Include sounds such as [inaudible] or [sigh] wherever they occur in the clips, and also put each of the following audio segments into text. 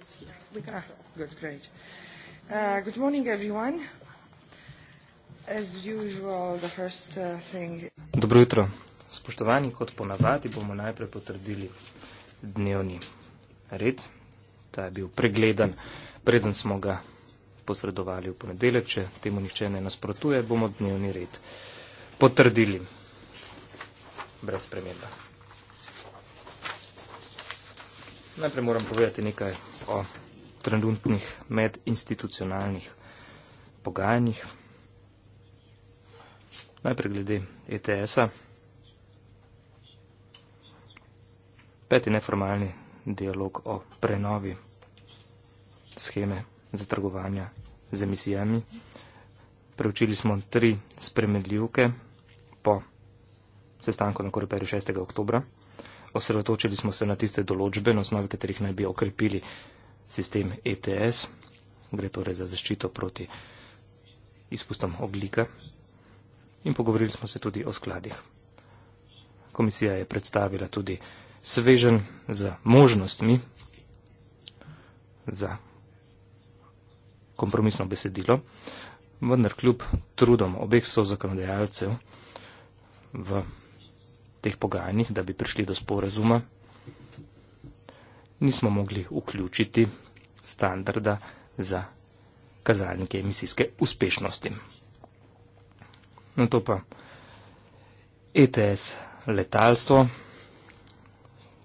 Yes, here. We can. Ah, good, great. Uh, good morning, everyone. As usual, the first uh, thing. Dobro jutro. Spoštovani, kot ponavadi, bomo najprej potrdili dnevni red. Ta je bil pregledan, preden smo ga posredovali v ponedeljek. Če temu nihče ne nasprotuje, bomo dnevni red potrdili. Brez spremenba. Najprej moram povedati nekaj o trenutnih medinstitucionalnih pogajanjih. Najprej glede ETS-a. Peti neformalni dialog o prenovi scheme za trgovanja z emisijami. Preučili smo tri spremedljivke po sestanku na koreperju 6. oktobra. Osredotočili smo se na tiste določbe, na osnovi katerih naj bi okrepili sistem ETS, gre torej za zaščito proti izpustom oglika in pogovorili smo se tudi o skladih. Komisija je predstavila tudi svežen za možnostmi za kompromisno besedilo, vendar kljub trudom obeh so zakonodajalcev v teh pogajanjih, da bi prišli do sporazuma, nismo mogli vključiti standarda za kazalnike emisijske uspešnosti. Na to pa ETS letalstvo.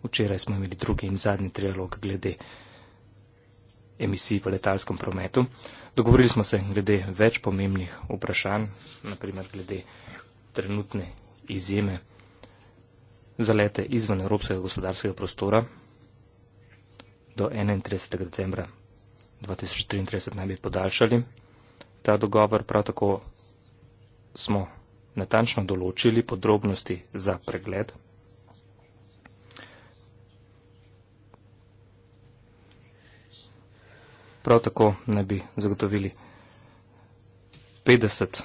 Včeraj smo imeli drugi in zadnji trialog glede emisij v letalskem prometu. Dogovorili smo se glede več pomembnih vprašanj, naprimer glede trenutne izjeme za lete izven Evropskega gospodarskega prostora, do 31. decembra 2033 naj bi podaljšali ta dogovor. Prav tako smo natančno določili podrobnosti za pregled. Prav tako naj bi zagotovili 50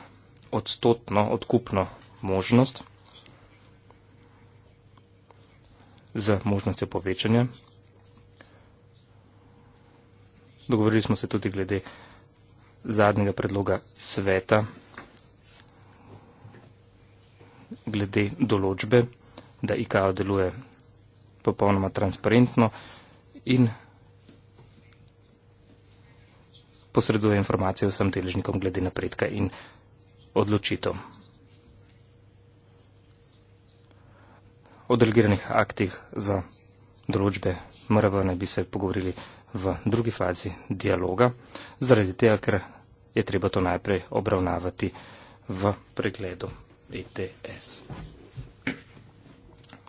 odstotno odkupno možnost z možnostjo povečanja. Dogovorili smo se tudi glede zadnjega predloga sveta, glede določbe, da IKO deluje popolnoma transparentno in posreduje informacije vsem deležnikom glede napredka in odločitev. O delegiranih aktih za določbe MRV naj bi se pogovorili v drugi fazi dialoga, zaradi tega, ker je treba to najprej obravnavati v pregledu ETS.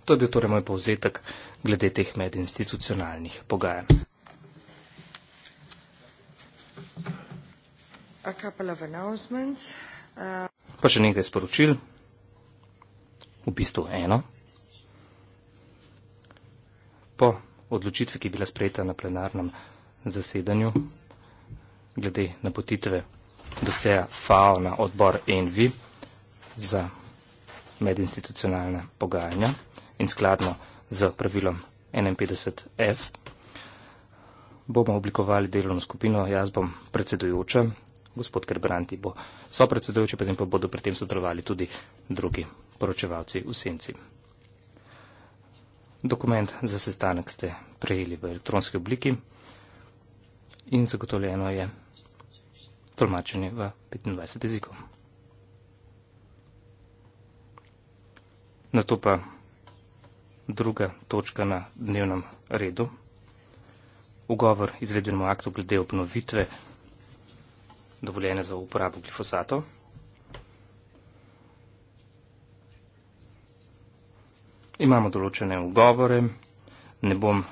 To je bil torej moj povzetek glede teh medinstitucionalnih pogajanj. Pa še nekaj sporočil, v bistvu eno. Po odločitve, ki je bila sprejeta na plenarnem zasedanju glede napotitve doseja FAO na odbor ENVI za medinstitucionalne pogajanja in skladno z pravilom 51F bomo oblikovali delovno skupino, jaz bom predsedujoča, gospod Kerbranti bo so predsedujoče, potem pa bodo pri tem sodelovali tudi drugi poročevalci v senci. Dokument za sestanek ste prejeli v elektronski obliki in zagotovljeno je tolmačenje v 25 jezikov. Na to pa druga točka na dnevnem redu. Ugovor izvedenemu aktu glede obnovitve dovoljene za uporabo glifosatov. imamo določene ugovore, ne bom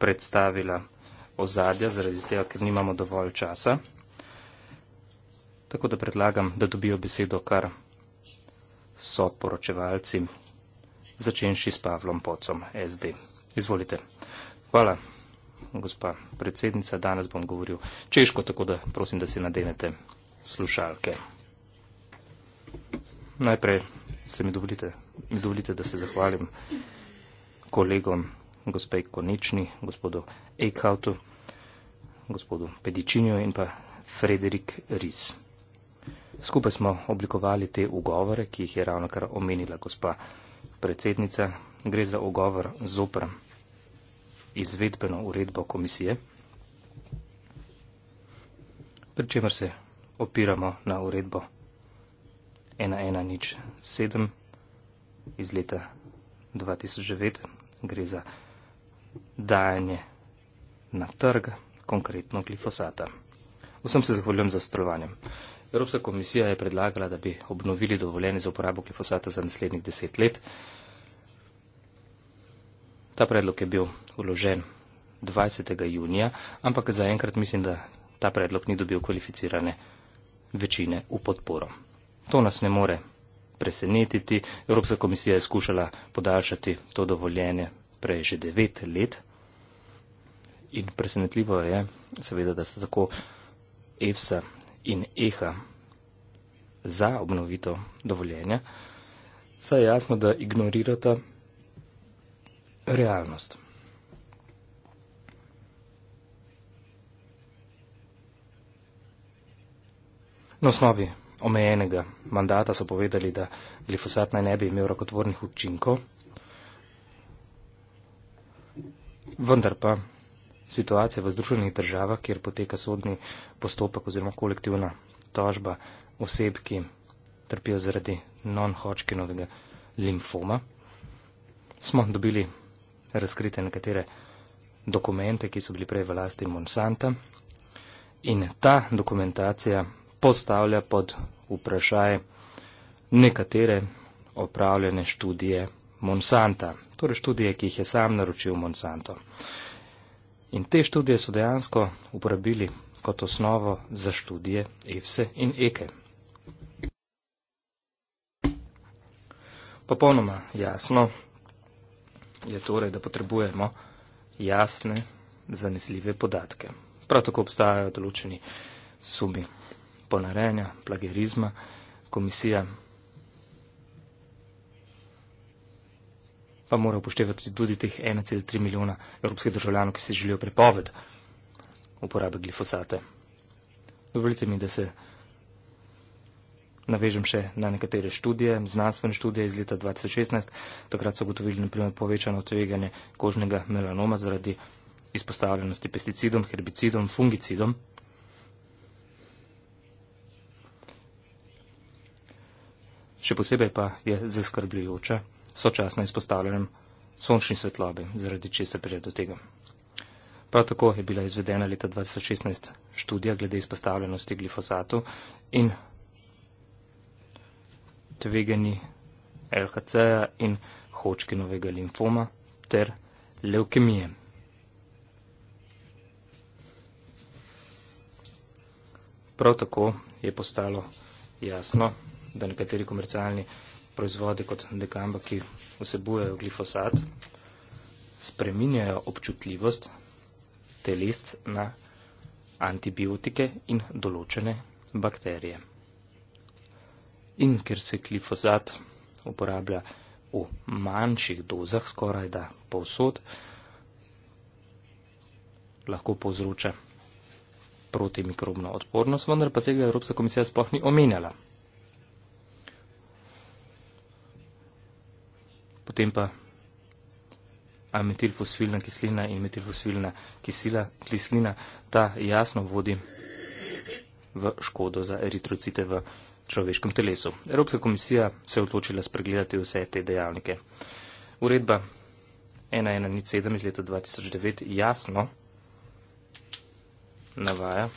predstavila ozadja, zaradi tega, ker nimamo dovolj časa. Tako da predlagam, da dobijo besedo kar so poročevalci, začenši s Pavlom Pocom, SD. Izvolite. Hvala, gospa predsednica. Danes bom govoril češko, tako da prosim, da si nadenete slušalke. Najprej se mi dovolite, mi dovolite, da se zahvalim kolegom gospe Konečni, gospodu Eichhautu, gospodu Pedičinju in pa Frederik Ries. Skupaj smo oblikovali te ugovore, ki jih je ravno kar omenila gospa predsednica. Gre za ugovor zopr izvedbeno uredbo komisije, pri čemer se opiramo na uredbo komisije. 1107 iz leta 2009. Gre za dajanje na trg, konkretno glifosata. Vsem se zahvaljujem za sprovanje. Evropska komisija je predlagala, da bi obnovili dovoljenje za uporabo glifosata za naslednjih deset let. Ta predlog je bil uložen 20. junija, ampak zaenkrat mislim, da ta predlog ni dobil kvalificirane večine v podporo. To nas ne more presenetiti. Evropska komisija je skušala podaljšati to dovoljenje prej že devet let. In presenetljivo je, seveda, da sta tako EFSA in EHA za obnovito dovoljenje, saj je jasno, da ignorirata realnost. Na osnovi omejenega mandata so povedali, da glifosat naj ne bi imel rakotvornih učinkov. Vendar pa situacija v Združenih državah, kjer poteka sodni postopek oziroma kolektivna tožba oseb, ki trpijo zaradi non-hočkinovega limfoma, smo dobili razkrite nekatere dokumente, ki so bili prej v lasti Monsanta. In ta dokumentacija postavlja pod vprašaj nekatere opravljene študije Monsanta, torej študije, ki jih je sam naročil Monsanto. In te študije so dejansko uporabili kot osnovo za študije EFSE in EKE. Popolnoma jasno je torej, da potrebujemo jasne, zanesljive podatke. Prav tako obstajajo določeni sumi ponarejanja, plagerizma, komisija pa mora upoštevati tudi teh 1,3 milijona evropskih državljanov, ki si želijo prepoved uporabe glifosate. Dovolite mi, da se navežem še na nekatere študije, znanstvene študije iz leta 2016. Takrat so ugotovili naprimer povečano tveganje kožnega melanoma zaradi izpostavljenosti pesticidom, herbicidom, fungicidom. še posebej pa je zaskrbljujoče sočasno izpostavljanjem sončni svetlobi, zaradi česar pride do tega. Prav tako je bila izvedena leta 2016 študija glede izpostavljenosti glifosatu in tvegani LHC-ja in hočkinovega limfoma ter leukemije. Prav tako je postalo jasno, da nekateri komercialni proizvodi kot dekamba, ki vsebujejo glifosat, spreminjajo občutljivost telest na antibiotike in določene bakterije. In ker se glifosat uporablja v manjših dozah, skoraj da povsod, lahko povzroča protimikrobno odpornost, vendar pa tega Evropska komisija sploh ni omenjala. potem pa ametilfosfilna kislina in ametilfosfilna kislina, ta jasno vodi v škodo za eritrocite v človeškem telesu. Evropska komisija se je odločila spregledati vse te dejavnike. Uredba 1107 iz leta 2009 jasno navaja,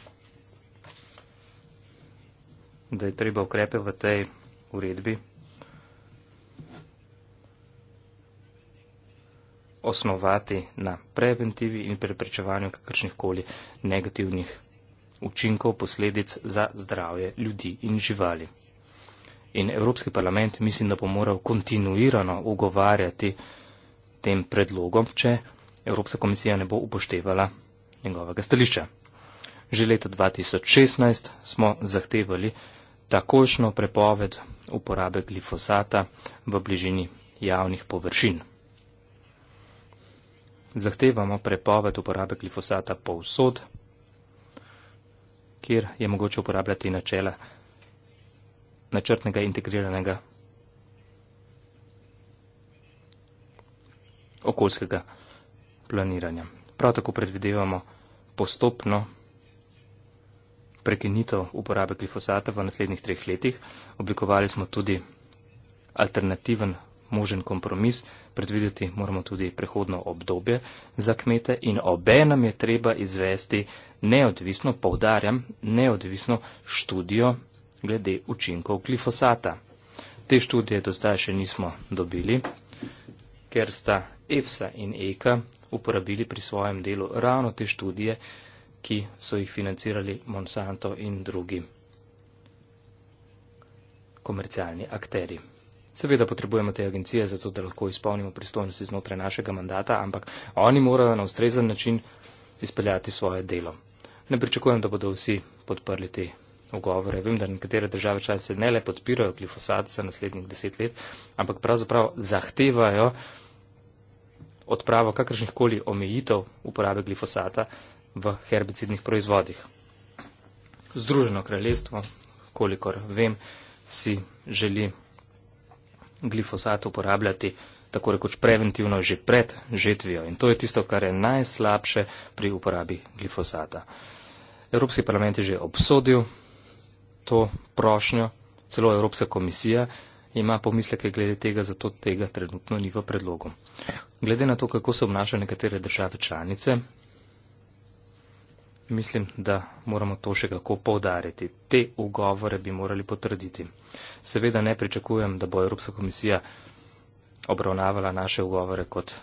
da je treba ukrepe v tej uredbi osnovati na preventivi in preprečevanju kakršnih koli negativnih učinkov, posledic za zdravje ljudi in živali. In Evropski parlament mislim, da bo moral kontinuirano ugovarjati tem predlogom, če Evropska komisija ne bo upoštevala njegovega stališča. Že leta 2016 smo zahtevali takošno prepoved uporabe glifosata v bližini javnih površin zahtevamo prepoved uporabe glifosata povsod, kjer je mogoče uporabljati načela načrtnega integriranega okoljskega planiranja. Prav tako predvidevamo postopno prekinitev uporabe glifosata v naslednjih treh letih. Oblikovali smo tudi alternativen možen kompromis, predvideti moramo tudi prehodno obdobje za kmete in obe nam je treba izvesti neodvisno, povdarjam, neodvisno študijo glede učinkov glifosata. Te študije do zdaj še nismo dobili, ker sta EFSA in EKA uporabili pri svojem delu ravno te študije, ki so jih financirali Monsanto in drugi komercialni akteri. Seveda potrebujemo te agencije zato, da lahko izpolnimo pristojnosti znotraj našega mandata, ampak oni morajo na ustrezen način izpeljati svoje delo. Ne pričakujem, da bodo vsi podprli te ugovore. Vem, da nekatere države članice ne le podpirajo glifosat za naslednjih deset let, ampak pravzaprav zahtevajo odpravo kakršnihkoli omejitev uporabe glifosata v herbicidnih proizvodih. Združeno kraljestvo, kolikor vem, si želi glifosat uporabljati tako rekoč preventivno že pred žetvijo. In to je tisto, kar je najslabše pri uporabi glifosata. Evropski parlament je že obsodil to prošnjo, celo Evropska komisija ima pomisleke glede tega, zato tega trenutno ni v predlogu. Glede na to, kako se obnašajo nekatere države članice, Mislim, da moramo to še kako povdariti. Te ugovore bi morali potrditi. Seveda ne pričakujem, da bo Evropska komisija obravnavala naše ugovore kot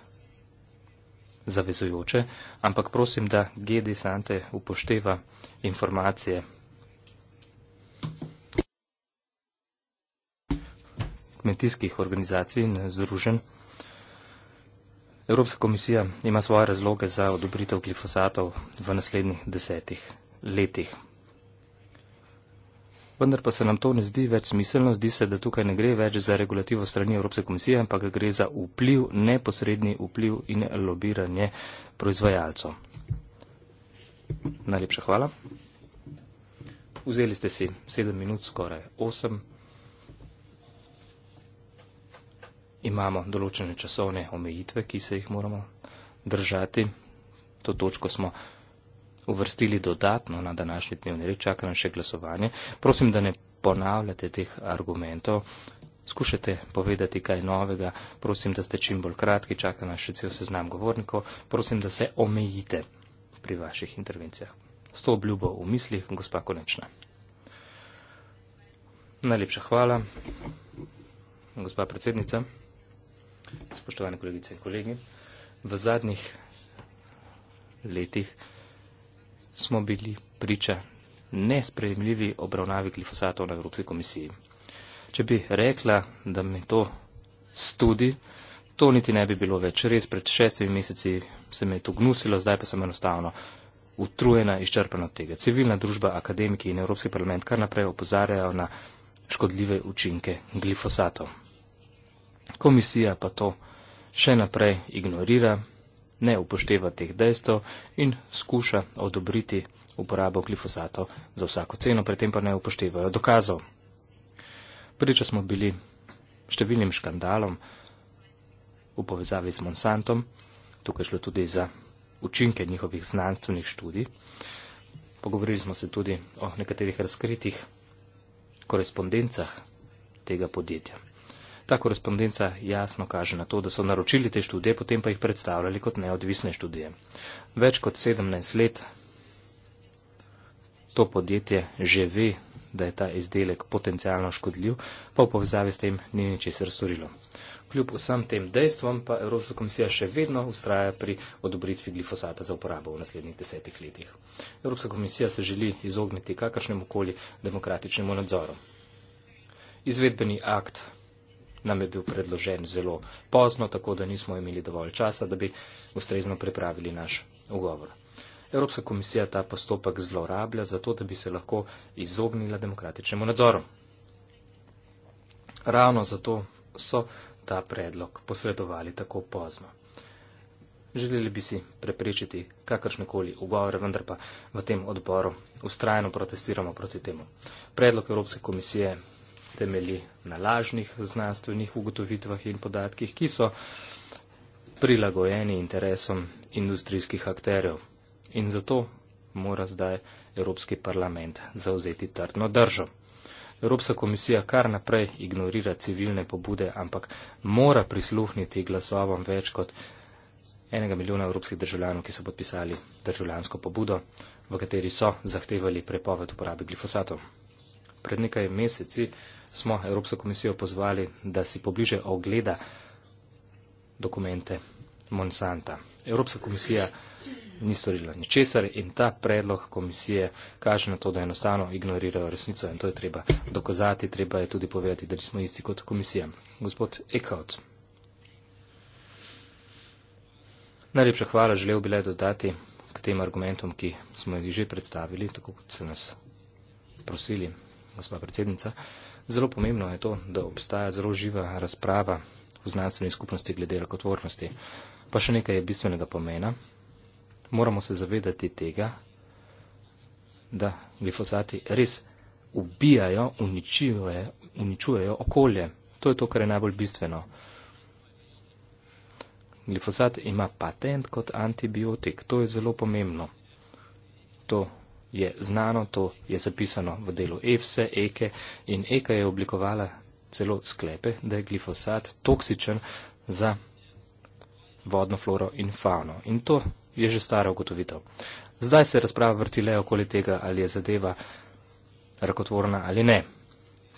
zavezujoče, ampak prosim, da GD Sante upošteva informacije. kmetijskih organizacij in združenj. Evropska komisija ima svoje razloge za odobritev glifosatov v naslednjih desetih letih. Vendar pa se nam to ne zdi več smiselno, zdi se, da tukaj ne gre več za regulativo strani Evropske komisije, ampak gre za vpliv, neposredni vpliv in lobiranje proizvajalcev. Najlepša hvala. Vzeli ste si sedem minut, skoraj osem. imamo določene časovne omejitve, ki se jih moramo držati. To točko smo uvrstili dodatno na današnji dnevni red, čaka nam še glasovanje. Prosim, da ne ponavljate teh argumentov. Skušajte povedati kaj novega, prosim, da ste čim bolj kratki, čaka nas še cel seznam govornikov, prosim, da se omejite pri vaših intervencijah. S to obljubo v mislih, gospa Konečna. Najlepša hvala, gospa predsednica spoštovane kolegice in kolegi. V zadnjih letih smo bili priča nesprejemljivi obravnavi glifosatov na Evropski komisiji. Če bi rekla, da mi to studi, to niti ne bi bilo več. Res pred šestimi meseci se mi je to gnusilo, zdaj pa sem enostavno utrujena, izčrpana od tega. Civilna družba, akademiki in Evropski parlament kar naprej opozarjajo na škodljive učinke glifosatov. Komisija pa to še naprej ignorira, ne upošteva teh dejstev in skuša odobriti uporabo glifosata za vsako ceno, pri tem pa ne upoštevajo dokazov. Priča smo bili številnim škandalom v povezavi z Monsantom, tukaj šlo tudi za učinke njihovih znanstvenih študij. Pogovorili smo se tudi o nekaterih razkritih korespondencah tega podjetja. Ta korespondenca jasno kaže na to, da so naročili te študije, potem pa jih predstavljali kot neodvisne študije. Več kot 17 let to podjetje že ve, da je ta izdelek potencijalno škodljiv, pa v povezavi s tem ni ničesar storilo. Kljub vsem tem dejstvom pa Evropska komisija še vedno ustraja pri odobritvi glifosata za uporabo v naslednjih desetih letih. Evropska komisija se želi izogniti kakršnemu koli demokratičnemu nadzoru. Izvedbeni akt nam je bil predložen zelo pozno, tako da nismo imeli dovolj časa, da bi ustrezno pripravili naš ugovor. Evropska komisija ta postopek zlorablja zato, da bi se lahko izognila demokratičnemu nadzoru. Ravno zato so ta predlog posredovali tako pozno. Želeli bi si preprečiti kakršnekoli ugovore, vendar pa v tem odboru ustrajno protestiramo proti temu. Predlog Evropske komisije temelji na lažnih znanstvenih ugotovitvah in podatkih, ki so prilagojeni interesom industrijskih akterjev. In zato mora zdaj Evropski parlament zauzeti trdno držo. Evropska komisija kar naprej ignorira civilne pobude, ampak mora prisluhniti glasovom več kot enega milijona evropskih državljanov, ki so podpisali državljansko pobudo, v kateri so zahtevali prepoved uporabe glifosatov. Pred nekaj meseci smo Evropsko komisijo pozvali, da si pobliže ogleda dokumente Monsanta. Evropska komisija ni storila ničesar in ta predlog komisije kaže na to, da enostavno ignorirajo resnico in to je treba dokazati, treba je tudi povedati, da smo isti kot komisija. Gospod Eckhout. Najlepša hvala želel bi le dodati k tem argumentom, ki smo jih že predstavili, tako kot se nas prosili, gospa predsednica. Uh, Zelo pomembno je to, da obstaja zelo živa razprava v znanstveni skupnosti glede rakotvornosti. Pa še nekaj je bistvenega pomena. Moramo se zavedati tega, da glifosati res ubijajo, uničujejo, uničujejo okolje. To je to, kar je najbolj bistveno. Glifosat ima patent kot antibiotik. To je zelo pomembno. To je znano, to je zapisano v delu EFSE, EKE in EKE e je oblikovala celo sklepe, da je glifosat toksičen za vodno floro in fauno. In to je že stara ugotovitev. Zdaj se razprava vrti le okoli tega, ali je zadeva rakotvorna ali ne.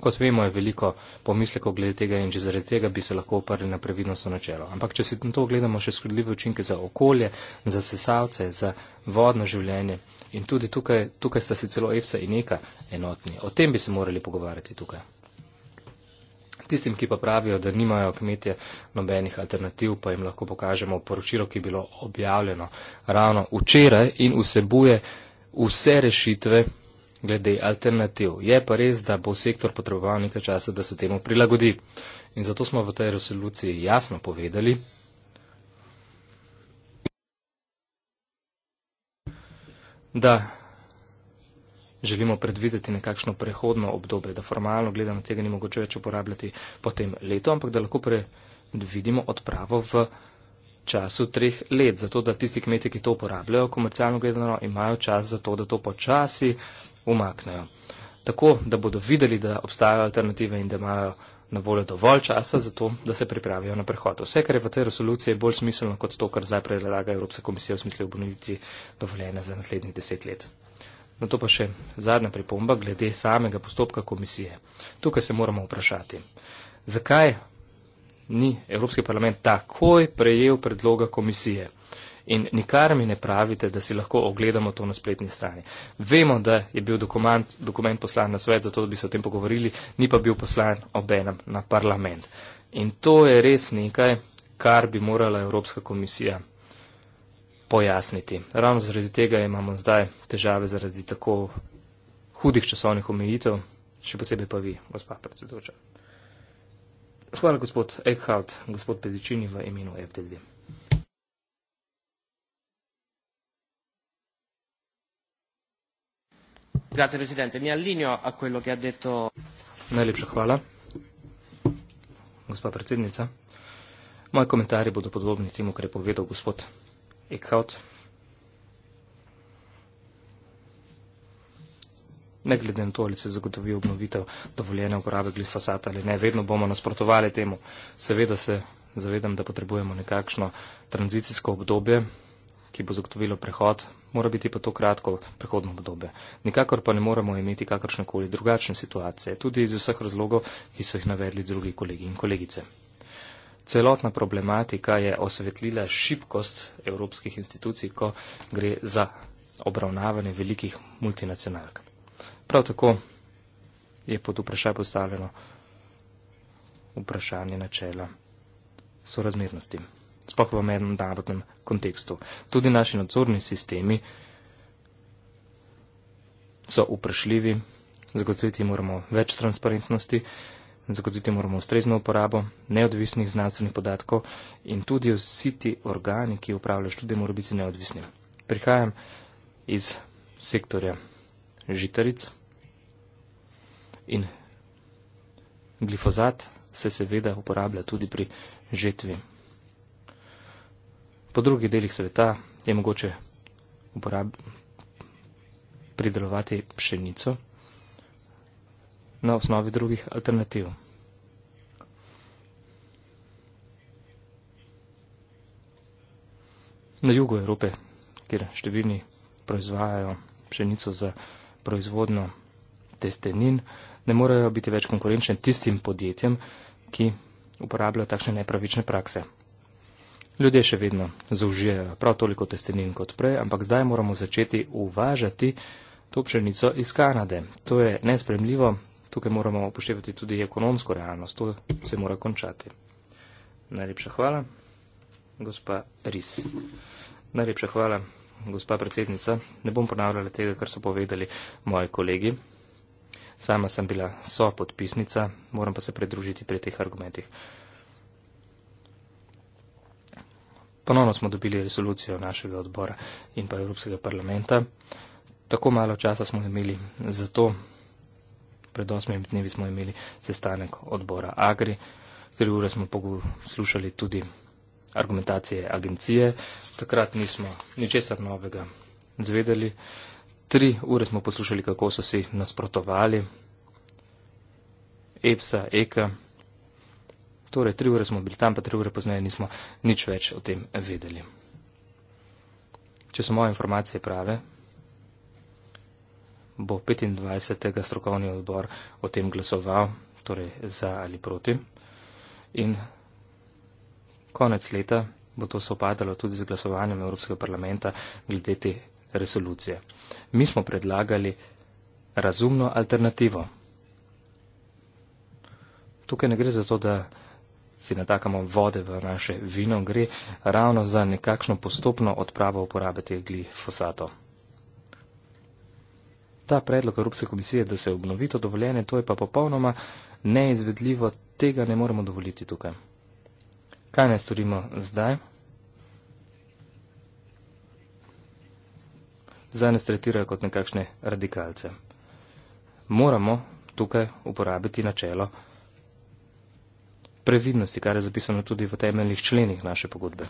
Kot vemo, je veliko pomislekov glede tega in že zaradi tega bi se lahko oprli na previdnostno načelo. Ampak, če si na to gledamo še skrbljive učinke za okolje, za sesalce, za vodno življenje, In tudi tukaj, tukaj sta se celo EFSA in neka enotni. O tem bi se morali pogovarjati tukaj. Tistim, ki pa pravijo, da nimajo kmetje nobenih alternativ, pa jim lahko pokažemo poročilo, ki je bilo objavljeno ravno včeraj in vsebuje vse rešitve glede alternativ. Je pa res, da bo sektor potreboval nekaj časa, da se temu prilagodi. In zato smo v tej resoluciji jasno povedali, da želimo predvideti nekakšno prehodno obdobje, da formalno gledano tega ni mogoče več uporabljati potem leto, ampak da lahko predvidimo odpravo v času treh let, zato da tisti kmeti, ki to uporabljajo komercialno gledano, imajo čas za to, da to počasi umaknejo. Tako, da bodo videli, da obstajajo alternative in da imajo na voljo dovolj časa za to, da se pripravijo na prehod. Vse, kar je v tej resoluciji, je bolj smiselno kot to, kar zdaj predlaga Evropska komisija v smislu obnoviti dovoljene za naslednjih deset let. Na to pa še zadnja pripomba glede samega postopka komisije. Tukaj se moramo vprašati, zakaj ni Evropski parlament takoj prejel predloga komisije in nikar mi ne pravite, da si lahko ogledamo to na spletni strani. Vemo, da je bil dokument, dokument poslan na svet, zato da bi se o tem pogovorili, ni pa bil poslan obenem na parlament. In to je res nekaj, kar bi morala Evropska komisija pojasniti. Ravno zaradi tega imamo zdaj težave zaradi tako hudih časovnih omejitev, še posebej pa vi, gospod predsedujoča. Hvala, gospod Eckhout, gospod Pedičini v imenu FDD. Grazie Presidente, mi allineo a quello che ha detto. Najlepša hvala, gospa predsednica. Moji komentarji bodo podobni temu, kar je povedal gospod Eckhout. Ne glede na to, ali se zagotovi obnovitev dovoljene uporabe glifosata ali ne, vedno bomo nasprotovali temu. Seveda se zavedam, da potrebujemo nekakšno tranzicijsko obdobje, ki bo zagotovilo prehod, mora biti pa to kratko prehodno obdobje. Nikakor pa ne moremo imeti kakršnekoli drugačne situacije, tudi iz vseh razlogov, ki so jih navedli drugi kolegi in kolegice. Celotna problematika je osvetlila šibkost evropskih institucij, ko gre za obravnavanje velikih multinacionalk. Prav tako je pod vprašaj postavljeno vprašanje načela sorazmernosti sploh v mednarodnem kontekstu. Tudi naši nadzorni sistemi so uprašljivi, zagotoviti moramo več transparentnosti, zagotoviti moramo ustrezno uporabo neodvisnih znanstvenih podatkov in tudi vsi ti organi, ki upravljajo študije, morajo biti neodvisni. Prihajam iz sektorja žitaric in glifozat se seveda uporablja tudi pri žetvi po drugih delih sveta je mogoče uporab, pridelovati pšenico na osnovi drugih alternativ. Na jugu Evrope, kjer številni proizvajajo pšenico za proizvodno testenin, ne morejo biti več konkurenčni tistim podjetjem, ki uporabljajo takšne nepravične prakse. Ljudje še vedno zaužijajo prav toliko testenin kot prej, ampak zdaj moramo začeti uvažati to pšenico iz Kanade. To je nespremljivo, tukaj moramo upoštevati tudi ekonomsko realnost, to se mora končati. Najlepša hvala, gospa Ris. Najlepša hvala, gospa predsednica. Ne bom ponavljala tega, kar so povedali moji kolegi. Sama sem bila sopodpisnica, moram pa se predružiti pri teh argumentih. ponovno smo dobili resolucijo našega odbora in pa Evropskega parlamenta. Tako malo časa smo imeli za to. Pred osmimi dnevi smo imeli sestanek odbora Agri, tri ure smo poslušali tudi argumentacije agencije, takrat nismo ničesar novega zvedeli, tri ure smo poslušali, kako so si nasprotovali EPSA, EKA. Torej, tri ure smo bili tam, pa tri ure pozneje nismo nič več o tem vedeli. Če so moje informacije prave, bo 25. strokovni odbor o tem glasoval, torej za ali proti. In konec leta bo to sopadalo tudi z glasovanjem Evropskega parlamenta glede te resolucije. Mi smo predlagali razumno alternativo. Tukaj ne gre za to, da si natakamo vode v naše vino, gre ravno za nekakšno postopno odpravo uporabe teh glifosatov. Ta predlog Evropske komisije, da se obnovi to dovoljenje, to je pa popolnoma neizvedljivo, tega ne moremo dovoliti tukaj. Kaj naj storimo zdaj? Zdaj nas tretirajo kot nekakšne radikalce. Moramo tukaj uporabiti načelo previdnosti, kar je zapisano tudi v temeljnih členih naše pogodbe.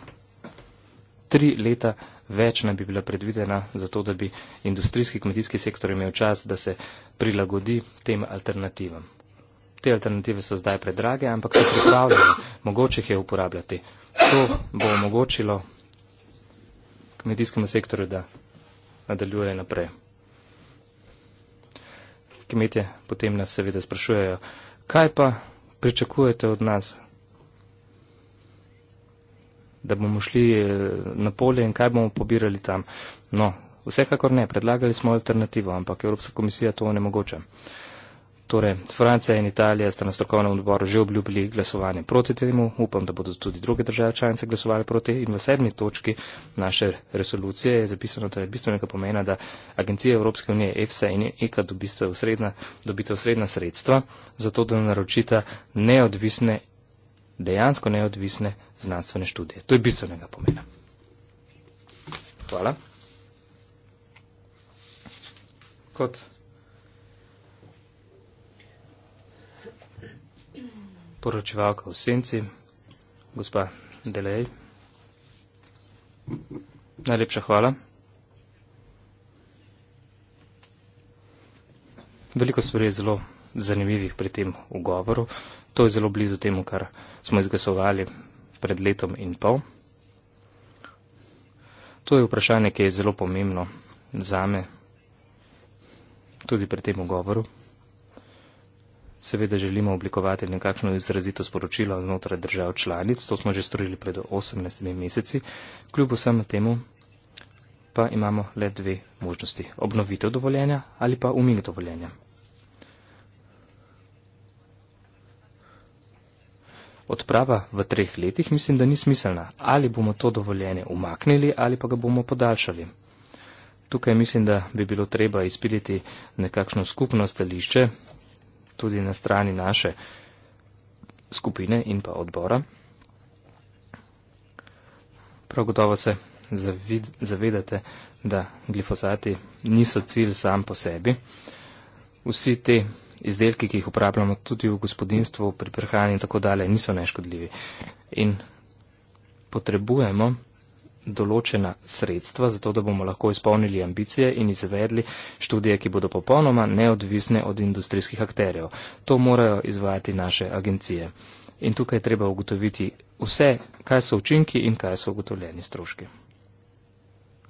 Tri leta več naj bi bila predvidena za to, da bi industrijski kmetijski sektor imel čas, da se prilagodi tem alternativam. Te alternative so zdaj predrage, ampak so pripravljene, mogoče jih je uporabljati. To bo omogočilo kmetijskemu sektorju, da nadaljuje naprej. Kmetje potem nas seveda sprašujejo, kaj pa pričakujete od nas? Da bomo šli eh, na polje in kaj bomo pobirali tam? No, vsekakor ne, predlagali smo alternativo, ampak Evropska komisija to onemogoča. Torej, Francija in Italija sta na strokovnem odboru že obljubili glasovanje proti temu, upam, da bodo tudi druge države članice glasovali proti in v sedmi točki naše resolucije je zapisano, da je bistvenega pomena, da Agencija Evropske unije EFSA in ECA dobite osredna, dobite osredna sredstva za to, da naročita neodvisne, dejansko neodvisne znanstvene študije. To je bistvenega pomena. Hvala. Kot poročevalka v Senci, gospa Delej. Najlepša hvala. Veliko stvari je zelo zanimivih pri tem ugovoru. To je zelo blizu temu, kar smo izglasovali pred letom in pol. To je vprašanje, ki je zelo pomembno zame tudi pri tem ugovoru seveda želimo oblikovati nekakšno izrazito sporočilo znotraj držav članic, to smo že storili pred 18 meseci, kljub vsem temu pa imamo le dve možnosti, obnovitev dovoljenja ali pa umik dovoljenja. Odprava v treh letih mislim, da ni smiselna, ali bomo to dovoljenje umaknili ali pa ga bomo podaljšali. Tukaj mislim, da bi bilo treba izpiliti nekakšno skupno stališče, tudi na strani naše skupine in pa odbora. Prav gotovo se zavid, zavedate, da glifosati niso cilj sam po sebi. Vsi te izdelki, ki jih uporabljamo tudi v gospodinstvu, pri prehrani in tako dalje, niso neškodljivi. In potrebujemo določena sredstva, zato da bomo lahko izpolnili ambicije in izvedli študije, ki bodo popolnoma neodvisne od industrijskih akterjev. To morajo izvajati naše agencije. In tukaj je treba ugotoviti vse, kaj so učinki in kaj so ugotovljeni stroški.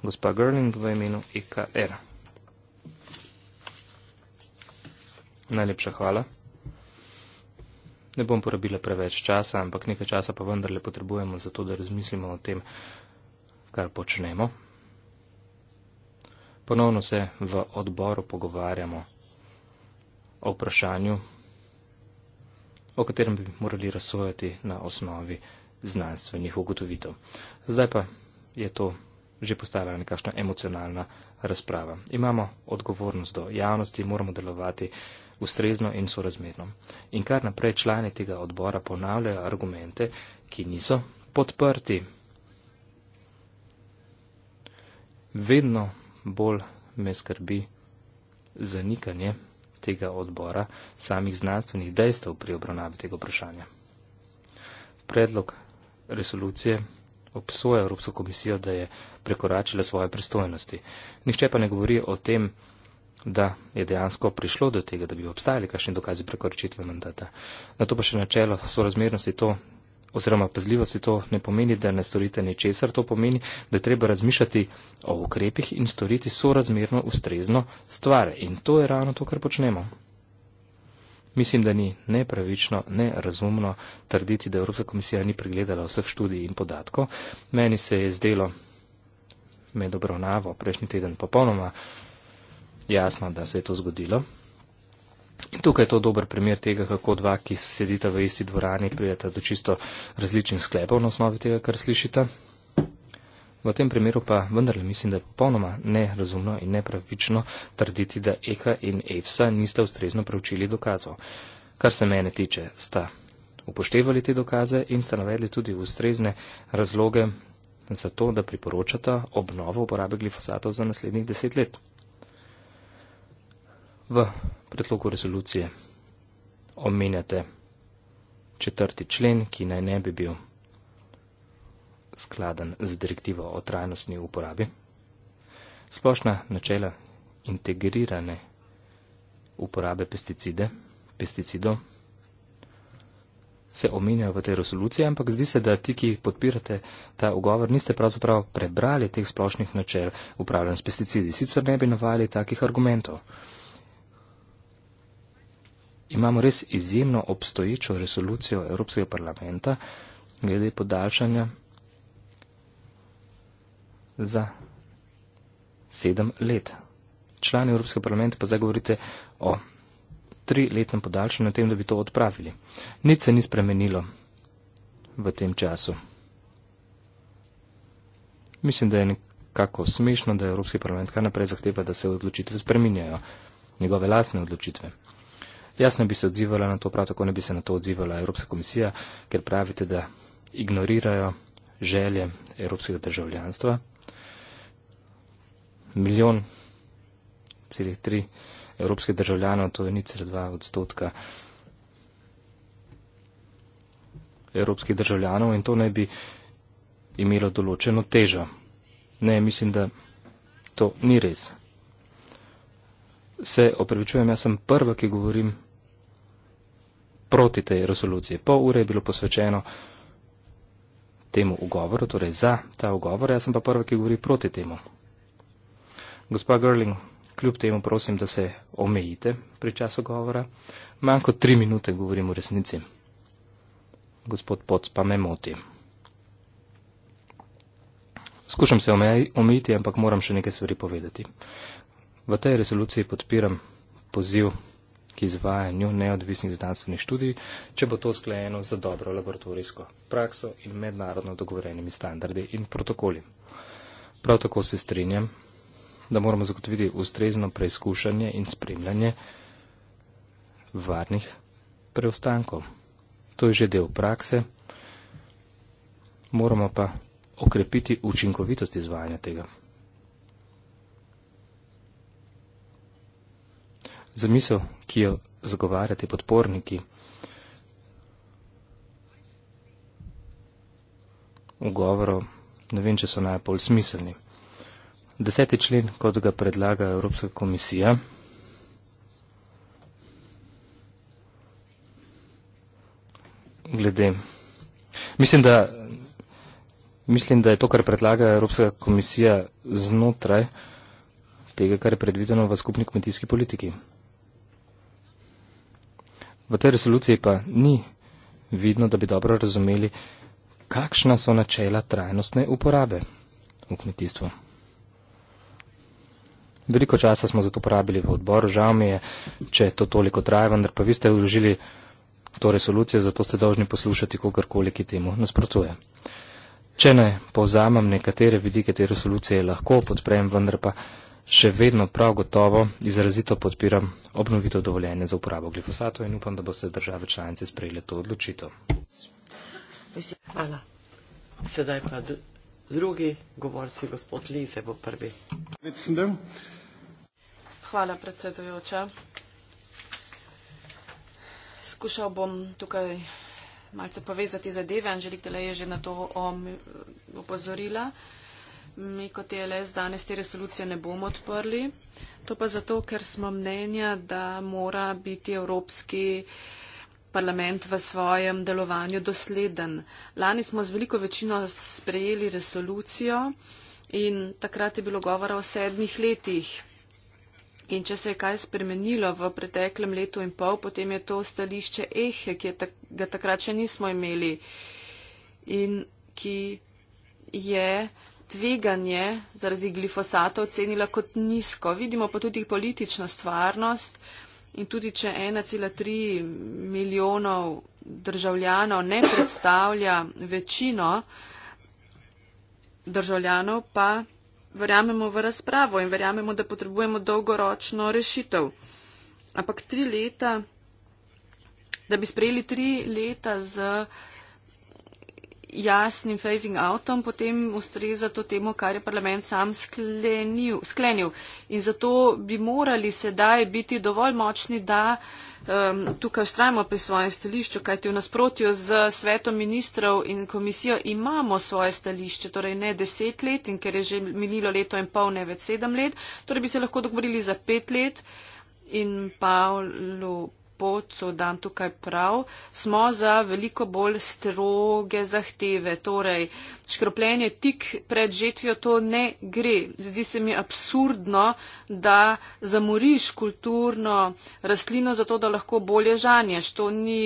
Gospa Gerling v imenu IKR. E Najlepša hvala. Ne bom porabila preveč časa, ampak nekaj časa pa vendarle potrebujemo za to, da razmislimo o tem, kar počnemo. Ponovno se v odboru pogovarjamo o vprašanju, o katerem bi morali razsojati na osnovi znanstvenih ugotovitev. Zdaj pa je to že postala nekakšna emocionalna razprava. Imamo odgovornost do javnosti, moramo delovati ustrezno in sorazmerno. In kar naprej člani tega odbora ponavljajo argumente, ki niso podprti vedno bolj me skrbi zanikanje tega odbora samih znanstvenih dejstev pri obravnavi tega vprašanja. Predlog resolucije obsoja Evropsko komisijo, da je prekoračila svoje pristojnosti. Nihče pa ne govori o tem, da je dejansko prišlo do tega, da bi obstajali kakšni dokazi prekoračitve mandata. Na to pa še načelo sorazmernosti to oziroma pazljivosti to ne pomeni, da ne storite ničesar, to pomeni, da je treba razmišljati o ukrepih in storiti sorazmerno ustrezno stvar. In to je ravno to, kar počnemo. Mislim, da ni nepravično, ne razumno trditi, da Evropska komisija ni pregledala vseh študij in podatkov. Meni se je zdelo med obravnavo prejšnji teden popolnoma jasno, da se je to zgodilo. In tukaj je to dober primer tega, kako dva, ki sedita v isti dvorani, prijeta do čisto različnih sklepov na osnovi tega, kar slišite. V tem primeru pa vendarle mislim, da je popolnoma nerazumno in nepravično trditi, da Eka in Evsa nista ustrezno preučili dokazov. Kar se mene tiče, sta upoštevali te dokaze in sta navedli tudi ustrezne razloge za to, da priporočata obnovo uporabe glifosatov za naslednjih deset let. V predlogu rezolucije omenjate četrti člen, ki naj ne bi bil skladen z direktivo o trajnostni uporabi. Splošna načela integrirane uporabe pesticide, pesticidov se omenjajo v tej resoluciji, ampak zdi se, da ti, ki podpirate ta ugovor, niste pravzaprav prebrali teh splošnih načel upravljanja s pesticidi. Sicer ne bi navajali takih argumentov imamo res izjemno obstoječo resolucijo Evropskega parlamenta glede podaljšanja za sedem let. Člani Evropskega parlamenta pa zdaj govorite o triletnem podaljšanju, tem, da bi to odpravili. Nič se ni spremenilo v tem času. Mislim, da je nekako smešno, da Evropski parlament kar naprej zahteva, da se odločitve spreminjajo, njegove lastne odločitve. Jasno bi se odzivala na to, prav tako ne bi se na to odzivala Evropska komisija, ker pravite, da ignorirajo želje evropskega državljanstva. Milijon celih tri evropskih državljanov, to je ni celih dva odstotka evropskih državljanov in to naj bi imelo določeno težo. Ne, mislim, da to ni res se opravičujem, jaz sem prva, ki govorim proti tej resoluciji. Pol ure je bilo posvečeno temu ugovoru, torej za ta ugovor, jaz sem pa prva, ki govori proti temu. Gospa Gerling, kljub temu prosim, da se omejite pri času govora. Manj kot tri minute govorim v resnici. Gospod Poc pa me moti. Skušam se omejiti, ampak moram še nekaj stvari povedati. V tej resoluciji podpiram poziv k izvajanju neodvisnih znanstvenih študij, če bo to sklejeno za dobro laboratorijsko prakso in mednarodno dogovorenimi standardi in protokoli. Prav tako se strinjam, da moramo zagotoviti ustrezno preizkušanje in spremljanje varnih preostankov. To je že del prakse, moramo pa okrepiti učinkovitost izvajanja tega. zamisel, ki jo zagovarjate podporniki. V govoru ne vem, če so najbolj smiselni. Deseti člen, kot ga predlaga Evropska komisija, glede. Mislim da, mislim, da je to, kar predlaga Evropska komisija znotraj tega, kar je predvideno v skupni kmetijski politiki v tej resoluciji pa ni vidno, da bi dobro razumeli, kakšna so načela trajnostne uporabe v kmetijstvu. Veliko časa smo zato porabili v odboru, žal mi je, če to toliko traja, vendar pa vi ste vložili to resolucijo, zato ste dolžni poslušati kogarkoli, ki temu nasprotuje. Če ne, povzamem nekatere vidike te resolucije, lahko podprem, vendar pa še vedno prav gotovo izrazito podpiram obnovitev dovoljenja za uporabo glifosato in upam, da boste države članice sprejeli to odločitev. Hvala. Sedaj pa drugi govorci, gospod Lize, bo prvi. Hvala, predsedujoča. Skušal bom tukaj malce povezati zadeve. Anželik Dele je že na to opozorila. Um, mi kot TLS e danes te resolucije ne bomo odprli. To pa zato, ker smo mnenja, da mora biti Evropski parlament v svojem delovanju dosleden. Lani smo z veliko večino sprejeli resolucijo in takrat je bilo govora o sedmih letih. In če se je kaj spremenilo v preteklem letu in pol, potem je to stališče Ehe, ki je tak, ga takrat še nismo imeli in ki je tveganje zaradi glifosata ocenila kot nizko. Vidimo pa tudi politično stvarnost in tudi, če 1,3 milijonov državljanov ne predstavlja večino državljanov, pa verjamemo v razpravo in verjamemo, da potrebujemo dolgoročno rešitev. Ampak tri leta, da bi sprejeli tri leta z jasnim phasing outom potem ustreza to temu, kar je parlament sam sklenil, sklenil. In zato bi morali sedaj biti dovolj močni, da um, tukaj ustrajamo pri svojem stališču, kajti v nasprotju z svetom ministrov in komisijo imamo svoje stališče, torej ne deset let in ker je že minilo leto in pol, ne več sedem let, torej bi se lahko dogovorili za pet let in Pavlu pot, so dan tukaj prav, smo za veliko bolj stroge zahteve. Torej, škropljenje tik pred žetvijo to ne gre. Zdi se mi absurdno, da zamoriš kulturno rastlino zato, da lahko bolje žanješ. To ni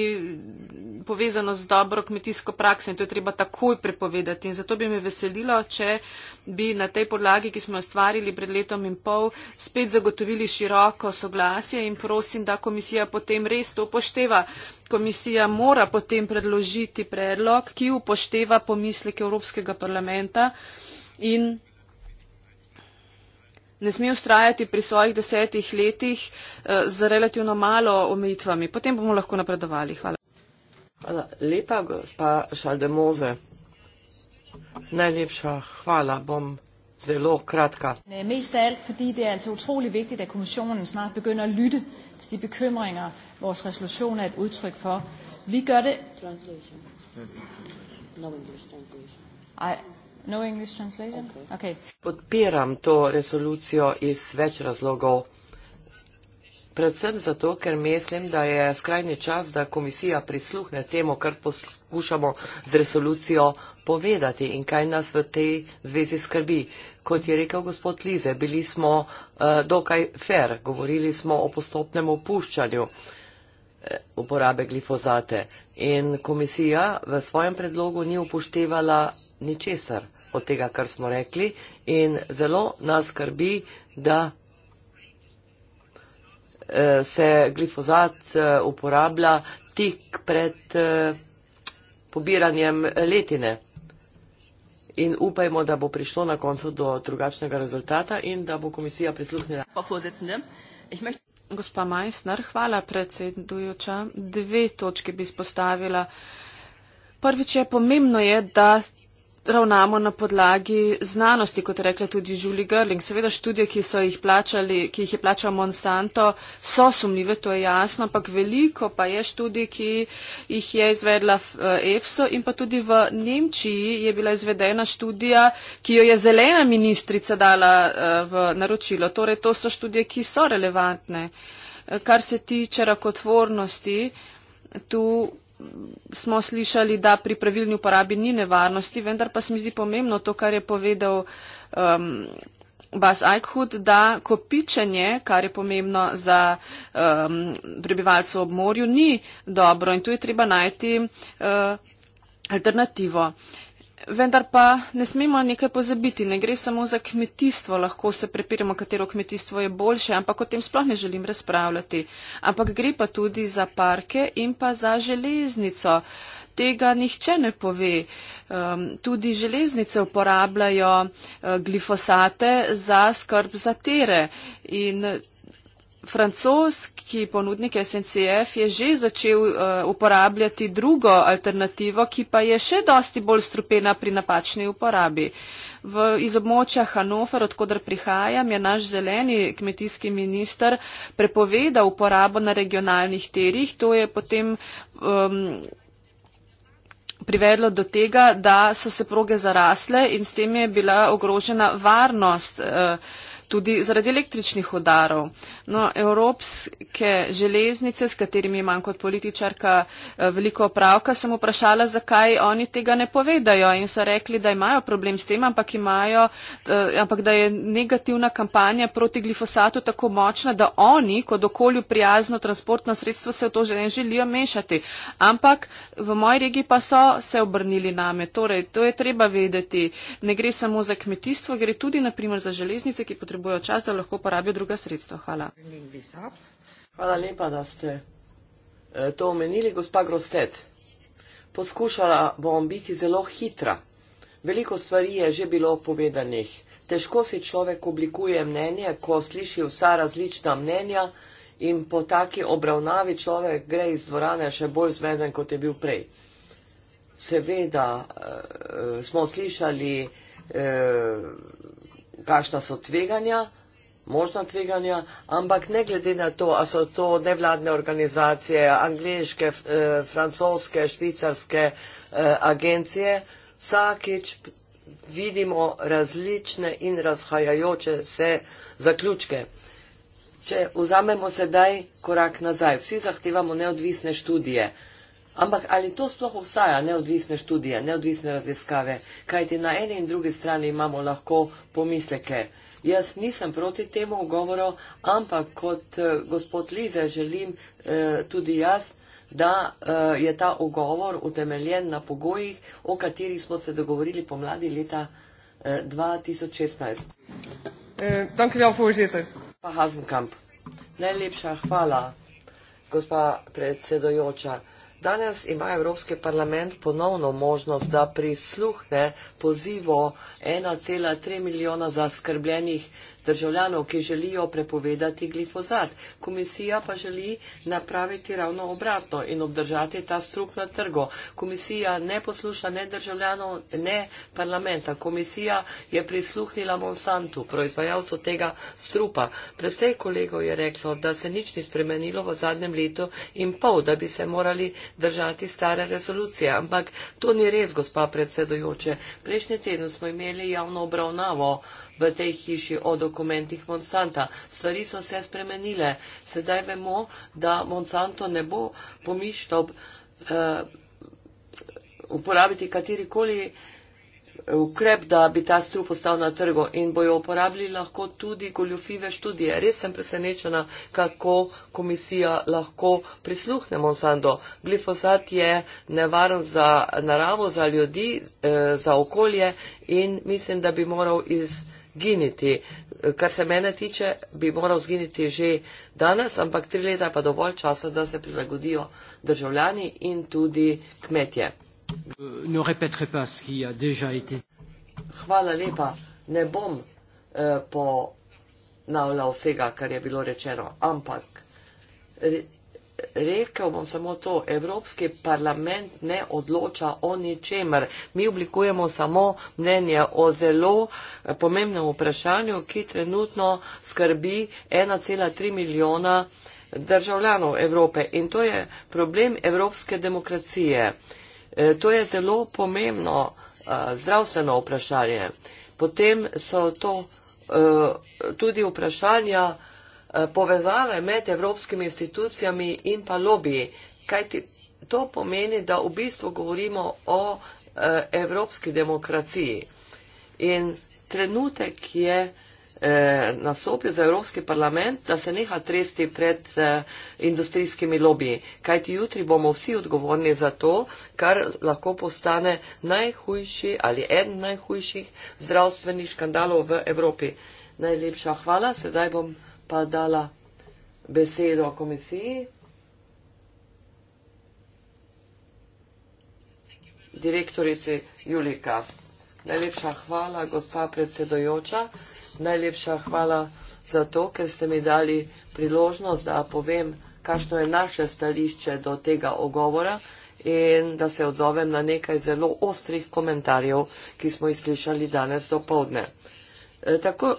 povezano z dobro kmetijsko prakso in to je treba takoj prepovedati. In zato bi me veselilo, če bi na tej podlagi, ki smo jo stvarili pred letom in pol, spet zagotovili široko soglasje in prosim, da komisija potem res to upošteva. Komisija mora potem predložiti predlog, ki upošteva pomislek Evropskega parlamenta in ne sme ustrajati pri svojih desetih letih eh, z relativno malo omejitvami. Potem bomo lahko napredovali. Hvala. Hvala lepa, gospa Šaldemoze. Najlepša hvala. Bom zelo kratka. Mest er, fordi det er altså utrolig vigtigt, at kommissionen snart begynder at lytte til de bekymringer, vores resolution er et udtryk for. Vi gør det... Translation. No English translation. I, no English translation? Okay. okay. Podpiram to resolucijo iz več razlogov. Predvsem zato, ker mislim, da je skrajni čas, da komisija prisluhne temu, kar poskušamo z resolucijo povedati in kaj nas v tej zvezi skrbi kot je rekel gospod Lize, bili smo uh, dokaj fair, govorili smo o postopnem opuščanju eh, uporabe glifozate in komisija v svojem predlogu ni upoštevala ničesar od tega, kar smo rekli in zelo nas skrbi, da eh, se glifozat uporablja tik pred pobiranjem letine in upajmo, da bo prišlo na koncu do drugačnega rezultata in da bo komisija prisluhnila. Gospa Majsner, hvala predsedujoča. Dve točke bi spostavila. Prvič je pomembno, je, da ravnamo na podlagi znanosti, kot je rekla tudi Julie Gerling. Seveda študije, ki, jih plačali, ki jih je plačal Monsanto, so sumljive, to je jasno, ampak veliko pa je študij, ki jih je izvedla eh, EFSO in pa tudi v Nemčiji je bila izvedena študija, ki jo je zelena ministrica dala eh, v naročilo. Torej, to so študije, ki so relevantne. Eh, kar se tiče rakotvornosti, tu smo slišali, da pri pravilni uporabi ni nevarnosti, vendar pa se mi zdi pomembno to, kar je povedal um, Bas Eichhut, da kopičenje, kar je pomembno za um, prebivalce v obmorju, ni dobro in tu je treba najti uh, alternativo. Uh, vendar pa ne smemo nekaj pozabiti. Ne gre samo za kmetijstvo, lahko se prepiramo, katero kmetijstvo je boljše, ampak o tem sploh ne želim razpravljati. Ampak gre pa tudi za parke in pa za železnico. Tega nihče ne pove. Um, tudi železnice uporabljajo uh, glifosate za skrb za tere. In, uh, francoski ponudnik SNCF je že začel uh, uporabljati drugo alternativo, ki pa je še dosti bolj strupena pri napačni uporabi. V, iz območja Hanover, odkudar prihajam, je naš zeleni kmetijski minister prepovedal uporabo na regionalnih terih. To je potem um, privedlo do tega, da so se proge zarasle in s tem je bila ogrožena varnost. Uh, tudi zaradi električnih udarov. Uh, No, evropske železnice, s katerimi imam kot političarka eh, veliko opravka, sem vprašala, zakaj oni tega ne povedajo in so rekli, da imajo problem s tem, ampak, imajo, eh, ampak da je negativna kampanja proti glifosatu tako močna, da oni kot okolju prijazno transportno sredstvo se v to že ne želijo mešati. Ampak v moji regiji pa so se obrnili name. Torej, to je treba vedeti. Ne gre samo za kmetijstvo, gre tudi naprimer za železnice, ki potrebujejo čas, da lahko porabijo druga sredstva. Hvala. Hvala lepa, da ste eh, to omenili, gospa Grosted. Poskušala bom biti zelo hitra. Veliko stvari je že bilo povedanih. Težko si človek oblikuje mnenje, ko sliši vsa različna mnenja in po taki obravnavi človek gre iz dvorane še bolj zmeden, kot je bil prej. Seveda eh, smo slišali, eh, kakšna so tveganja možna tveganja, ampak ne glede na to, a so to nevladne organizacije, angliške, eh, francoske, švicarske eh, agencije, vsakič vidimo različne in razhajajoče se zaključke. Če vzamemo sedaj korak nazaj, vsi zahtevamo neodvisne študije, ampak ali to sploh obstaja neodvisne študije, neodvisne raziskave, kajti na eni in drugi strani imamo lahko pomisleke. Jaz nisem proti temu govoru, ampak kot eh, gospod Lize želim eh, tudi jaz, da eh, je ta ogovor utemeljen na pogojih, o katerih smo se dogovorili pomladi leta 2016. Pa Hazenkamp. Najlepša hvala, gospa predsedojoča. Danes ima Evropski parlament ponovno možnost, da prisluhne pozivo 1,3 milijona zaskrbljenih državljanov, ki želijo prepovedati glifozat. Komisija pa želi napraviti ravno obratno in obdržati ta strup na trgu. Komisija ne posluša ne državljanov, ne parlamenta. Komisija je prisluhnila Monsantu, proizvajalcu tega strupa. Predvsej kolego je reklo, da se nič ni spremenilo v zadnjem letu in pol, da bi se morali držati stare resolucije. Ampak to ni res, gospa predsedujoče. Prejšnji teden smo imeli prejeli javno obravnavo v tej hiši o dokumentih Monsanta. Stvari so se spremenile. Sedaj vemo, da Monsanto ne bo pomišljal uh, uporabiti katerikoli uh, ukrep, da bi ta strup ostal na trgu in bojo uporabljali lahko tudi goljofive študije. Res sem presenečena, kako komisija lahko prisluhne Monsanto. Glifosat je nevaren za naravo, za ljudi, eh, za okolje in mislim, da bi moral izginiti. Kar se mene tiče, bi moral zginiti že danes, ampak tri leta pa dovolj časa, da se prilagodijo državljani in tudi kmetje. Euh, ne répéterai pas ce qui a déjà été. Hvala lepa. Ne bom eh, ponavljal vsega, kar je bilo rečeno, ampak re, rekel bom samo to, Evropski parlament ne odloča o ničemer. Mi oblikujemo samo mnenje o zelo eh, pomembnem vprašanju, ki trenutno skrbi 1,3 milijona državljanov Evrope. In to je problem evropske demokracije. Eh, E, to je zelo pomembno e, zdravstveno vprašanje. Potem so to e, tudi vprašanja povezave med evropskimi institucijami in pa lobiji. Kaj ti to pomeni, da v bistvu govorimo o evropski demokraciji? In trenutek je, eh, nastopil za Evropski parlament, da se neha tresti pred eh, industrijskimi lobiji. Kajti jutri bomo vsi odgovorni za to, kar lahko postane najhujši ali eden najhujših zdravstvenih škandalov v Evropi. Najlepša hvala, sedaj bom pa dala besedo komisiji. Direktorici Julika. Najlepša hvala, gospa predsedojoča najlepša hvala za to, ker ste mi dali priložnost, da povem, kakšno je naše stališče do tega ogovora in da se odzovem na nekaj zelo ostrih komentarjev, ki smo jih slišali danes do povdne. E, tako,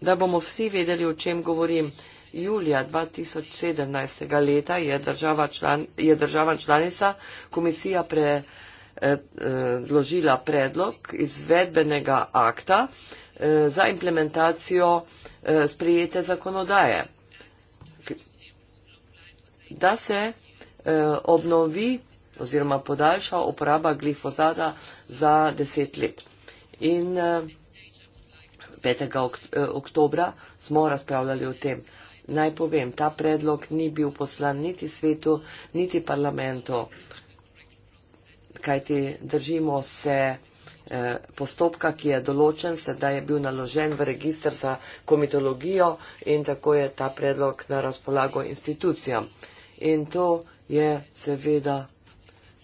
da bomo vsi vedeli, o čem govorim. Julija 2017. leta je država, član, je država članica komisija preložila e, e, predlog izvedbenega akta, Eh, za implementacijo eh, sprejete zakonodaje. Da se eh, obnovi oziroma podaljša uporaba glifosata za deset let. In 5. oktobra smo razpravljali o tem. Naj povem, ta predlog ni bil poslan niti svetu, niti parlamentu, kajti držimo se Eh, postopka, ki je določen, sedaj je bil naložen v registr za komitologijo in tako je ta predlog na razpolago institucijam. In to je seveda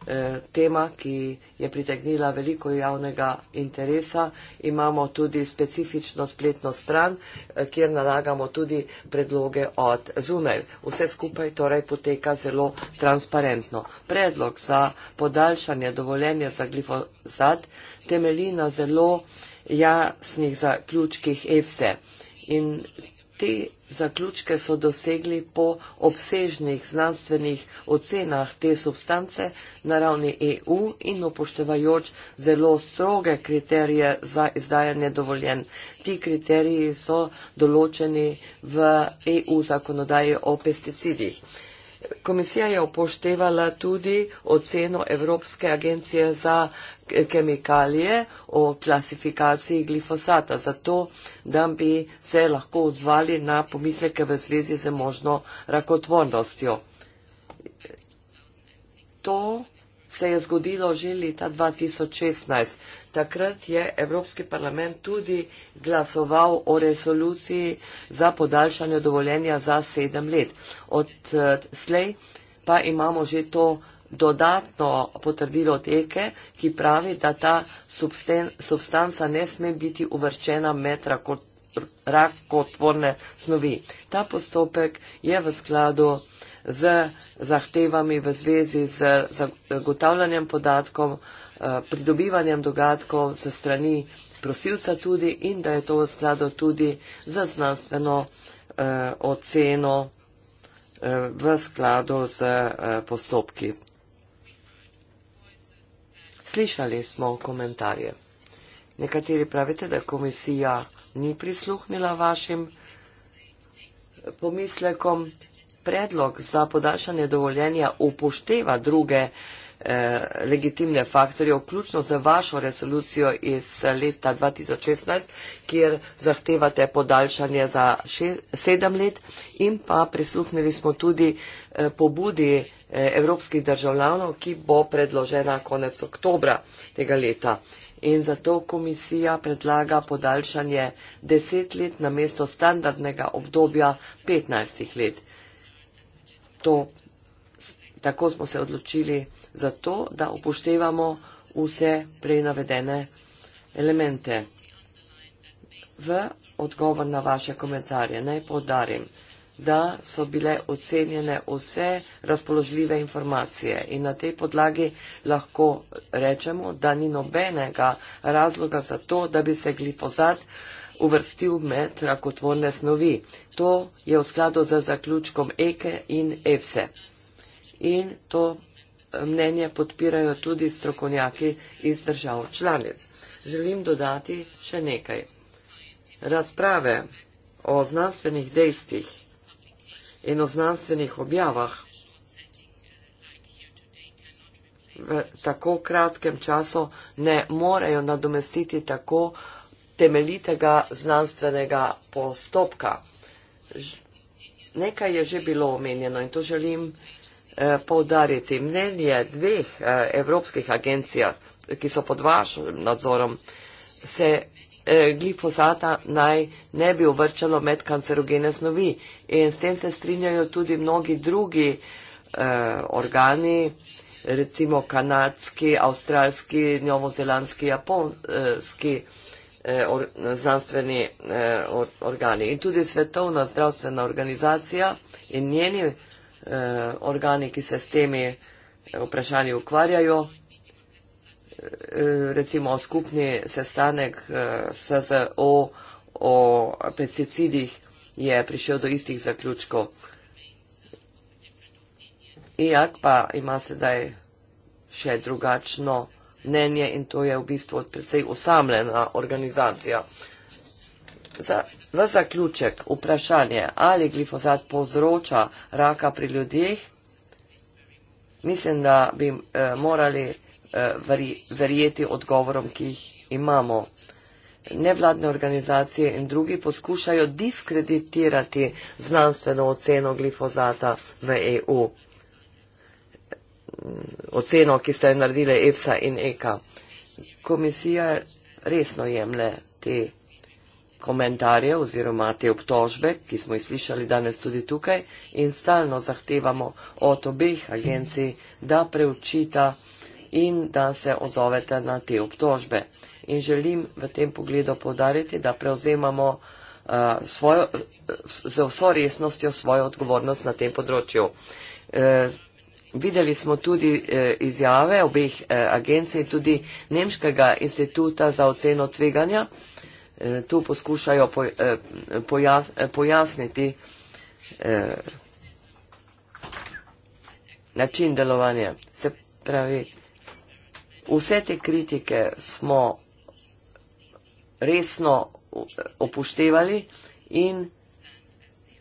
Eh, tema, ki je pritegnila veliko javnega interesa. Imamo tudi specifično spletno stran, eh, kjer nalagamo tudi predloge od zunaj. Vse skupaj torej poteka zelo transparentno. Predlog za podaljšanje dovoljenja za glifosat temelji na zelo jasnih zaključkih EFSE. In Te zaključke so dosegli po obsežnih znanstvenih ocenah te substance na ravni EU in upoštevajoč zelo stroge kriterije za izdajanje dovoljen. Ti kriteriji so določeni v EU zakonodaji o pesticidih. Komisija je upoštevala tudi oceno Evropske agencije za kemikalije o klasifikaciji glifosata, zato da bi se lahko odzvali na pomisleke v zvezi z možno rakotvornostjo. To se je zgodilo že leta 2016 takrat je Evropski parlament tudi glasoval o resoluciji za podaljšanje dovoljenja za sedem let. Od eh, slej pa imamo že to dodatno potrdilo teke, ki pravi, da ta substanca ne sme biti uvrščena med rakotvorne snovi. Ta postopek je v skladu z zahtevami v zvezi z zagotavljanjem podatkom, Eh, pridobivanjem dogodkov za strani prosilca tudi in da je to v skladu tudi za znanstveno eh, oceno eh, v skladu z postopki. Slišali smo komentarje. Nekateri pravite, da komisija ni prisluhnila vašim pomislekom. Predlog za podaljšanje dovoljenja upošteva druge komisije Eh, legitimne faktorje, vključno z vašo resolucijo iz leta 2016, kjer zahtevate podaljšanje za sedem let in pa prisluhnili smo tudi eh, pobudi eh, evropskih državljanov, ki bo predložena konec oktobra tega leta. In zato komisija predlaga podaljšanje deset let na mesto standardnega obdobja petnajstih let. To, tako smo se odločili zato, da upoštevamo vse prenavedene elemente. V odgovor na vaše komentarje naj podarim, da so bile ocenjene vse razpoložljive informacije in na tej podlagi lahko rečemo, da ni nobenega razloga za to, da bi se glifozat uvrstil med rakotvorne snovi. To je v skladu z zaključkom EKE in EFSE. In to mnenje podpirajo tudi strokovnjaki iz držav članic. Želim dodati še nekaj. Razprave o znanstvenih dejstih in o znanstvenih objavah v tako kratkem času ne morejo nadomestiti tako temeljitega znanstvenega postopka. Nekaj je že bilo omenjeno in to želim povedati. Eh, poudariti. Mnenje dveh eh, evropskih agencij, ki so pod vašim nadzorom, se eh, glifosata naj ne bi uvrčalo med kancerogene snovi. In s tem se strinjajo tudi mnogi drugi organi, recimo kanadski, avstralski, njovozelandski, japonski znanstveni organi. In tudi Svetovna zdravstvena organizacija in njeni organi eh, organi, ki se s temi vprašanji ukvarjajo. Eh, recimo skupni sestanek eh, SZO o pesticidih je prišel do istih zaključkov. Iak pa ima sedaj še drugačno mnenje in to je v bistvu predvsej osamljena organizacija za, na zaključek vprašanje, ali glifosat povzroča raka pri ljudeh, mislim, da bi eh, morali eh, veri, verjeti odgovorom, ki jih imamo. Nevladne organizacije in drugi poskušajo diskreditirati znanstveno oceno glifozata v EU. Oceno, ki ste jo naredili EFSA in EKA. Komisija resno jemlje te komentarje oziroma te obtožbe, ki smo jih slišali danes tudi tukaj in stalno zahtevamo od obeh agencij, da preučita in da se ozovete na te obtožbe. In želim v tem pogledu povdariti, da prevzemamo uh, svojo, z vso resnostjo svojo odgovornost na tem področju. Uh, Videli smo tudi eh, izjave obeh eh, agencij, tudi Nemškega instituta za oceno tveganja, eh, Eh, tu poskušajo eh, pojas, eh, pojasniti način delovanja. Se pravi, vse te kritike smo resno opuštevali in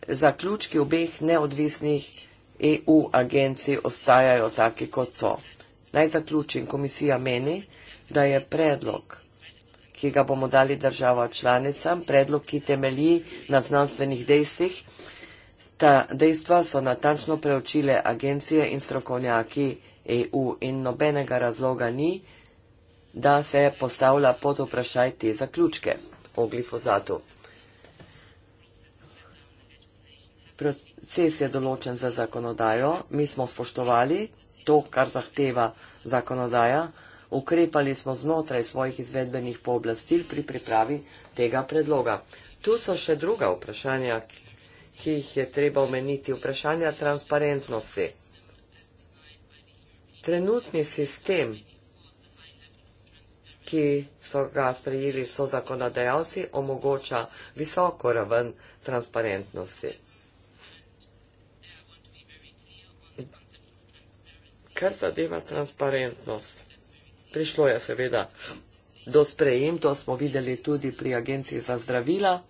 zaključki obeh neodvisnih EU agencij ostajajo taki, kot so. Naj zaključim, komisija meni, da je predlog ki ga bomo dali država članicam, predlog, ki temelji na znanstvenih dejstvih. Ta dejstva so natančno preučile agencije in strokovnjaki EU in nobenega razloga ni, da se postavlja pod vprašaj te zaključke o glifozatu. Proces je določen za zakonodajo, mi smo spoštovali to, kar zahteva zakonodaja, Ukrepali smo znotraj svojih izvedbenih pooblastil pri pripravi tega predloga. Tu so še druga vprašanja, ki jih je treba omeniti. Vprašanja transparentnosti. Trenutni sistem, ki so ga sprejeli so zakonodajalci, omogoča visoko raven transparentnosti. Kar zadeva transparentnost? prišlo je seveda do sprejem, to smo videli tudi pri agenciji za zdravila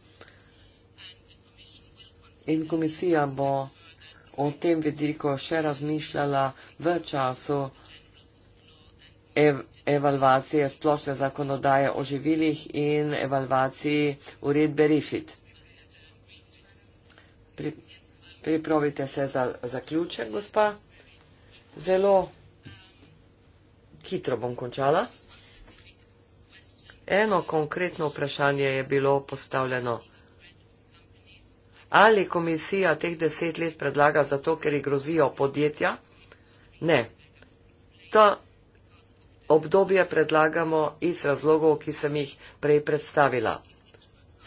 in komisija bo o tem vidiku še razmišljala v času evalvacije splošne zakonodaje o živilih in evalvaciji uredbe RIFIT. Pripravite se za zaključek, gospa. Zelo vsega hitro bom končala. Eno konkretno vprašanje je bilo postavljeno. Ali komisija teh deset let predlaga zato, ker jih grozijo podjetja? Ne. To obdobje predlagamo iz razlogov, ki sem jih prej predstavila.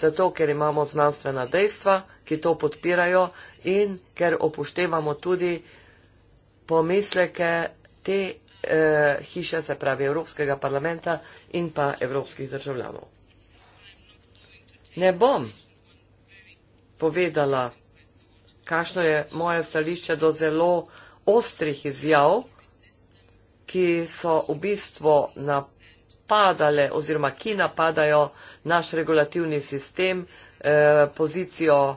Zato, ker imamo znanstvena dejstva, ki to podpirajo in ker opuštevamo tudi pomisleke te eh, hiše, se pravi Evropskega parlamenta in pa evropskih državljanov. Ne bom povedala, kakšno je moje stališče do zelo ostrih izjav, ki so v bistvu napadale oziroma ki napadajo naš regulativni sistem, eh, pozicijo eh,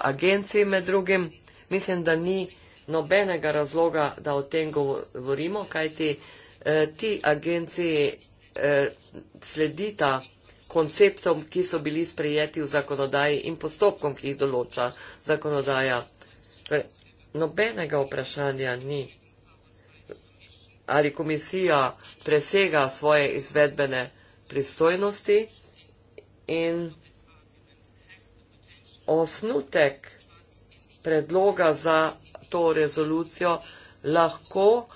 agencij med drugim. Mislim, da ni nobenega razloga, da o tem govorimo, kajti eh, ti agenciji eh, sledita konceptom, ki so bili sprejeti v zakonodaji in postopkom, ki jih določa zakonodaja. Torej, nobenega vprašanja ni, ali komisija presega svoje izvedbene pristojnosti in osnutek predloga za to rezolucijo lahko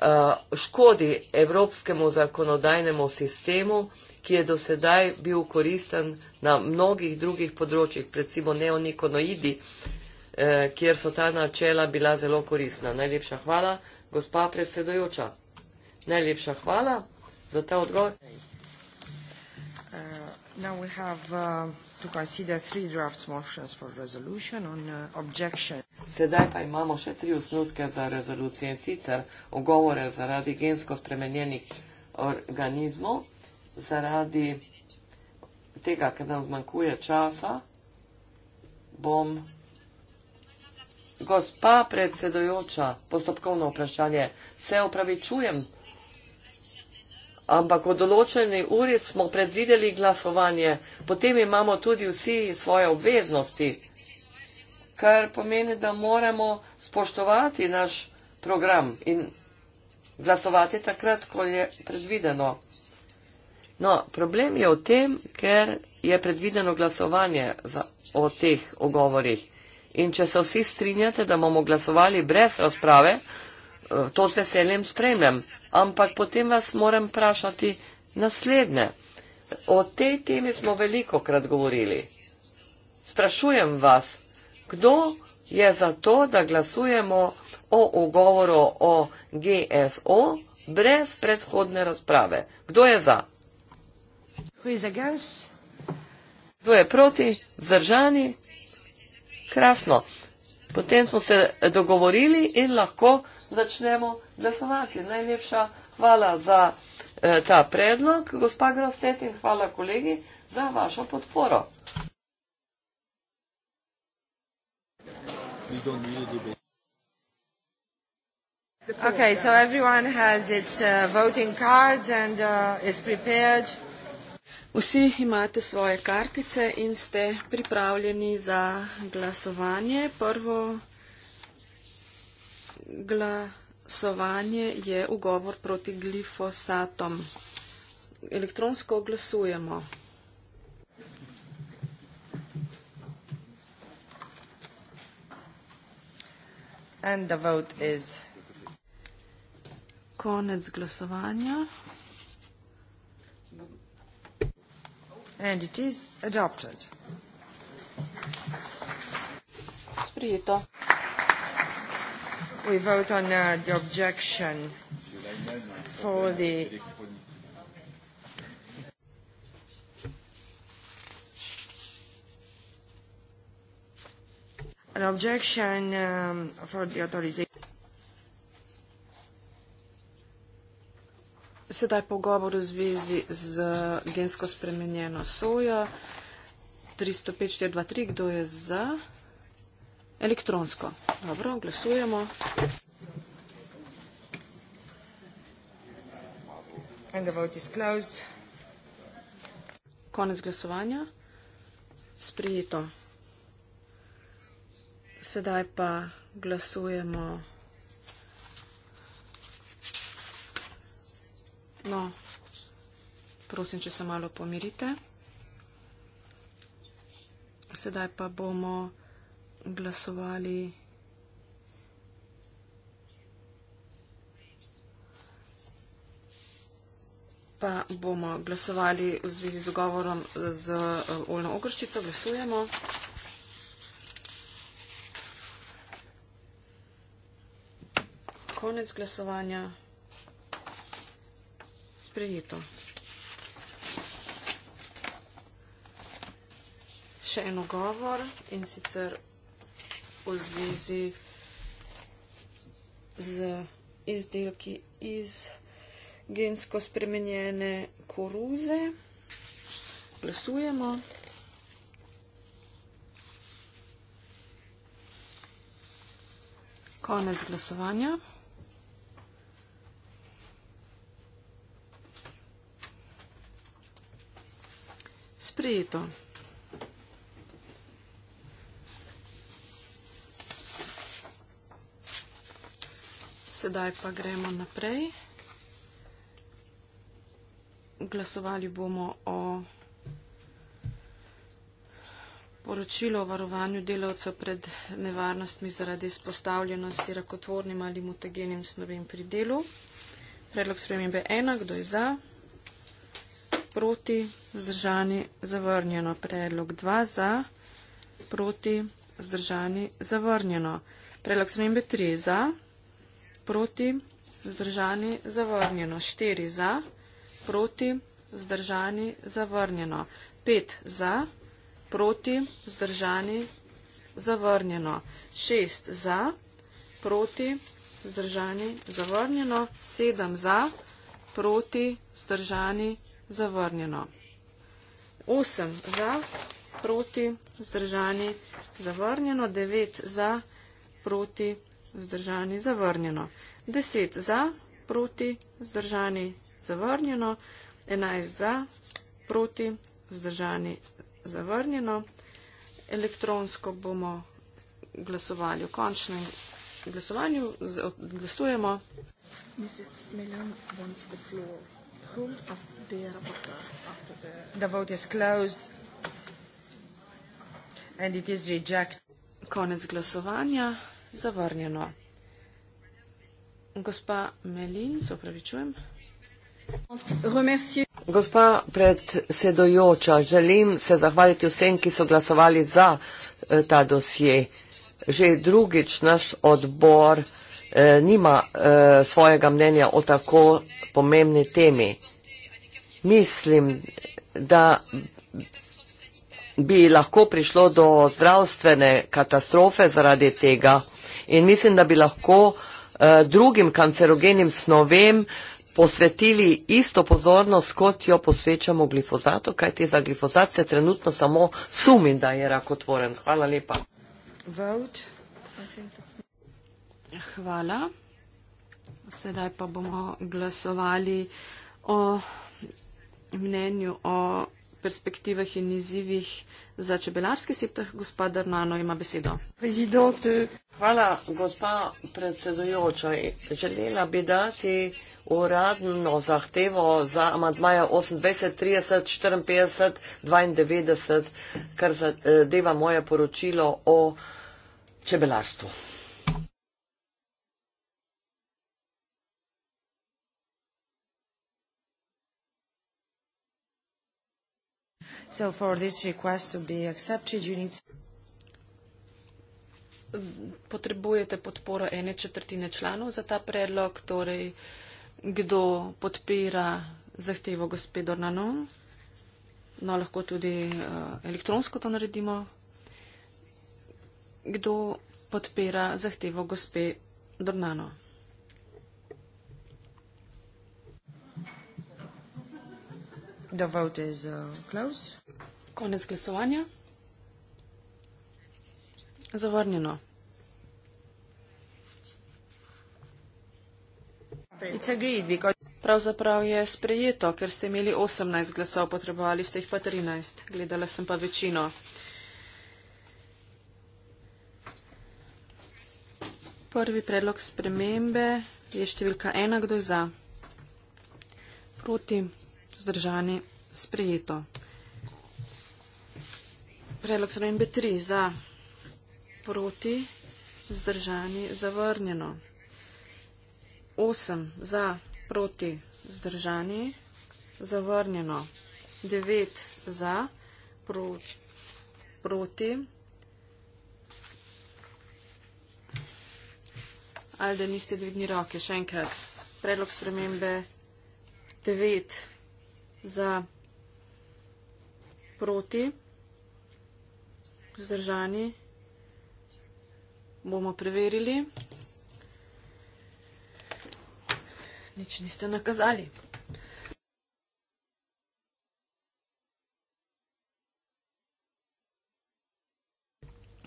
eh, škodi evropskemu zakonodajnemu sistemu, ki je dosedaj bil koristen na mnogih drugih področjih, predsimo neonikonoidi, eh, kjer so ta načela bila zelo koristna. Najlepša hvala, gospa predsedojoča. Najlepša hvala za ta odgovor. Now we have... Uh, To consider three drafts motions for resolution on uh, objection. Sedaj pa imamo še tri osnutke za rezolucije in sicer ogovore zaradi gensko spremenjenih organizmov, zaradi tega, ker nam zmanjkuje časa, bom. Gospa predsedojoča, postopkovno vprašanje, se opravičujem ampak v določeni uri smo predvideli glasovanje. Potem imamo tudi vsi svoje obveznosti, kar pomeni, da moramo spoštovati naš program in glasovati takrat, ko je predvideno. No, problem je v tem, ker je predvideno glasovanje za, o teh ogovorih. In če se vsi strinjate, da bomo glasovali brez razprave, Eh, to z veseljem sprejmem. Ampak potem vas moram vprašati naslednje. O tej temi smo veliko krat govorili. Sprašujem vas, kdo je za to, da glasujemo o ugovoru o GSO brez predhodne razprave? Kdo je za? Kdo je proti? Zdržani? Krasno. Potem smo se dogovorili in lahko začnemo glasovati. Najlepša hvala za eh, ta predlog, gospa Grostet, in hvala kolegi za vašo podporo. Okay, so everyone has its uh, voting cards and uh, is prepared. Vsi imate svoje kartice in ste pripravljeni za glasovanje. Prvo glasovanje je ugovor proti glifosatom. Elektronsko glasujemo. And the vote is... Konec glasovanja. And it is adopted. Sprijeto. We vote on uh, the objection for the... An objection um, for the authorization. Sedaj pogovor v zvezi z gensko spremenjeno sojo. 305423, kdo je za? elektronsko. Dobro, glasujemo. And the vote is closed. Konec glasovanja. Sprijeto. Sedaj pa glasujemo. No, prosim, če se malo pomirite. Sedaj pa bomo glasovali pa bomo glasovali v zvezi z ugovorom z eh, oljno okrščico. Glasujemo. Konec glasovanja. Sprejeto. Še en ugovor in sicer vsega v zvezi z izdelki iz gensko spremenjene koruze. Glasujemo. Konec glasovanja. Sprejeto. Sedaj pa gremo naprej. Glasovali bomo o poročilu o varovanju delavcev pred nevarnostmi zaradi izpostavljenosti rakotvornim ali mutagenim snovem pri delu. Predlog spremembe ena, kdo je za? Proti, zdržani, zavrnjeno. Predlog dva za, proti, zdržani, zavrnjeno. Predlog spremembe tri za, proti, vzdržani, zavrnjeno. 4 za, proti, vzdržani, zavrnjeno. 5 za, proti, vzdržani, zavrnjeno. 6 za, proti, vzdržani, zavrnjeno. 7 za, proti, vzdržani, zavrnjeno. 8 za, proti, vzdržani, zavrnjeno. 9 za, proti, vzdržani, zavrnjeno. 10 za, proti, zdržani, zavrnjeno, 11 za, proti, zdržani, zavrnjeno. Elektronsko bomo glasovali. V končnem glasovanju glasujemo. Mrs. Millen wants the floor. Hold up the rapporteur after the... The vote is closed and it is rejected. Konec glasovanja. Zavrnjeno. Gospa Melin, se opravičujem. Gospa predsedojoča, želim se zahvaliti vsem, ki so glasovali za eh, ta dosje. Že drugič naš odbor eh, nima eh, svojega mnenja o tako pomembni temi. Mislim, da bi lahko prišlo do zdravstvene katastrofe zaradi tega in mislim, da bi lahko eh, Eh, drugim kancerogenim snovem posvetili isto pozornost, kot jo posvečamo glifozatu, kajti za glifozat se trenutno samo sumi, da je rakotvoren. Hvala lepa. Vote. Hvala. Sedaj pa bomo glasovali o mnenju o perspektivah in izzivih za čebelarski sektor. Gospod Arnano ima besedo. Prezidente. Hvala, gospa predsedujoča. Želela bi dati uradno zahtevo za amadmaja 28, 30, 54, 92, kar zadeva moje poročilo o čebelarstvu. So for this request to be accepted, you need potrebujete podporo ene četrtine članov za ta predlog, torej kdo podpira zahtevo gospe Dornanon. No, lahko tudi uh, elektronsko to naredimo. Kdo podpira zahtevo gospe Dornano? The vote is uh, closed. Konec glasovanja. Zavrnjeno. Pravzaprav je sprejeto, ker ste imeli 18 glasov, potrebovali ste jih pa 13. Gledala sem pa večino. Prvi predlog spremembe je številka 1, kdo je za. Proti, zdržani, sprejeto. Predlog spremembe 3, za proti, vzdržani, zavrnjeno. 8 za, proti, vzdržani, zavrnjeno. 9 za, pro, proti, ali da niste dvigni roke, še enkrat, predlog spremembe 9 za, proti, vzdržani, zavrnjeno bomo preverili. Nič niste nakazali.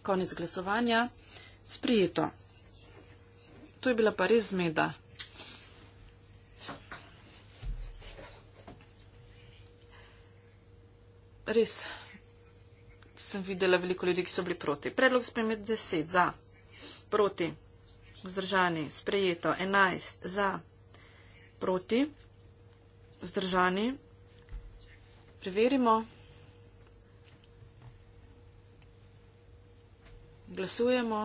Konec glasovanja. Sprijeto. To je bila pa res zmeda. Res sem videla veliko ljudi, ki so bili proti. Predlog spremet 10 za proti, vzdržani, sprejeto, 11 za, proti, vzdržani. Preverimo. Glasujemo.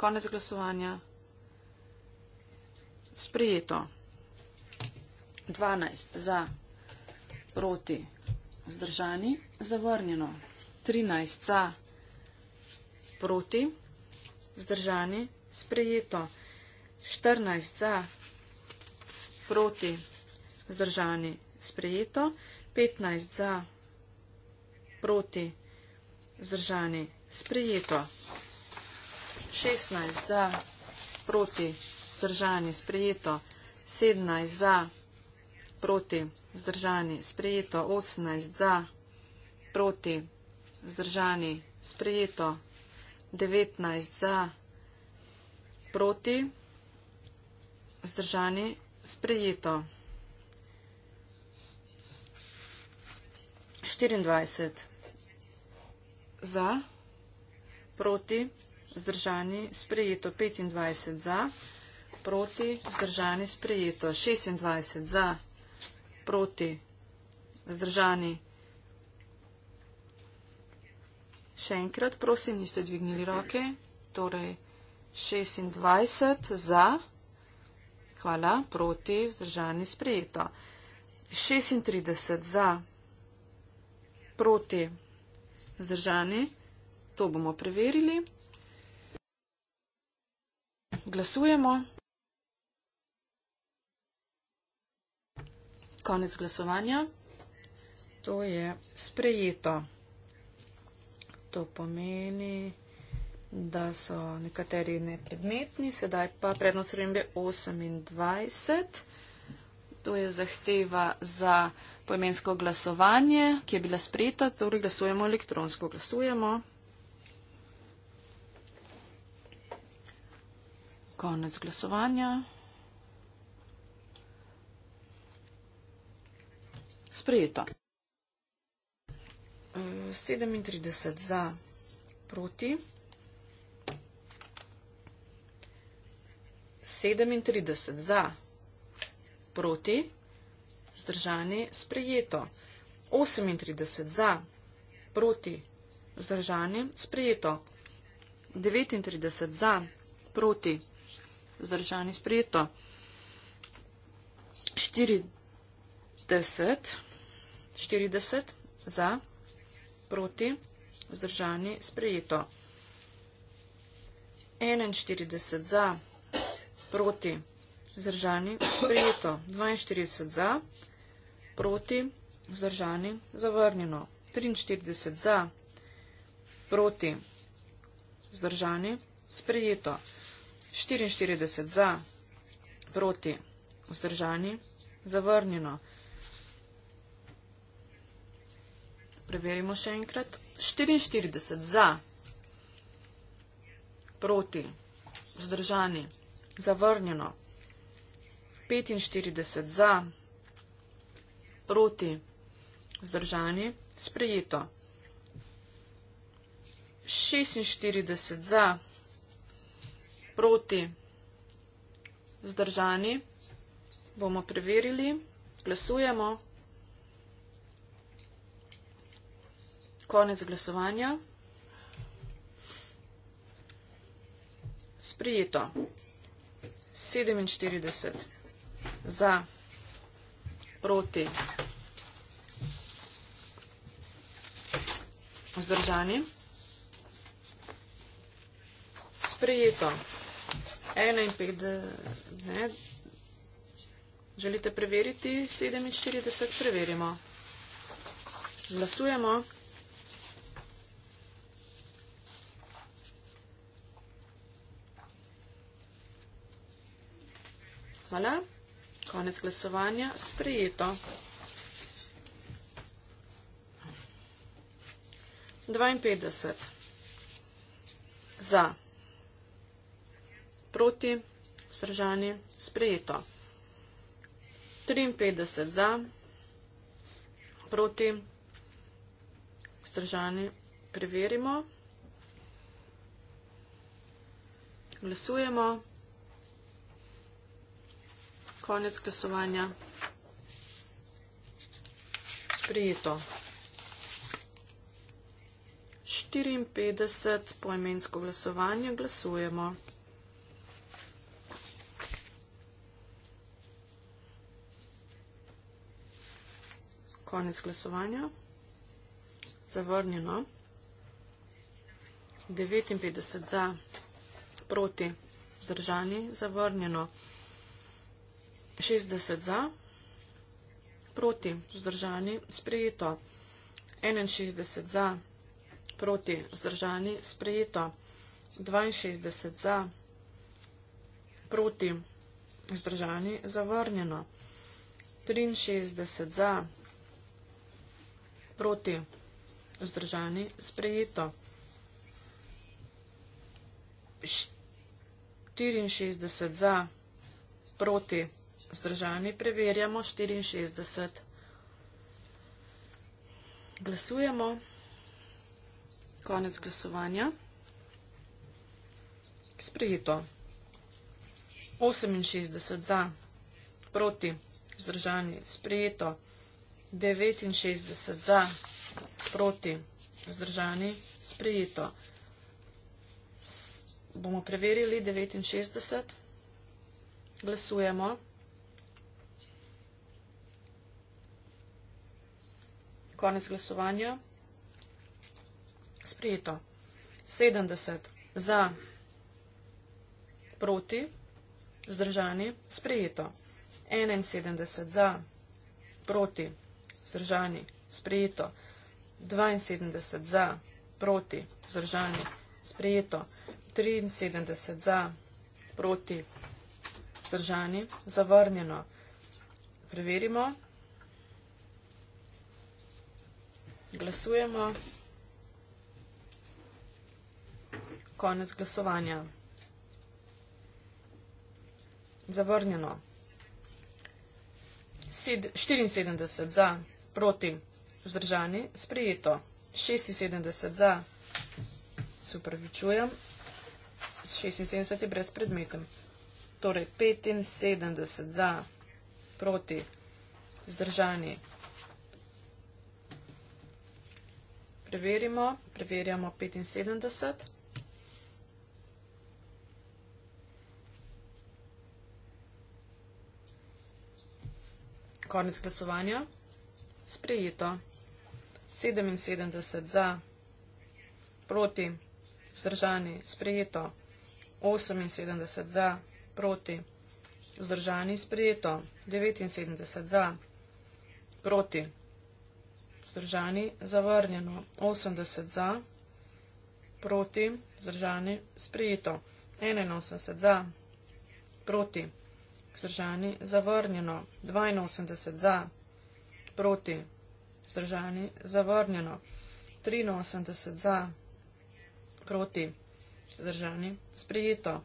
Konec glasovanja. Sprejeto. 12 za, proti, vzdržani, zavrnjeno. 13 za, proti, vzdržani vzdržani, sprejeto. 14 za, proti, vzdržani, sprejeto. 15 za, proti, vzdržani, sprejeto. 16 za, proti, vzdržani, sprejeto. 17 za, proti, vzdržani, sprejeto. 18 za, proti, vzdržani, sprejeto. 19 za, proti, vzdržani, sprejeto. 24 za, proti, vzdržani, sprejeto. 25 za, proti, vzdržani, sprejeto. 26 za, proti, vzdržani, sprejeto. Še enkrat, prosim, niste dvignili roke. Torej, 26 za, hvala, proti, vzdržani, sprejeto. 36 za, proti, vzdržani, to bomo preverili. Glasujemo. Konec glasovanja. To je sprejeto to pomeni, da so nekateri nepredmetni, sedaj pa prednost rembe 28. To je zahteva za poimensko glasovanje, ki je bila sprejeta, torej glasujemo elektronsko. Glasujemo. Konec glasovanja. Sprejeto. 37 za proti. 37 za proti. Zdržani sprejeto. 38 za proti. Zdržani sprejeto. 39 za proti. Zdržani sprejeto. 40. 40 za proti proti, vzdržani, sprejeto. 41 za, proti, vzdržani, sprejeto. 42 za, proti, vzdržani, zavrnjeno. 43 za, proti, vzdržani, sprejeto. 44 za, proti, vzdržani, zavrnjeno. Preverimo še enkrat. 44 za, proti, vzdržani, zavrnjeno. 45 za, proti, vzdržani, sprejeto. 46 za, proti, vzdržani, bomo preverili, glasujemo. konec glasovanja. Sprijeto. 47 za proti vzdržani. Sprijeto. 51. Ne. Želite preveriti 47? Preverimo. Glasujemo. Hvala. Konec glasovanja. Sprejeto. 52. Za. Proti. Stržani. Sprejeto. 53. Za. Proti. Stržani. Preverimo. Glasujemo. Glasujemo konec glasovanja. Sprijeto. 54 poimensko glasovanje glasujemo. Konec glasovanja. Zavrnjeno. 59 za, proti, zdržani, zavrnjeno. 60 za, proti vzdržani, sprejeto. 61 za, proti vzdržani, sprejeto. 62 za, proti vzdržani, zavrnjeno. 63 za, proti vzdržani, sprejeto. 64 za, proti vzdržani vzdržani preverjamo 64. Glasujemo. Konec glasovanja. Sprejeto. 68 za, proti, vzdržani, sprejeto. 69 za, proti, vzdržani, sprejeto. S bomo preverili 69. Glasujemo. Konec glasovanja. Sprejeto. 70 za, proti, vzdržani, sprejeto. 71 za, proti, vzdržani, sprejeto. 72 za, proti, vzdržani, sprejeto. 73 za, proti, vzdržani, zavrnjeno. Preverimo. Glasujemo. Konec glasovanja. Zavrnjeno. 74 za, proti, vzdržani, sprejeto. 76 za, se upravičujem. 76 je brez predmetem. Torej 75 za, proti, vzdržani, preverimo, preverjamo 75. Konec glasovanja. Sprejeto. 77 za, proti, vzdržani, sprejeto. 78 za, proti, vzdržani, sprejeto. 79 za, proti, vzdržani vzdržani, zavrnjeno, 80 za, proti, vzdržani, sprijeto, 81 za, proti, vzdržani, zavrnjeno, 82 za, proti, vzdržani, zavrnjeno, 83 za, proti, vzdržani, sprijeto,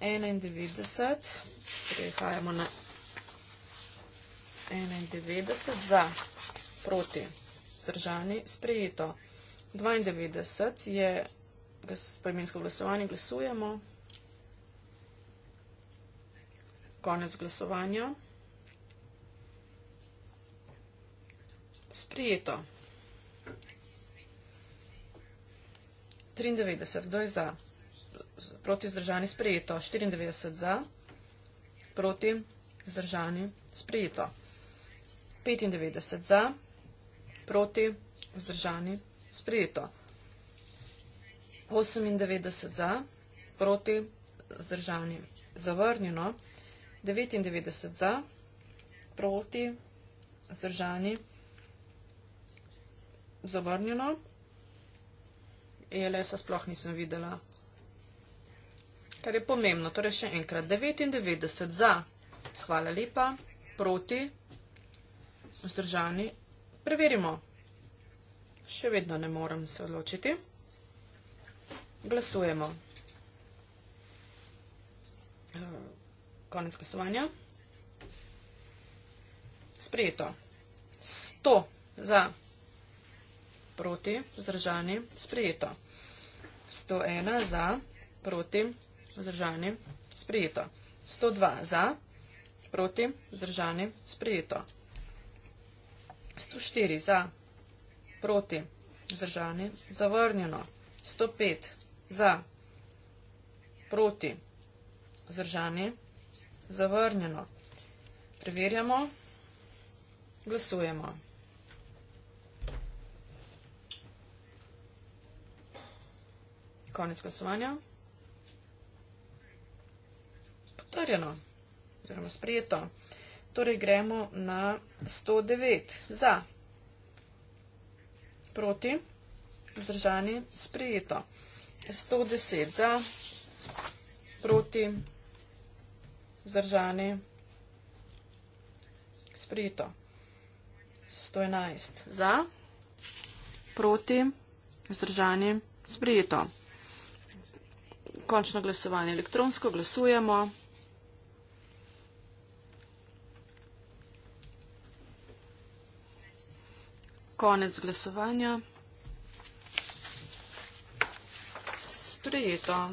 91, prihajamo na 91 za, proti, zdržani, sprejeto. 92 je, po imensko glasovanje glasujemo. Konec glasovanja. Sprijeto. 93, kdo je za? Proti zdržani sprijeto. 94 za, proti zdržani sprijeto. 95 za, proti, vzdržani, sprejeto. 98 za, proti, vzdržani, zavrnjeno. 99 za, proti, vzdržani, zavrnjeno. ELS-a sploh nisem videla. Kar je pomembno, torej še enkrat, 99 za, hvala lepa, proti, vzdržani, vzdržani. Preverimo. Še vedno ne moram se odločiti. Glasujemo. E, konec glasovanja. Sprejeto. 100 za proti vzdržani. Sprejeto. 101 za proti vzdržani. Sprejeto. 102 za proti vzdržani. Sprejeto. 104 za, proti, vzdržani, zavrnjeno, 105 za, proti, vzdržani, zavrnjeno. Preverjamo, glasujemo. Konec glasovanja. Potrjeno, oziroma sprijeto. Torej gremo na 109 za, proti, vzdržani, sprejeto. 110 za, proti, vzdržani, sprejeto. 111 za, proti, vzdržani, sprejeto. Končno glasovanje elektronsko, glasujemo. 111 za, proti, vzdržani, sprejeto. konec glasovanja. Sprejeto.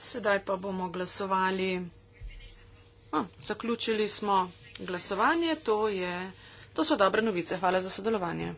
Sedaj pa bomo glasovali. Oh, zaključili smo glasovanje, to, je, to so dobre novice. Hvala za sodelovanje.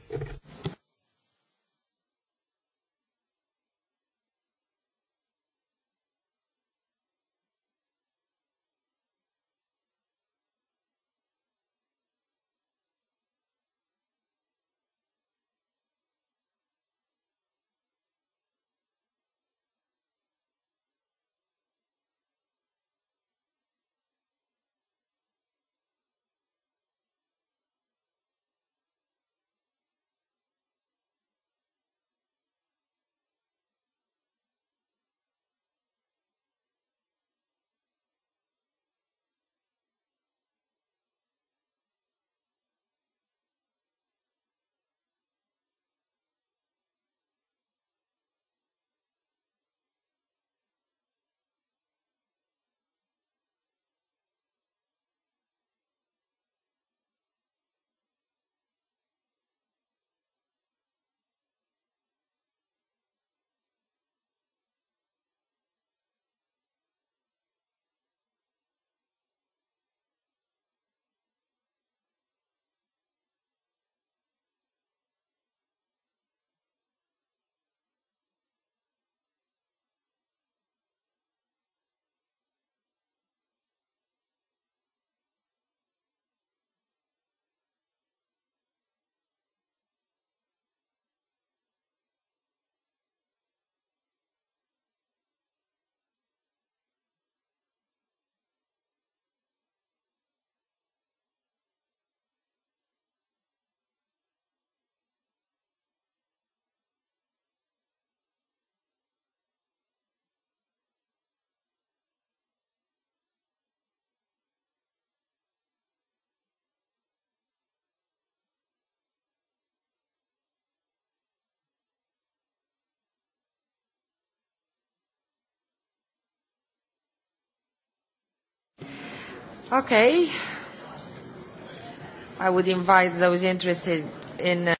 Okay. I would invite those interested in. Uh,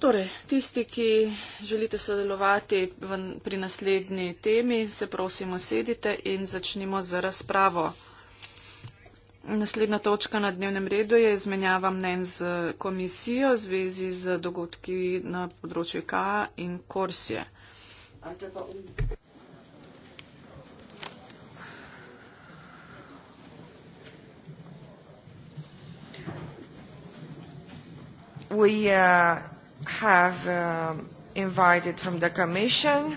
torej, tisti, ki želite sodelovati pri naslednji temi, se prosim osedite in začnimo z razpravo. Naslednja točka na dnevnem redu je izmenjava mnen z komisijo v zvezi z dogodki na področju IKA in Korsije. Ante pa um. we uh, have uh, invited from the Commission.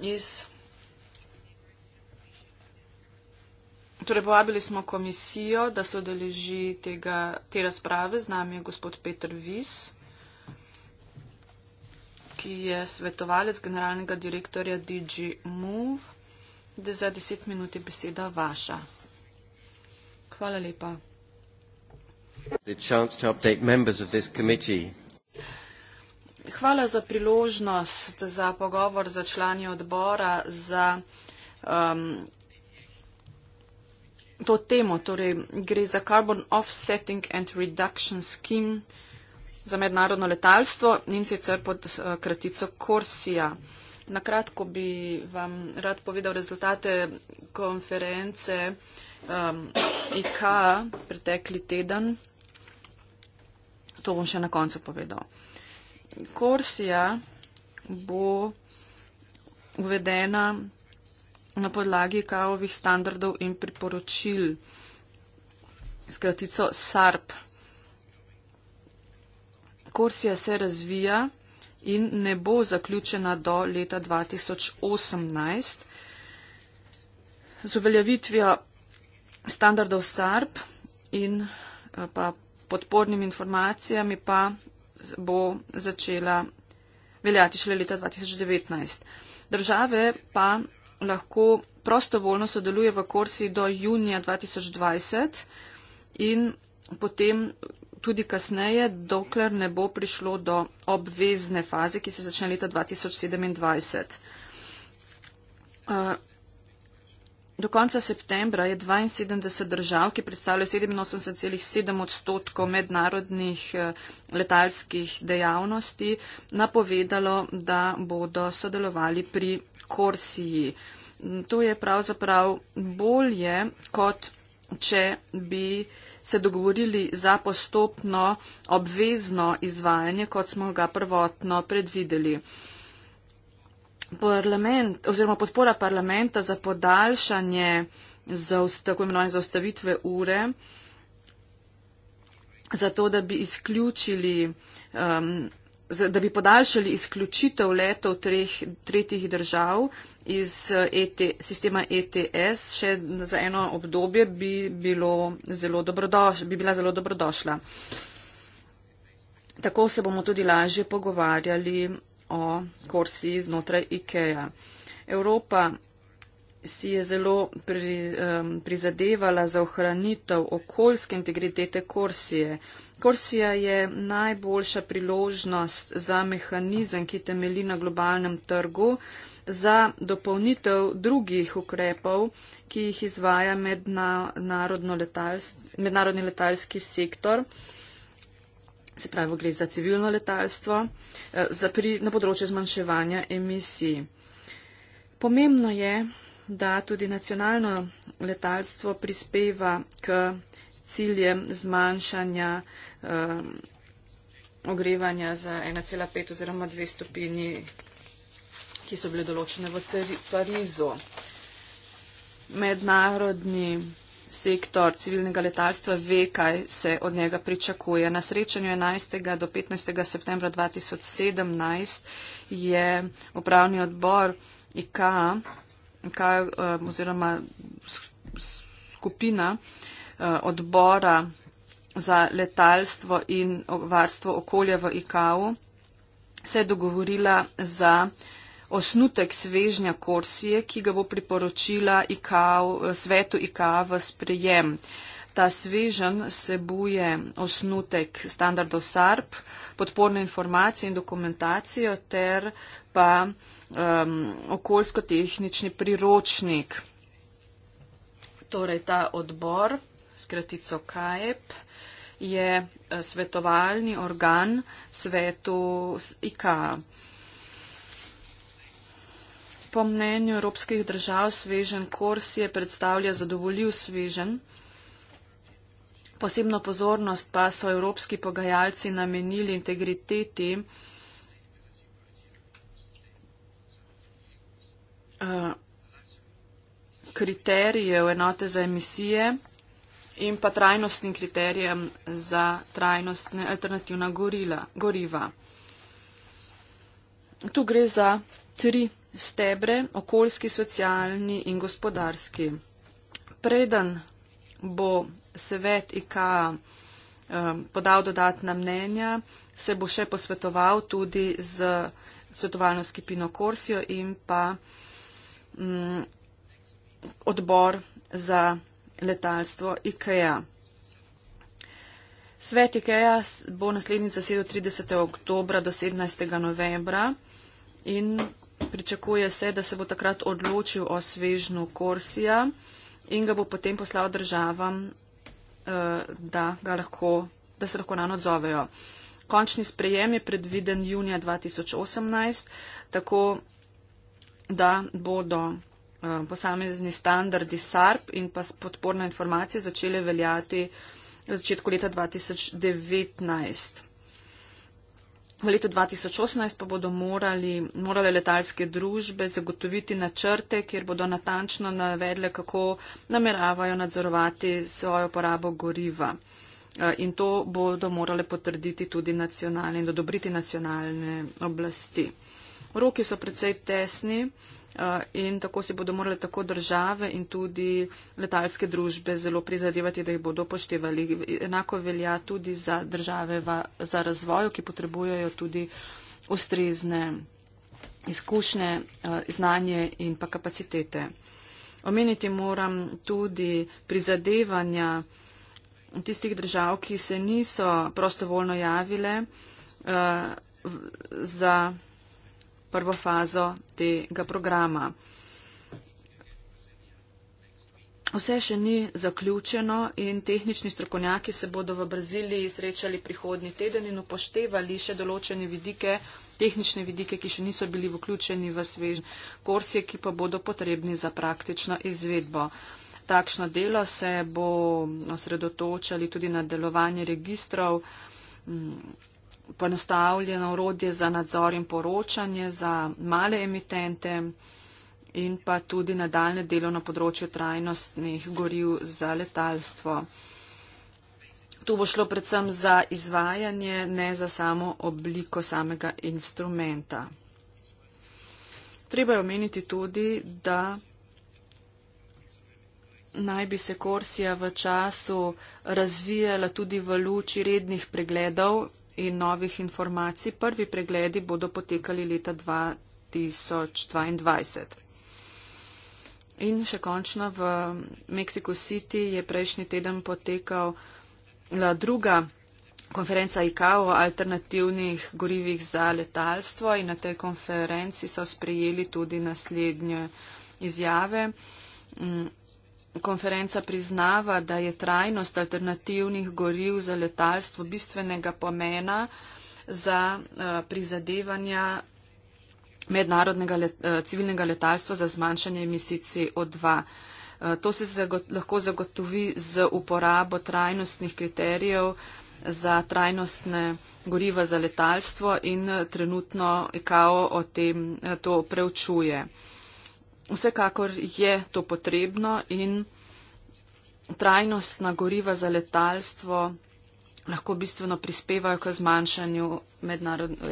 Yes. Torej, povabili smo komisijo, da se odeleži tega, te razprave. Z nami je gospod Petr Vis, ki je svetovalec generalnega direktorja DG Move. Da za deset minut je beseda vaša. Hvala lepa. Hvala za priložnost za pogovor za člani odbora za um, to temo. Torej, gre za Carbon Offsetting and Reduction Scheme za mednarodno letalstvo in sicer pod uh, kratico Korsija. Na kratko bi vam rad povedal rezultate konference um, IK pretekli teden to bom še na koncu povedal. Korsija bo uvedena na podlagi kaovih standardov in priporočil s kratico SARP. Korsija se razvija in ne bo zaključena do leta 2018. Z uveljavitvijo standardov SARP in eh, pa podpornimi informacijami pa bo začela veljati šele leta 2019. Države pa lahko prostovoljno sodeluje v korsi do junija 2020 in potem tudi kasneje, dokler ne bo prišlo do obvezne faze, ki se začne leta 2027. Do konca septembra je 72 držav, ki predstavljajo 87,7 odstotkov mednarodnih eh, letalskih dejavnosti, napovedalo, da bodo sodelovali pri Korsiji. To je pravzaprav bolje, kot če bi se dogovorili za postopno obvezno izvajanje, kot smo ga prvotno predvideli parlament, oziroma podpora parlamenta za podaljšanje za ust, tako imenovane zaustavitve ure, zato da bi izključili, um, da bi podaljšali izključitev letov treh, tretjih držav iz ET, sistema ETS, še za eno obdobje bi, bilo zelo bi bila zelo dobrodošla. Tako se bomo tudi lažje pogovarjali o korsi znotraj IKEA. Evropa si je zelo pri, um, prizadevala za ohranitev okoljske integritete korsije. Korsija je najboljša priložnost za mehanizem, ki temeli na globalnem trgu, za dopolnitev drugih ukrepov, ki jih izvaja mednarodni letalski sektor. Uh, se pravi, gre za civilno letalstvo, eh, za pri, na področju zmanjševanja emisij. Pomembno je, da tudi nacionalno letalstvo prispeva k ciljem zmanjšanja um, ogrevanja za 1,5 oziroma 2 stopinji, ki so bile določene v Parizu. Mednarodni sektor civilnega letalstva ve, kaj se od njega pričakuje. Na srečanju 11. do 15. septembra 2017 je upravni odbor IKA, IKA eh, oziroma skupina eh, odbora za letalstvo in varstvo okolja v IKAU se je dogovorila za osnutek svežnja Korsije, ki ga bo priporočila IKAV, svetu IKAV v sprejem. Ta svežen sebuje osnutek standardov SARP, podporne informacije in dokumentacijo ter pa um, okoljsko-tehnični priročnik. Torej ta odbor, skratico KAEP, je eh, svetovalni organ svetu IKA. Po mnenju evropskih držav svežen kors je predstavlja zadovoljiv svežen. Posebno pozornost pa so evropski pogajalci namenili integriteti uh, kriterijev enote za emisije in pa trajnostnim kriterijem za trajnostne alternativna gorila, goriva. Tu gre za tri stebre, okoljski, socialni in gospodarski. Preden bo svet IKA eh, podal dodatna mnenja, se bo še posvetoval tudi z svetovalno skupino Korsijo in pa mm, odbor za letalstvo IKEA. Svet IKEA bo naslednji zasedel 30. oktobra do 17. novembra in pričakuje se, da se bo takrat odločil o svežnu Korsija in ga bo potem poslal državam, eh, da, lahko, da se lahko nanj odzovejo. Končni sprejem je predviden junija 2018, tako da bodo eh, posamezni standardi SARP in pa podporne informacije začele veljati v začetku leta 2019. V letu 2018 pa bodo morali, morale letalske družbe zagotoviti načrte, kjer bodo natančno navedle, kako nameravajo nadzorovati svojo porabo goriva. E, in to bodo morale potrditi tudi nacionalne in dodobriti nacionalne oblasti. Roki so predvsej tesni in tako si bodo morali tako države in tudi letalske družbe zelo prizadevati, da jih bodo poštevali. Enako velja tudi za države va, za razvoj, ki potrebujejo tudi ustrezne izkušnje, znanje in pa kapacitete. Omeniti moram tudi prizadevanja tistih držav, ki se niso prostovoljno javile uh, za prvo fazo tega programa. Vse še ni zaključeno in tehnični strokovnjaki se bodo v Braziliji srečali prihodnji teden in upoštevali še določene vidike, tehnične vidike, ki še niso bili vključeni v svež korsje, ki pa bodo potrebni za praktično izvedbo. Takšno delo se bo osredotočali tudi na delovanje registrov. Mm, poenostavljeno urodje za nadzor in poročanje za male emitente in pa tudi nadaljne delo na področju trajnostnih goriv za letalstvo. Tu bo šlo predvsem za izvajanje, ne za samo obliko samega instrumenta. Treba je omeniti tudi, da naj bi se Korsija v času razvijala tudi v luči rednih pregledov in novih informacij. Prvi pregledi bodo potekali leta 2022. In še končno v Mexico City je prejšnji teden potekala eh, druga konferenca ICAO o alternativnih gorivih za letalstvo in na tej konferenci so sprejeli tudi naslednje izjave. Mm, konferenca priznava, da je trajnost alternativnih goriv za letalstvo bistvenega pomena za eh, prizadevanja mednarodnega let, eh, civilnega letalstva za zmanjšanje emisij CO2. Eh, to se zagot, lahko zagotovi z uporabo trajnostnih kriterijev za trajnostne goriva za letalstvo in trenutno ICAO o tem to preučuje vsekakor je to potrebno in trajnostna goriva za letalstvo lahko bistveno prispevajo k zmanjšanju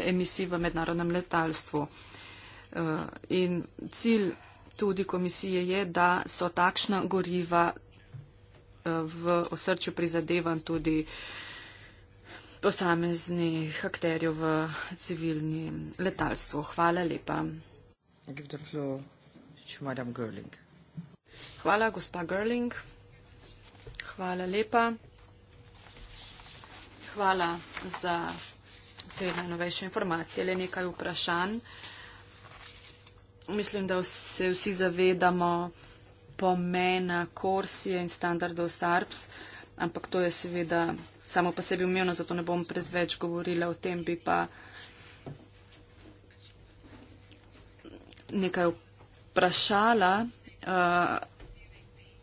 emisij v mednarodnem letalstvu. Eh, in cilj tudi komisije je, da so takšna goriva eh, v osrčju prizadevan tudi posameznih akterjev v civilnem letalstvu. Hvala lepa. I give the floor. Madame Gerling. Hvala, gospa Gerling. Hvala lepa. Hvala za te najnovejše informacije. Le nekaj vprašanj. Mislim, da se vsi zavedamo pomena korsije in standardov SARPS, ampak to je seveda samo pa sebi umevno, zato ne bom predveč govorila o tem, bi pa nekaj vprašanj vprašala. Eh,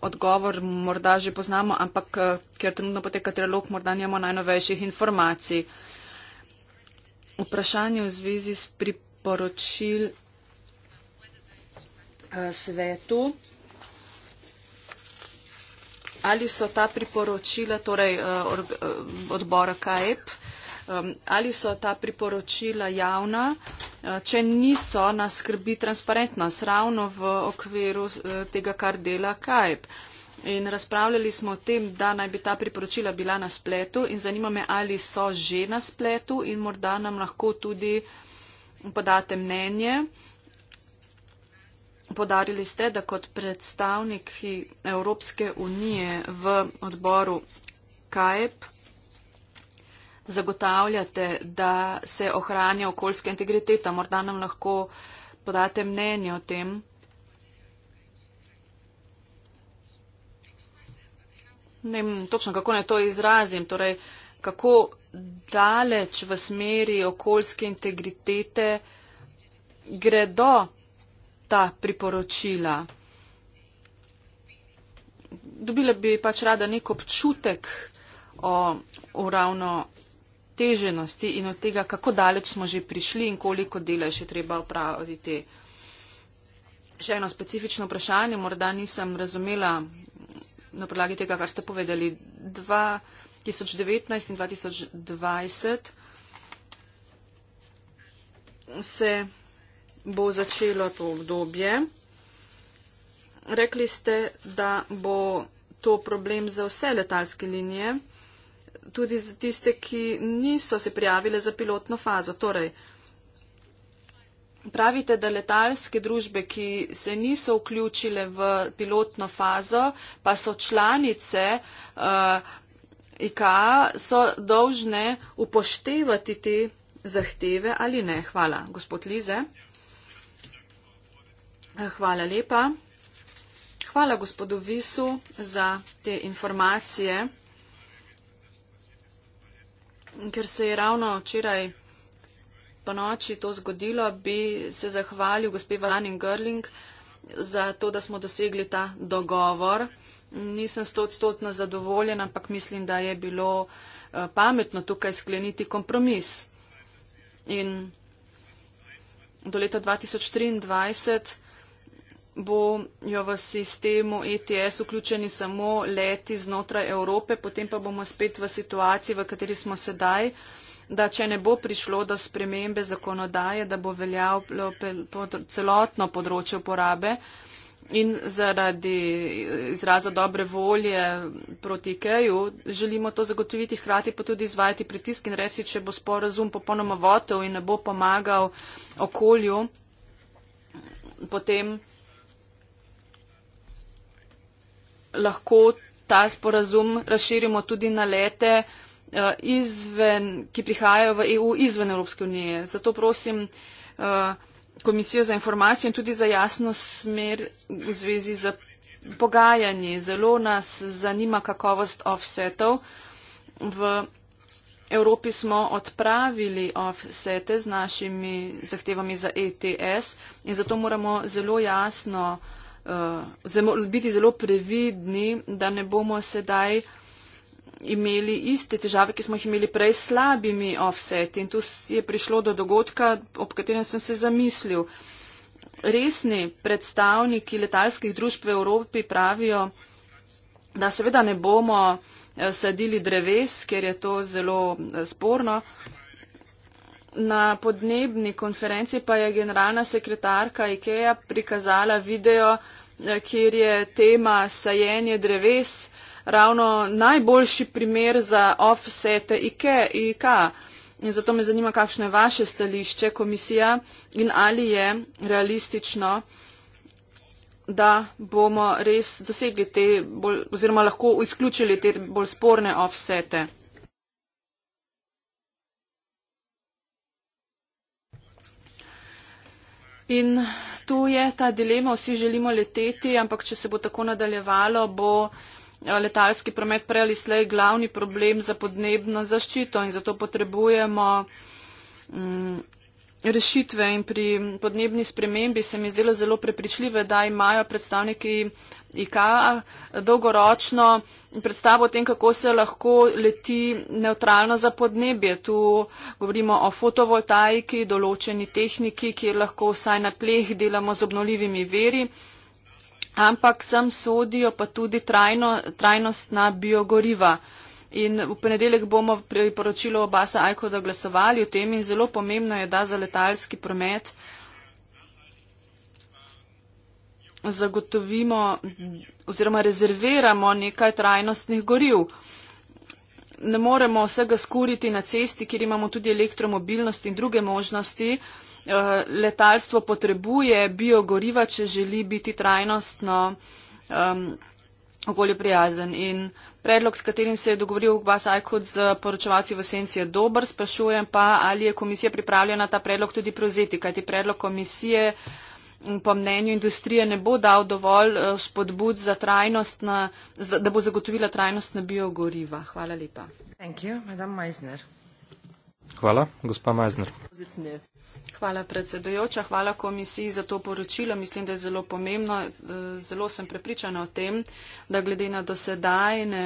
odgovor morda že poznamo, ampak eh, ker trenutno poteka trilog, morda nimamo najnovejših informacij. Vprašanje v zvezi s priporočil eh, svetu. Ali so ta priporočila torej, odbora KEP um, ali so ta priporočila javna. Uh, če niso, nas skrbi transparentnost ravno v okviru uh, tega, kar dela Kajp. In razpravljali smo o tem, da naj bi ta priporočila bila na spletu in zanima me, ali so že na spletu in morda nam lahko tudi podate mnenje. Podarili ste, da kot predstavniki Evropske unije v odboru KAEP zagotavljate, da se ohranja okoljska integriteta? Morda nam lahko podate mnenje o tem. Ne vem točno, kako naj to izrazim. Torej, kako daleč v smeri okoljske integritete gredo ta priporočila. Dobila bi pač rada nek občutek o uravno uravnoteženosti in od tega, kako daleč smo že prišli in koliko dela je še treba opraviti. Še eno specifično vprašanje, morda nisem razumela na podlagi tega, kar ste povedali. 2019 in 2020 se bo začelo to obdobje. Rekli ste, da bo to problem za vse letalske linije tudi za tiste, ki niso se prijavile za pilotno fazo. Torej, pravite, da letalske družbe, ki se niso vključile v pilotno fazo, pa so članice uh, eh, IKA, so dolžne upoštevati te zahteve ali ne. Hvala, gospod Lize. Eh, hvala lepa. Hvala gospodu Visu za te informacije ker se je ravno včeraj po noči to zgodilo, bi se zahvalil gospe Vanning Görling za to, da smo dosegli ta dogovor. Nisem stotstotno zadovoljen, ampak mislim, da je bilo eh, pametno tukaj skleniti kompromis. In do leta 2023 bojo v sistemu ETS vključeni samo leti znotraj Evrope, potem pa bomo spet v situaciji, v kateri smo sedaj, da če ne bo prišlo do spremembe zakonodaje, da bo veljavljalo celotno področje uporabe in zaradi izraza dobre volje proti IKEJU želimo to zagotoviti, hkrati pa tudi izvajati pritisk in reči, če bo sporazum popolnoma votov in ne bo pomagal okolju, potem lahko ta sporazum razširimo tudi na lete, eh, izven, ki prihajajo v EU izven Evropske unije. Zato prosim eh, Komisijo za informacijo in tudi za jasno smer v zvezi z pogajanji. Zelo nas zanima kakovost offsetov. V Evropi smo odpravili offsete z našimi zahtevami za ETS in zato moramo zelo jasno Eh, biti zelo previdni, da ne bomo sedaj imeli iste težave, ki smo jih imeli prej s slabimi offset. In tu je prišlo do dogodka, ob katerem sem se zamislil. Resni predstavniki letalskih družb v Evropi pravijo, da seveda ne bomo eh, sadili dreves, ker je to zelo eh, sporno na podnebni konferenci pa je generalna sekretarka IKEA prikazala video, eh, kjer je tema sajenje dreves ravno najboljši primer za offset IKEA. In zato me zanima, kakšno je vaše stališče, komisija, in ali je realistično, da bomo res dosegli te, bolj, oziroma lahko izključili te bolj sporne offsete. In tu je ta dilema, vsi želimo leteti, ampak če se bo tako nadaljevalo, bo eh, letalski promet prej ali slej glavni problem za podnebno zaščito in zato potrebujemo. Mm, rešitve in pri podnebni spremembi se mi zdelo zelo prepričljive, da imajo predstavniki IKA dolgoročno predstavo o tem, kako se lahko leti neutralno za podnebje. Tu govorimo o fotovoltaiki, določeni tehniki, kjer lahko vsaj na tleh delamo z obnoljivimi veri. Ampak sem sodijo pa tudi trajno, trajnost na biogoriva. Uh, In v ponedeljek bomo pri poročilu obasa Ajkoda glasovali o tem in zelo pomembno je, da za letalski promet zagotovimo oziroma rezerviramo nekaj trajnostnih goriv. Ne moremo vsega skuriti na cesti, kjer imamo tudi elektromobilnost in druge možnosti. Eh, letalstvo potrebuje biogoriva, če želi biti trajnostno um, ehm, okoljoprijazen. In Predlog, s katerim se je dogovoril Gbas Ajkot z poročevalci v Senci, je dober. Sprašujem pa, ali je komisija pripravljena ta predlog tudi prevzeti, kajti predlog komisije po mnenju industrije ne bo dal dovolj eh, spodbud za trajnost, na, da bo zagotovila trajnost na biogoriva. Hvala lepa. Hvala, gospa Meisner. Hvala predsedujoča, hvala komisiji za to poročilo. Mislim, da je zelo pomembno. Eh, zelo sem prepričana o tem, da glede na dosedajne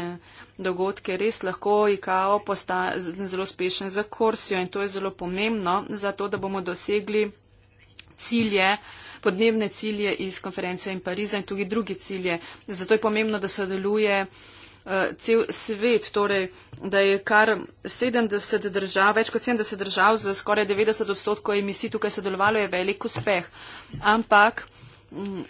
dogodke res lahko IKO postane zelo uspešen za korsijo in to je zelo pomembno za to, da bomo dosegli cilje, podnebne cilje iz konference in Pariza in tudi druge cilje. Zato je pomembno, da sodeluje. deluje uh, cel svet, torej, da je kar 70 držav, več kot 70 držav za skoraj 90 odstotkov emisij tukaj sodelovalo, je velik uspeh. Ampak m, mm,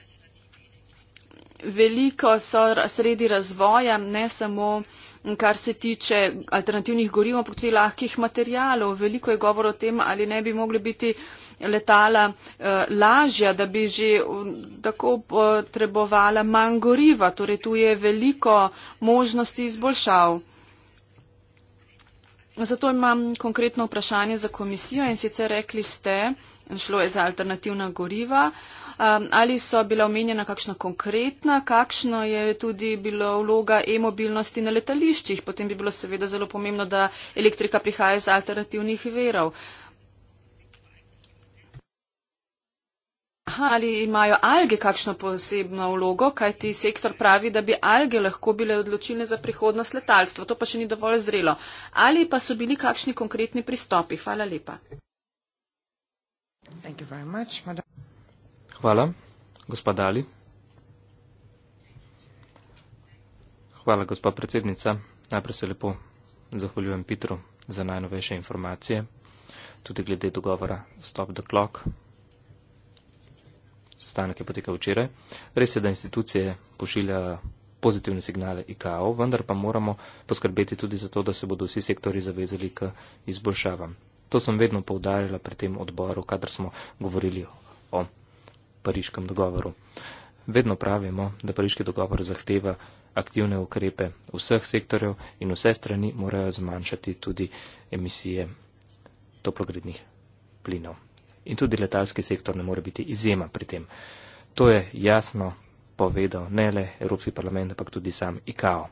veliko so sredi razvoja, ne samo uh, kar se tiče alternativnih goriv, ampak tudi lahkih materijalov. Veliko je govor o tem, ali ne bi mogli biti letala eh, lažja, da bi že um, tako potrebovala manj goriva. Torej, tu je veliko možnosti izboljšav. Zato imam konkretno vprašanje za komisijo in sicer rekli ste, šlo je za alternativna goriva. Eh, Ali so bila omenjena kakšna konkretna, kakšno je tudi bila vloga e-mobilnosti na letališčih? Potem bi bilo seveda zelo pomembno, da elektrika prihaja iz alternativnih verov. Ali imajo alge kakšno posebno vlogo, kaj ti sektor pravi, da bi alge lahko bile odločilne za prihodnost letalstva, to pa še ni dovolj zrelo. Ali pa so bili kakšni konkretni pristopi? Hvala lepa. Thank you very much, madam. Hvala. Gospa Dali. Hvala, gospa predsednica. Najprej se lepo zahvaljujem Petru za najnovejše informacije, tudi glede dogovora Stop the Clock. Sestanek je potekal včeraj. Res je, da institucije pošilja pozitivne signale IKO, vendar pa moramo poskrbeti tudi za to, da se bodo vsi sektori zavezali k izboljšavam. To sem vedno povdarjala pri tem odboru, kadar smo govorili o pariškem dogovoru. Vedno pravimo, da pariški dogovor zahteva aktivne ukrepe vseh sektorjev in vse strani morajo zmanjšati tudi emisije toplogrednih plinov. In tudi letalski sektor ne more biti izjema pri tem. To je jasno povedal ne le Evropski parlament, ampak tudi sam ICAO.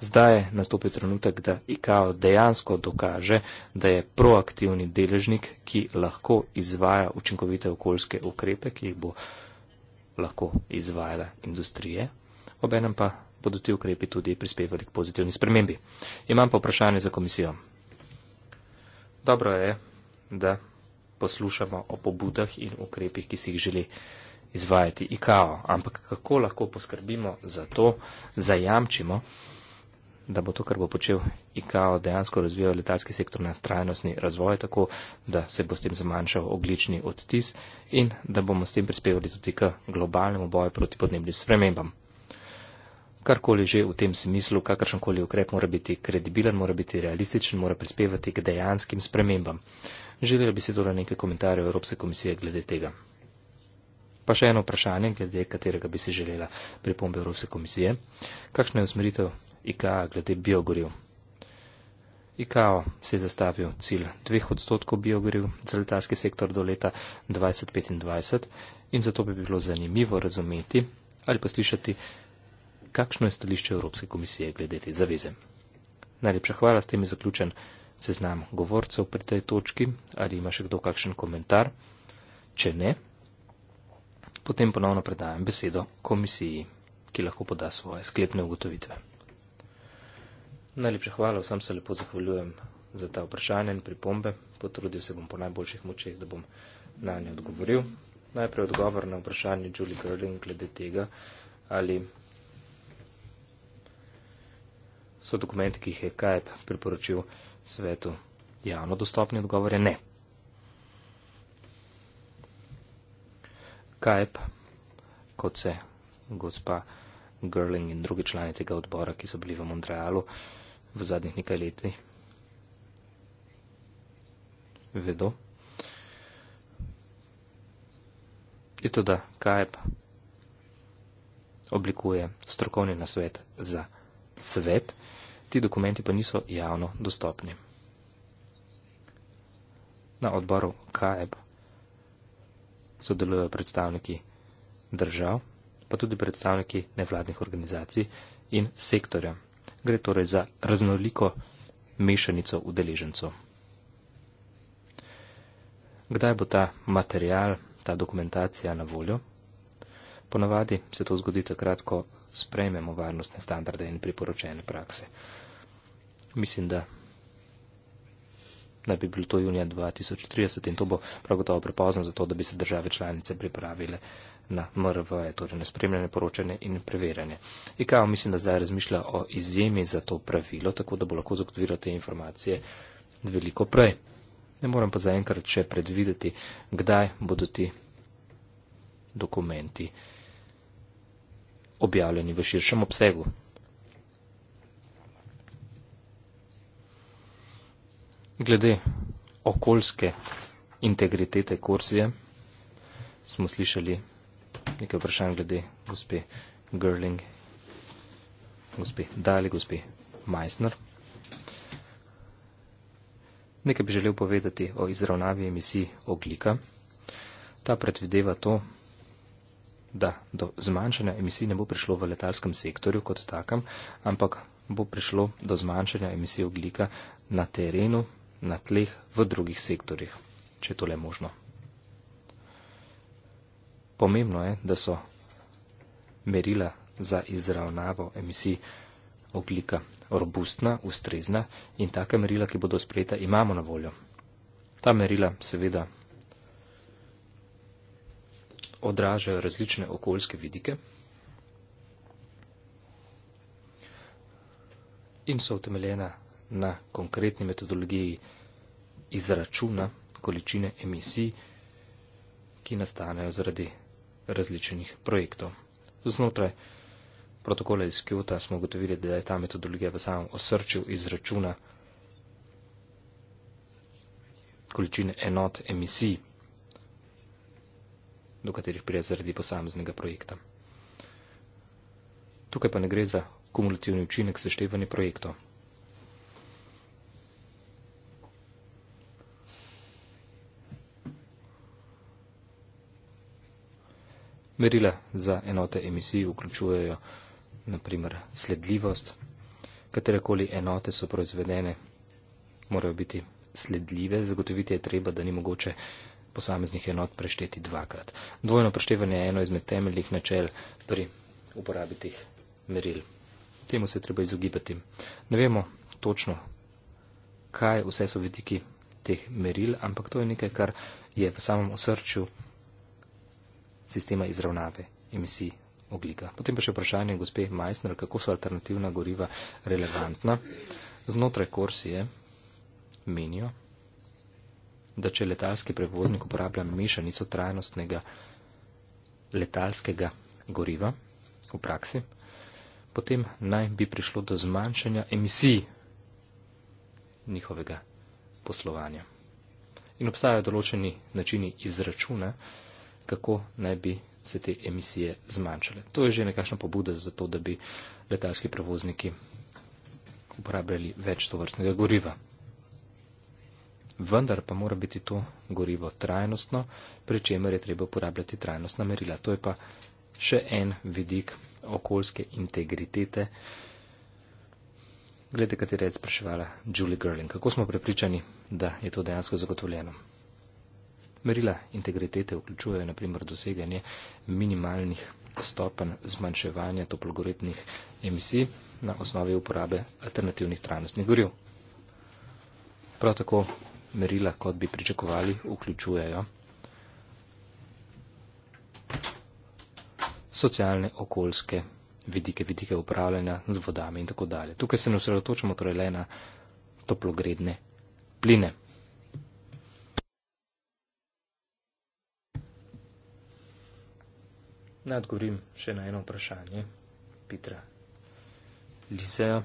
Zdaj je nastopil trenutek, da IKAO dejansko dokaže, da je proaktivni deležnik, ki lahko izvaja učinkovite okoljske ukrepe, ki jih bo lahko izvajala industrije, obenem pa bodo ti ukrepi tudi prispevali k pozitivni spremembi. Imam pa vprašanje za komisijo. Dobro je, da poslušamo o pobudah in ukrepih, ki si jih želi izvajati IKAO, ampak kako lahko poskrbimo za to, zajamčimo, da da bo to, kar bo počel IKAO, dejansko razvijal letalski sektor na trajnostni razvoj, tako da se bo s tem zmanjšal oglični odtis in da bomo s tem prispevali tudi k globalnemu boju proti podnebnim spremembam. Karkoli že v tem smislu, kakršenkoli ukrep mora biti kredibilen, mora biti realističen, mora prispevati k dejanskim spremembam. Želel bi si torej nekaj komentarjev Evropske komisije glede tega. Pa še eno vprašanje, glede katerega bi si želela pripombe Evropske komisije. Kakšna je usmeritev IKA glede biogoriv. IKAO se je zastavil cilj 2 odstotkov biogoriv za letalski sektor do leta 2025 in zato bi bilo zanimivo razumeti ali pa slišati, kakšno je stališče Evropske komisije glede te zaveze. Najlepša hvala, s tem je zaključen seznam govorcev pri tej točki. Ali ima še kdo kakšen komentar? Če ne, potem ponovno predajam besedo komisiji, ki lahko poda svoje sklepne ugotovitve. Najlepša hvala, vsem se lepo zahvaljujem za ta vprašanja in pripombe. Potrudil se bom po najboljših močeh, da bom na nje odgovoril. Najprej odgovor na vprašanje Julie Gerling glede tega, ali so dokumenti, ki jih je Kajp priporočil svetu, javno dostopni odgovor je ne. Kajp, kot se gospa Gerling in drugi člani tega odbora, ki so bili v Montrealu, v zadnjih nekaj letih. Vedo. In tudi, kaj pa oblikuje strokovni nasvet za svet, ti dokumenti pa niso javno dostopni. Na odboru KEB sodelujejo predstavniki držav, pa tudi predstavniki nevladnih organizacij in sektorjev gre torej za raznoliko mešanico udeležencev. Kdaj bo ta material, ta dokumentacija na voljo? Ponavadi se to zgodi takrat, ko sprejmemo varnostne standarde in priporočene prakse. Mislim, da naj bi bilo to junija 2030 in to bo prav gotovo prepozno za to, da bi se države članice pripravile uh, na MRV-je, torej na spremljanje, poročanje in preverjanje. IKO mislim, da zdaj razmišlja o izjemi za to pravilo, tako da bo lahko zagotovilo te informacije veliko prej. Ne morem pa zaenkrat še predvideti, kdaj bodo ti dokumenti objavljeni v širšem obsegu. Glede okoljske integritete Korsije smo slišali nekaj vprašanj glede gospe Gerling, gospe Dali, gospe Meissner. Nekaj bi želel povedati o izravnavi emisij oglika. Ta predvideva to, da do zmanjšanja emisij ne bo prišlo v letalskem sektorju kot takem, ampak bo prišlo do zmanjšanja emisij oglika na terenu, na tleh, v drugih sektorjih, če to le možno. Pomembno je, da so merila za izravnavo emisij oglika robustna, ustrezna in take merila, ki bodo sprejeta, imamo na voljo. Ta merila seveda odražajo različne okoljske vidike in so utemeljena na konkretni metodologiji izračuna količine emisij, ki nastanejo zaradi različnih projektov. Znotraj protokola iz Kyoto smo ugotovili, da je ta metodologija v samem osrčju izračuna količine enot emisij, do katerih prija zaradi posameznega projekta. Tukaj pa ne gre za kumulativni učinek seštevanja projektov. Merila za enote emisij vključujejo naprimer sledljivost, katerekoli enote so proizvedene, morajo biti sledljive, zagotoviti je treba, da ni mogoče posameznih enot prešteti dvakrat. Dvojno preštevanje je eno izmed temeljnih načel pri uporabi teh meril. Temu se je treba izogibati. Ne vemo točno, kaj vse so vidiki teh meril, ampak to je nekaj, kar je v samem osrčju sistema izravnave emisij oglika. Potem pa še vprašanje gospe Majsner, kako so alternativna goriva relevantna. Znotraj Korsije menijo, da če letalski prevoznik uporablja mešanico trajnostnega letalskega goriva v praksi, potem naj bi prišlo do zmanjšanja emisij njihovega poslovanja. In obstajajo določeni načini izračuna, kako naj bi se te emisije zmanjšale. To je že nekakšna pobuda za to, da bi letalski prevozniki uporabljali več tovrstnega goriva. Vendar pa mora biti to gorivo trajnostno, pri čemer je treba uporabljati trajnostna merila. To je pa še en vidik okoljske integritete, glede katere je spraševala Julie Gerling. Kako smo prepričani, da je to dejansko zagotovljeno? Merila integritete vključujejo naprimer doseganje minimalnih stopen zmanjševanja toplogoretnih emisij na osnovi uporabe alternativnih trajnostnih goriv. Prav tako merila, kot bi pričakovali, vključujejo socialne, okoljske vidike, vidike upravljanja z vodami in tako dalje. Tukaj se ne osredotočamo torej le na toplogredne pline. Naj odgovorim še na eno vprašanje, Petra. Lizejo,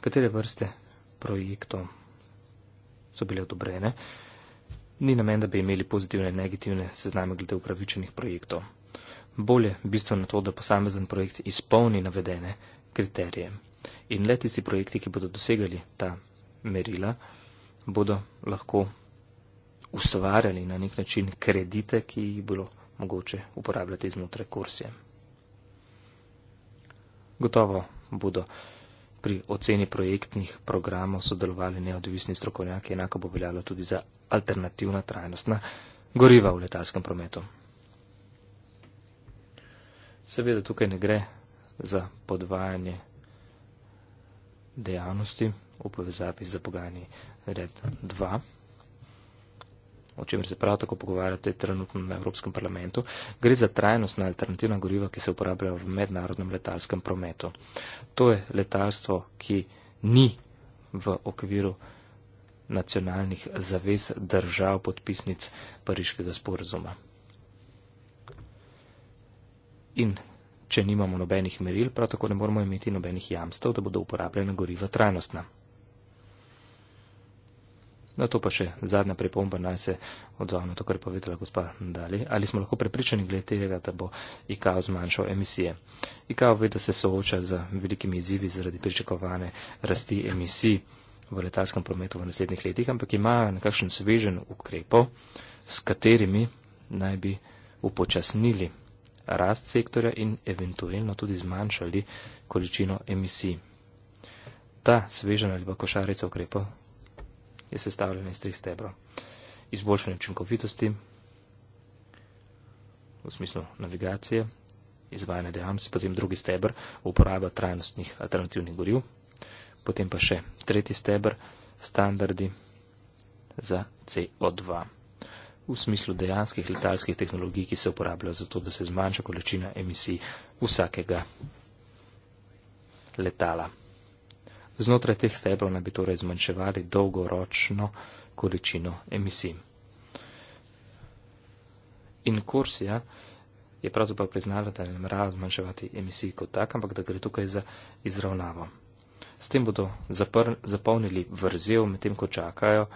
katere vrste projektov so bile odobrene? Ni namen, da bi imeli pozitivne in negativne sezname glede upravičenih projektov. Bolje bistveno to, da posamezen projekt izpolni navedene kriterije. In le tisti projekti, ki bodo dosegali ta merila, bodo lahko ustvarjali na nek način kredite, ki jih bodo mogoče uporabljati znotraj kursije. Gotovo bodo pri oceni projektnih programov sodelovali neodvisni strokovnjaki, enako bo veljalo tudi za alternativna trajnostna goriva v letalskem prometu. Seveda tukaj ne gre za podvajanje dejavnosti v povezavi z pogajanji red 2 o čemer se prav tako pogovarjate trenutno na Evropskem parlamentu, gre za trajnostna alternativna goriva, ki se uporabljajo v mednarodnem letalskem prometu. To je letalstvo, ki ni v okviru nacionalnih zavez držav podpisnic pariškega sporazuma. In če nimamo nobenih meril, prav tako ne moramo imeti nobenih jamstev, da bodo uporabljena goriva trajnostna. Na to pa še zadnja pripomba, naj se odzovemo to, kar je povedala gospa Dali. Ali smo lahko prepričani glede tega, da bo IKAO zmanjšal emisije? IKAO ve, da se sooča z velikimi izzivi zaradi pričakovane rasti emisij v letalskem prometu v naslednjih letih, ampak ima nekakšen svežen ukrepov, s katerimi naj bi upočasnili rast sektorja in eventualno tudi zmanjšali količino emisij. Ta svežen ali pa košarica ukrepov je sestavljena iz treh stebrov. Izboljšanje učinkovitosti v smislu navigacije, izvajanje dejavnosti, potem drugi stebr, uporaba trajnostnih alternativnih goriv, potem pa še tretji stebr, standardi za CO2 v smislu dejanskih letalskih tehnologij, ki se uporabljajo za to, da se zmanjša količina emisij vsakega letala. Znotraj teh stebrov naj bi torej zmanjševali dolgoročno količino emisij. In Korsija je pravzaprav priznala, da ne namerava zmanjševati emisij kot tak, ampak da gre tukaj za izravnavo. S tem bodo zapr, zapolnili vrzel, medtem ko čakajo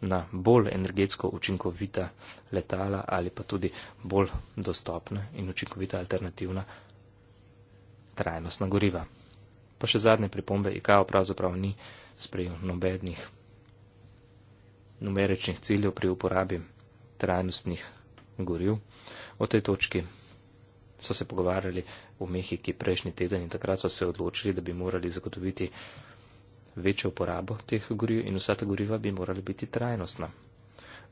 na bolj energetsko učinkovita letala ali pa tudi bolj dostopna in učinkovita alternativna trajnostna goriva pa še zadnje pripombe, IKO pravzaprav ni sprejel nobenih numeričnih ciljev pri uporabi trajnostnih goril. O tej točki so se pogovarjali v Mehiki prejšnji teden in takrat so se odločili, da bi morali zagotoviti večjo uporabo teh goril in vsa ta goriva bi morala biti trajnostna.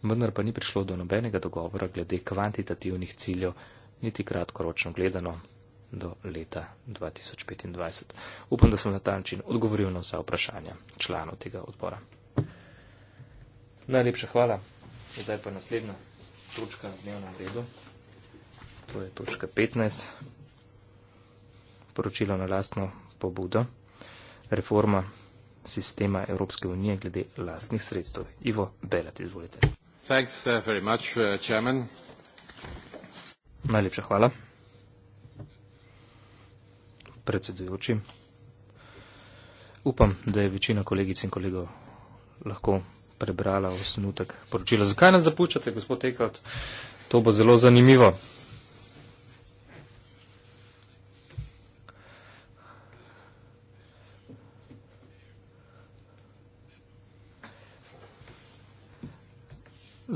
Vendar pa ni prišlo do nobenega dogovora glede kvantitativnih ciljev, niti kratkoročno gledano, do leta 2025. Upam, da sem na ta način odgovoril na vsa vprašanja članov tega odbora. Najlepša hvala. Zdaj pa naslednja točka na dnevnem redu. To je točka 15. Poročilo na lastno pobudo. Reforma sistema Evropske unije glede lastnih sredstev. Ivo Belat, izvolite. Thanks, uh, much, uh, Najlepša hvala predsedujoči. Upam, da je večina kolegic in kolegov lahko prebrala osnutek poročila. Zakaj nas zapuščate, gospod Tekot? To bo zelo zanimivo.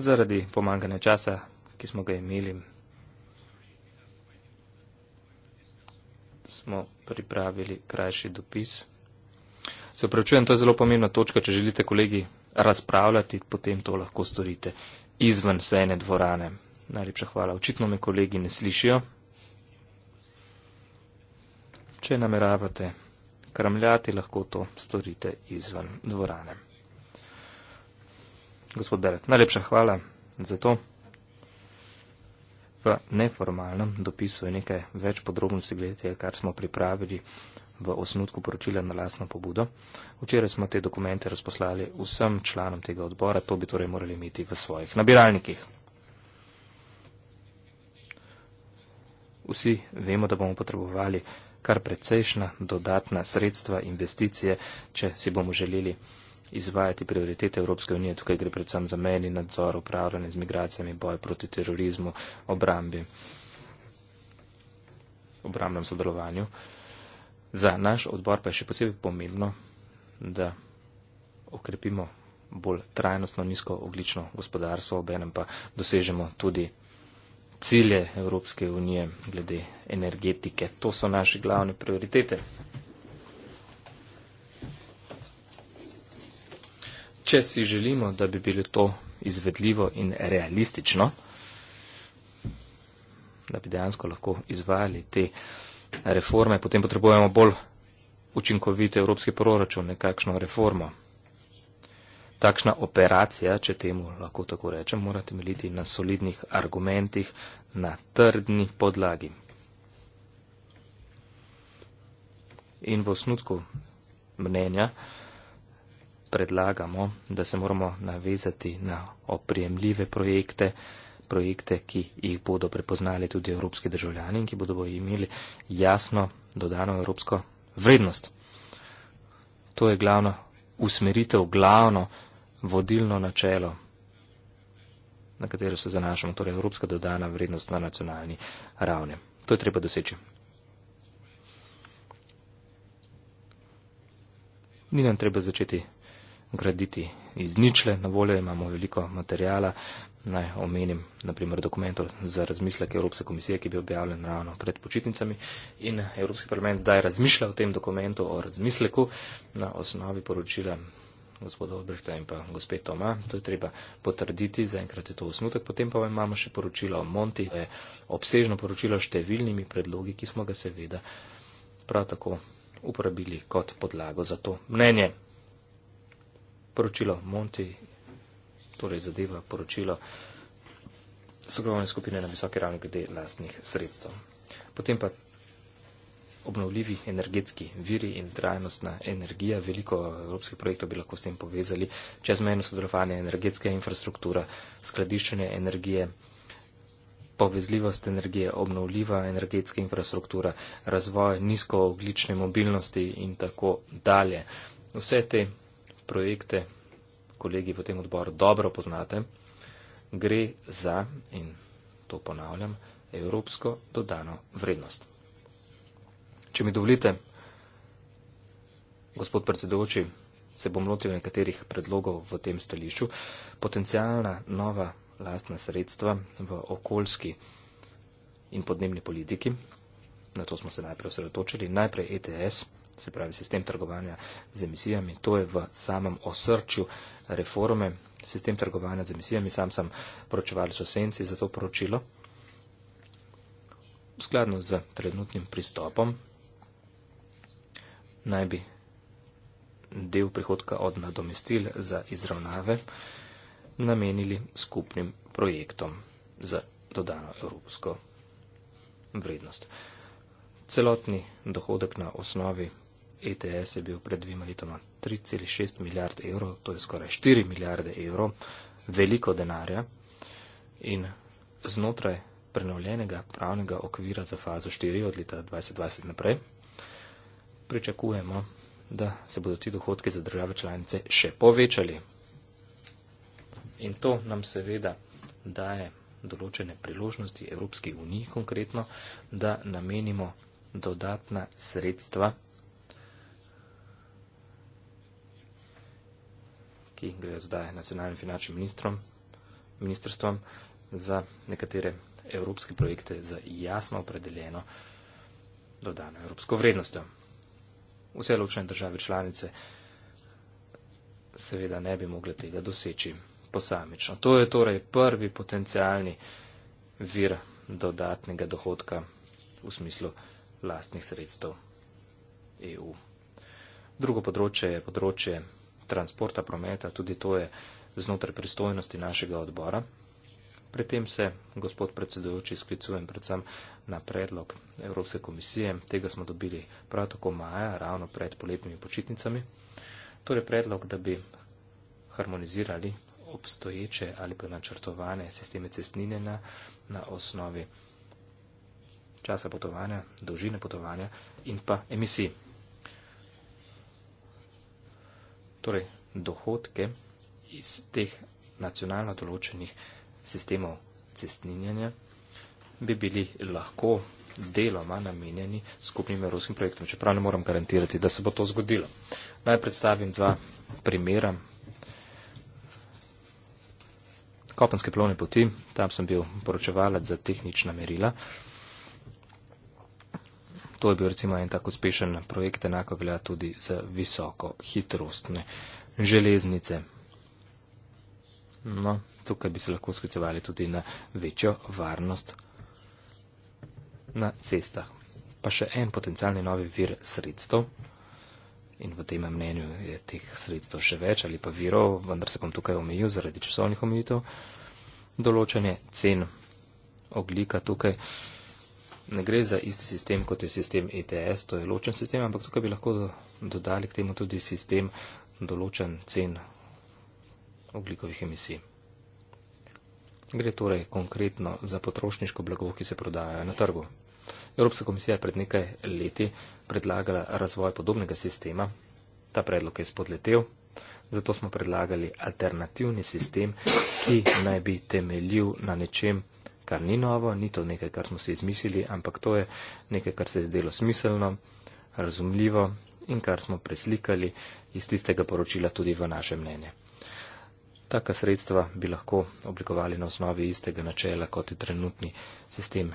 Zaradi pomankanja časa, ki smo ga imeli. smo pripravili krajši dopis. Se upravičujem, to je zelo pomembna točka, če želite kolegi razpravljati, potem to lahko storite izven sejne dvorane. Najlepša hvala. Očitno me kolegi ne slišijo. Če nameravate kramljati, lahko to storite izven dvorane. Gospod Beret, najlepša hvala za to v neformalnem dopisu je nekaj več podrobnosti glede tega, kar smo pripravili v osnutku poročila na lasno pobudo. Včeraj smo te dokumente razposlali vsem članom tega odbora, to bi torej morali imeti v svojih nabiralnikih. Vsi vemo, da bomo potrebovali kar precejšna dodatna sredstva, investicije, če si bomo želeli izvajati prioritete Evropske unije. Tukaj gre predvsem za meni nadzor, upravljanje z migracijami, boj proti terorizmu, obrambi, obrambnem sodelovanju. Za naš odbor pa je še posebej pomembno, da okrepimo bolj trajnostno nizko oglično gospodarstvo, ob enem pa dosežemo tudi cilje Evropske unije glede energetike. To so naše glavne prioritete. če si želimo, da bi bilo to izvedljivo in realistično, da bi dejansko lahko izvajali te reforme, potem potrebujemo bolj učinkovite evropske proračune, kakšno reformo. Takšna operacija, če temu lahko tako rečem, mora temeljiti na solidnih argumentih, na trdni podlagi. In v osnutku mnenja, predlagamo, da se moramo navezati na opremljive projekte, projekte, ki jih bodo prepoznali tudi evropski državljani in ki bodo bo imeli jasno dodano evropsko vrednost. To je glavno usmeritev, glavno vodilno načelo, na katero se zanašamo, torej evropska dodana vrednost na nacionalni ravni. To je treba doseči. Ni nam treba začeti graditi iz ničle. Na voljo imamo veliko materijala. Naj omenim, naprimer, dokument za razmislek Evropske komisije, ki bi objavljen ravno pred počitnicami. In Evropski parlament zdaj razmišlja o tem dokumentu, o razmisleku na osnovi poročila gospoda Obrehta in pa gospe Toma. To je treba potrditi, zaenkrat je to osnutek. Potem pa imamo še poročilo o Monti, to je obsežno poročilo s številnimi predlogi, ki smo ga seveda prav tako uporabili kot podlago za to mnenje poročilo Monti, torej zadeva poročilo sogovorne skupine na visoki ravni glede lastnih sredstev. Potem pa obnovljivi energetski viri in trajnostna energija. Veliko evropskih projektov bi lahko s tem povezali. Čezmejno sodelovanje, energetska infrastruktura, skladiščenje energije, povezljivost energije, obnovljiva energetska infrastruktura, razvoj nizkooglične mobilnosti in tako dalje. Vse te projekte kolegi v tem odboru dobro poznate, gre za, in to ponavljam, evropsko dodano vrednost. Če mi dovolite, gospod predsedovči, se bom lotil nekaterih predlogov v tem stališču. Potencijalna nova lastna sredstva v okoljski in podnebni politiki, na to smo se najprej osredotočili, najprej ETS, se pravi sistem trgovanja z emisijami. To je v samem osrčju reforme, sistem trgovanja z emisijami. Sam sem poročeval so senci za to poročilo. Skladno z trenutnim pristopom naj bi del prihodka od nadomestil za izravnave namenili skupnim projektom za dodano evropsko vrednost. Celotni dohodek na osnovi ETS je bil pred dvima letoma 3,6 milijard evrov, to je skoraj 4 milijarde evrov, veliko denarja. In znotraj prenovljenega pravnega okvira za fazo 4 od leta 2020 naprej pričakujemo, da se bodo ti dohodki za države članice še povečali. In to nam seveda daje določene priložnosti Evropski uniji konkretno, da namenimo dodatna sredstva ki gre zdaj nacionalnim finančnim ministrstvom za nekatere evropske projekte z jasno opredeljeno dodano evropsko vrednostjo. Vse ločene države članice seveda ne bi mogle tega doseči posamično. To je torej prvi potencialni vir dodatnega dohodka v smislu lastnih sredstev EU. Drugo področje je področje transporta, prometa, tudi to je znotraj pristojnosti našega odbora. Pri tem se, gospod predsedujoči, sklicujem predvsem na predlog Evropske komisije. Tega smo dobili prav tako maja, ravno pred poletnimi počitnicami. Torej predlog, da bi harmonizirali obstoječe ali pa načrtovane sisteme cestnine na, na osnovi časa potovanja, dolžine potovanja in pa emisij. torej dohodke iz teh nacionalno določenih sistemov cestninjanja, bi bili lahko deloma namenjeni skupnim evropskim projektom, čeprav ne moram garantirati, da se bo to zgodilo. Naj predstavim dva primera. Kopenske plovne poti, tam sem bil poročevalec za tehnična merila. To je bil recimo en tak uspešen projekt, enako velja tudi za visoko hitrostne železnice. No, tukaj bi se lahko sklicevali tudi na večjo varnost na cestah. Pa še en potencialni novi vir sredstev. In v tem mnenju je teh sredstev še več ali pa virov, vendar se bom tukaj omejil zaradi časovnih omejitev. Določanje cen oglika tukaj ne gre za isti sistem, kot je sistem ETS, to je ločen sistem, ampak tukaj bi lahko dodali k temu tudi sistem določen cen oglikovih emisij. Gre torej konkretno za potrošniško blago, ki se prodajajo na trgu. Evropska komisija je pred nekaj leti predlagala razvoj podobnega sistema. Ta predlog je spodletel, zato smo predlagali alternativni sistem, ki naj bi temeljil na nečem, kar ni novo, ni to nekaj, kar smo si izmislili, ampak to je nekaj, kar se je zdelo smiselno, razumljivo in kar smo preslikali iz tistega poročila tudi v naše mnenje. Taka sredstva bi lahko oblikovali na osnovi istega načela kot je trenutni sistem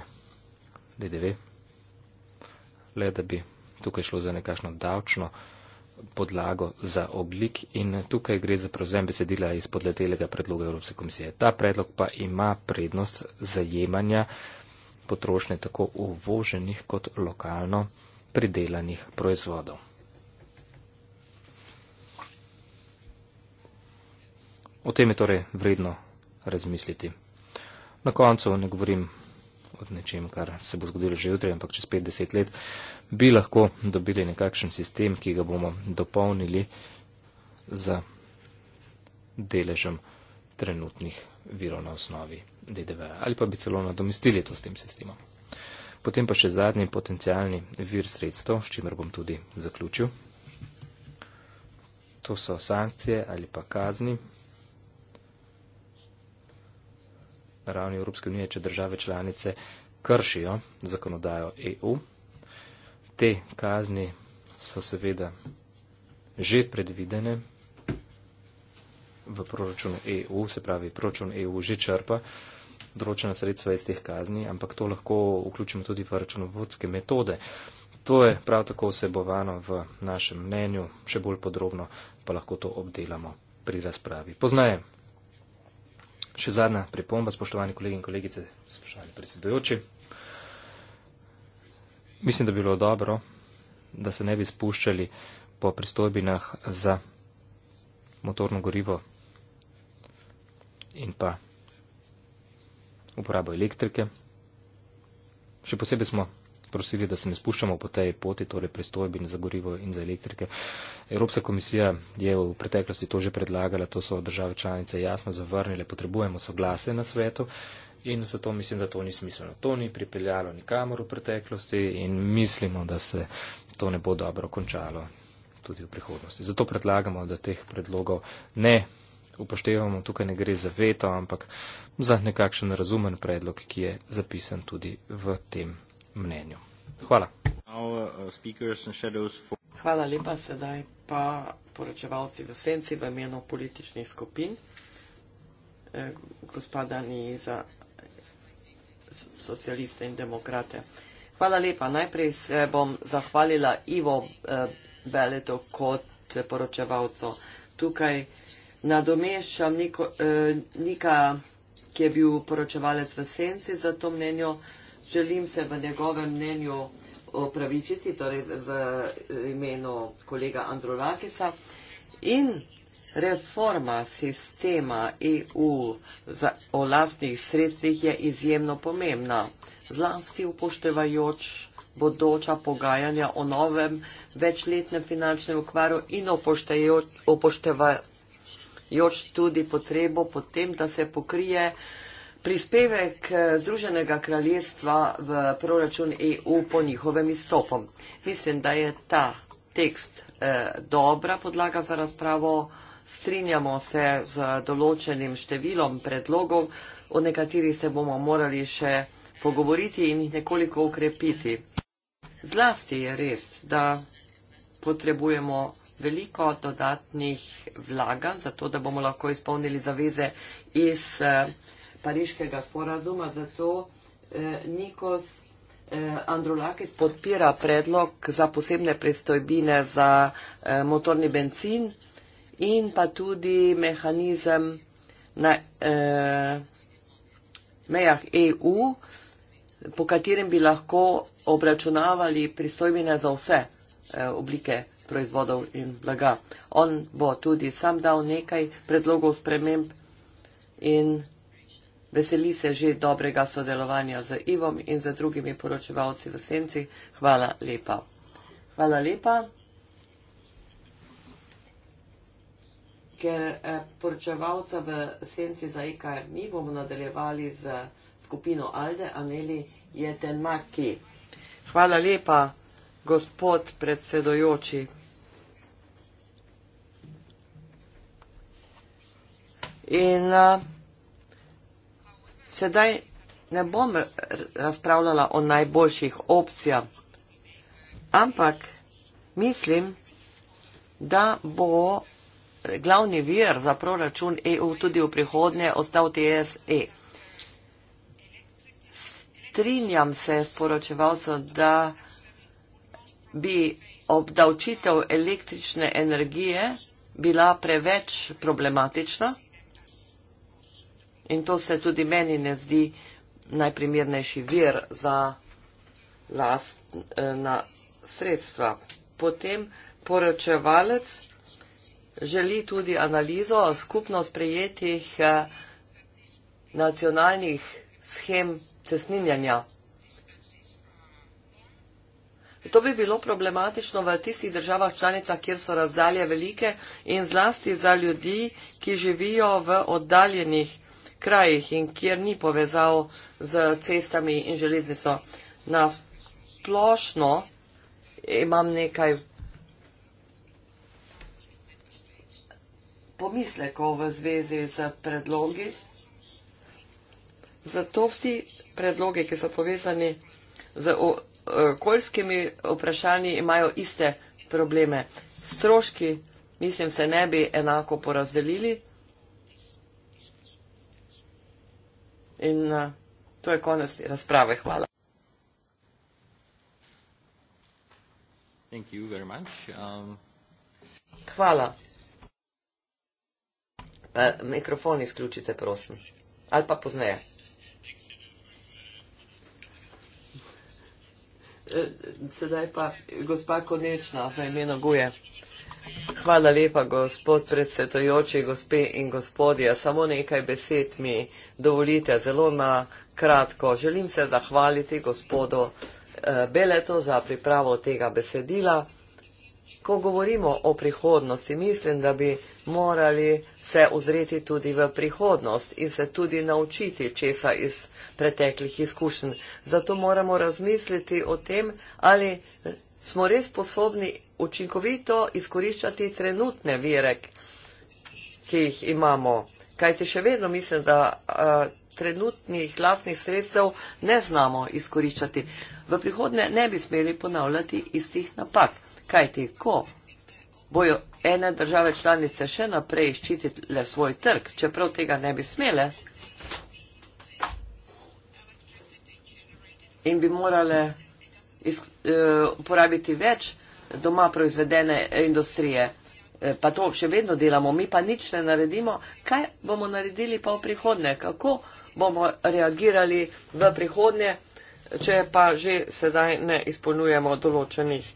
DDV, le da bi tukaj šlo za nekašno davčno podlago za oblik in tukaj gre za prevzem besedila iz podletelega predloga Evropske komisije. Ta predlog pa ima prednost zajemanja potrošnje tako uvoženih kot lokalno pridelanih proizvodov. O tem je torej vredno razmisliti. Na koncu ne govorim o nečem, kar se bo zgodilo že jutri, ampak čez 5-10 let bi lahko dobili nekakšen sistem, ki ga bomo dopolnili za deležem trenutnih virov na osnovi DDV ali pa bi celo nadomestili to s tem sistemom. Potem pa še zadnji potencijalni vir sredstev, s čimer bom tudi zaključil. To so sankcije ali pa kazni. Na ravni Evropske unije, če države članice kršijo zakonodajo EU, te kazni so seveda že predvidene v proračunu EU, se pravi, proračun EU že črpa določena sredstva iz teh kazni, ampak to lahko vključimo tudi v računovodske metode. To je prav tako vsebovano v našem mnenju, še bolj podrobno pa lahko to obdelamo pri razpravi. Poznaje. Še zadnja pripomba, spoštovani kolegi in kolegice, spoštovani predsedujoči. Mislim, da bi bilo dobro, da se ne bi spuščali po pristojbinah za motorno gorivo in pa uporabo elektrike. Še posebej smo prosili, da se ne spuščamo po tej poti, torej pristojbin za gorivo in za elektrike. Evropska komisija je v preteklosti to že predlagala, to so države članice jasno zavrnile, potrebujemo soglase na svetu in zato mislim, da to ni smiselno. To ni pripeljalo nikamor v preteklosti in mislimo, da se to ne bo dobro končalo tudi v prihodnosti. Zato predlagamo, da teh predlogov ne upoštevamo. Tukaj ne gre za veto, ampak za nekakšen razumen predlog, ki je zapisan tudi v tem mnenju. Hvala. Uh, Hvala lepa sedaj pa poročevalci v senci v imenu političnih skupin. Eh, gospa Daniza socialiste in demokrate. Hvala lepa. Najprej se bom zahvalila Ivo eh, Beleto kot poročevalcu. Tukaj nadomešam Niko, eh, Nika, ki je bil poročevalec v senci za to mnenjo. Želim se v njegovem mnenju opravičiti, torej v imenu kolega Androlakisa. In Reforma sistema EU o lastnih sredstvih je izjemno pomembna, zlasti upoštevajoč bodoča pogajanja o novem večletnem finančnem okvaru in upoštevajoč tudi potrebo potem, da se pokrije prispevek eh, Združenega kraljestva v proračun EU po njihovem izstopom. Mislim, da je ta tekst eh, dobra podlaga za razpravo. Strinjamo se z določenim številom predlogov, o nekaterih se bomo morali še pogovoriti in jih nekoliko ukrepiti. Zlasti je res, da potrebujemo veliko dodatnih vlaga, zato da bomo lahko izpolnili zaveze iz eh, pariškega sporazuma. Zato eh, Nikos eh, Eh, Androulakis podpira predlog za posebne pristojbine za eh, motorni benzin in pa tudi mehanizem na eh, mejah EU, po katerem bi lahko obračunavali pristojbine za vse oblike proizvodov in blaga. On bo tudi sam dal nekaj predlogov sprememb in vsega. Veseli se že dobrega sodelovanja z Ivom in z drugimi poročevalci v Senci. Hvala lepa. Hvala lepa. Ker eh, poročevalca v Senci za IKR e ni, bomo nadaljevali z skupino Alde, Aneli Jetenmaki. Hvala lepa, gospod predsedojoči. In uh, Sedaj ne bom razpravljala o najboljših opcijah, ampak mislim, da bo glavni vir za proračun EU tudi v prihodnje ostal TSE. Strinjam se s poročevalcem, da bi obdavčitev električne energije bila preveč problematična. In to se tudi meni ne zdi najprimernejši vir za lastna eh, sredstva. Potem poročevalec želi tudi analizo skupno sprejetih eh, nacionalnih schem cesninjanja. To bi bilo problematično v tistih državah članicah, kjer so razdalje velike in zlasti za ljudi, ki živijo v oddaljenih državah krajih in kjer ni povezav z cestami in železnico. Na splošno imam nekaj pomislekov v zvezi z predlogi. Zato vsi predlogi, ki so povezani z e, okoljskimi vprašanji, imajo iste probleme. Stroški, mislim, se ne bi enako porazdelili. In uh, to je konec te razprave. Hvala. Thank you very much. Um... Hvala. Pa, mikrofon izključite, prosim. Ali pa pozneje. Eh, sedaj pa gospa Konečna, v imenu Guje. Hvala lepa, gospod predsedujoči, gospe in gospodje. Samo nekaj besed mi dovolite, zelo na kratko. Želim se zahvaliti gospodu eh, Beleto za pripravo tega besedila. Ko govorimo o prihodnosti, mislim, da bi morali se ozreti tudi v prihodnost in se tudi naučiti česa iz preteklih izkušenj. Zato moramo razmisliti o tem, ali smo res sposobni učinkovito izkoriščati trenutne vire, ki jih imamo. Kaj ti še vedno mislim, da uh, trenutnih lastnih sredstev ne znamo izkoriščati. V prihodnje ne bi smeli ponavljati istih napak. Kaj ti, ko bojo ene države članice še naprej ščititi le svoj trg, čeprav tega ne bi smele in bi morale iz, uh, eh, uporabiti več uh, doma proizvedene industrije. E, pa to še vedno delamo, mi pa nič ne naredimo. Kaj bomo naredili pa v prihodnje? Kako bomo reagirali v prihodnje, če pa že sedaj ne izpolnjujemo določenih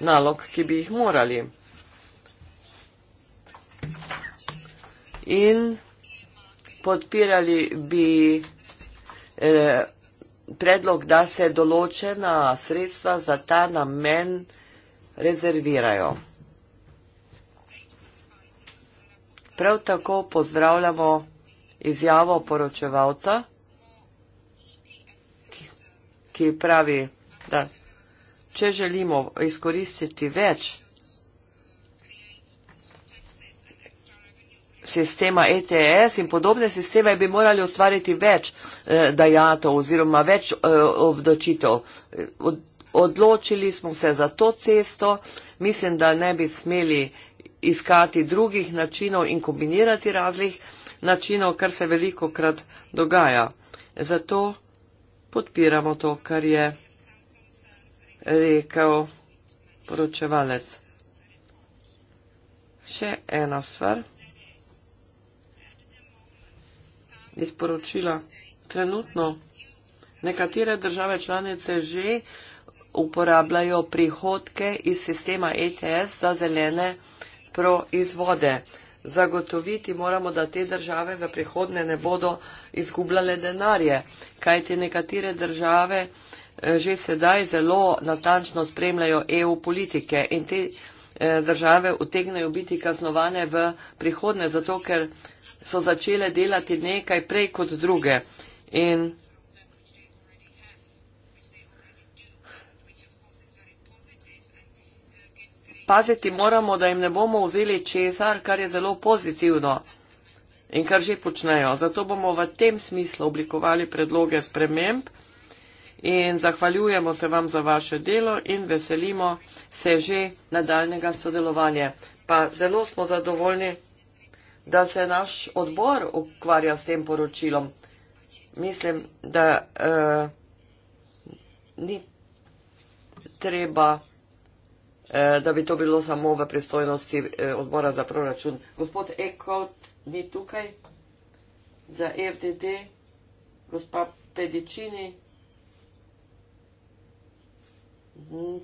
nalog, ki bi jih morali? In podpirali bi eh, predlog, da se določena sredstva za ta namen rezervirajo. Prav tako pozdravljamo izjavo poročevalca, ki pravi, da če želimo izkoristiti več sistema ETS in podobne sisteme bi morali ustvariti več eh, dajatov oziroma več eh, obdočitev. Eh, odločili smo se za to cesto, mislim, da ne bi smeli iskati drugih načinov in kombinirati razlih načinov, kar se veliko krat dogaja. Zato podpiramo to, kar je rekel poročevalec. Še ena stvar izporočila. Trenutno nekatere države članice že uporabljajo prihodke iz sistema ETS za zelene proizvode. Zagotoviti moramo, da te države v prihodne ne bodo izgubljale denarje, kajti nekatere države eh, že sedaj zelo natančno spremljajo EU politike in te eh, države utegnejo biti kaznovane v prihodne, zato ker so začele delati nekaj prej kot druge. In paziti moramo, da jim ne bomo vzeli česar, kar je zelo pozitivno in kar že počnejo. Zato bomo v tem smislu oblikovali predloge sprememb in zahvaljujemo se vam za vaše delo in veselimo se že nadaljnega sodelovanja. Pa zelo smo zadovoljni, da se naš odbor ukvarja s tem poročilom. Mislim, da uh, ni treba. Eh, da bi to bilo samo v pristojnosti eh, odbora za proračun. Gospod Ekot ni tukaj za FDD, gospa Pedičini,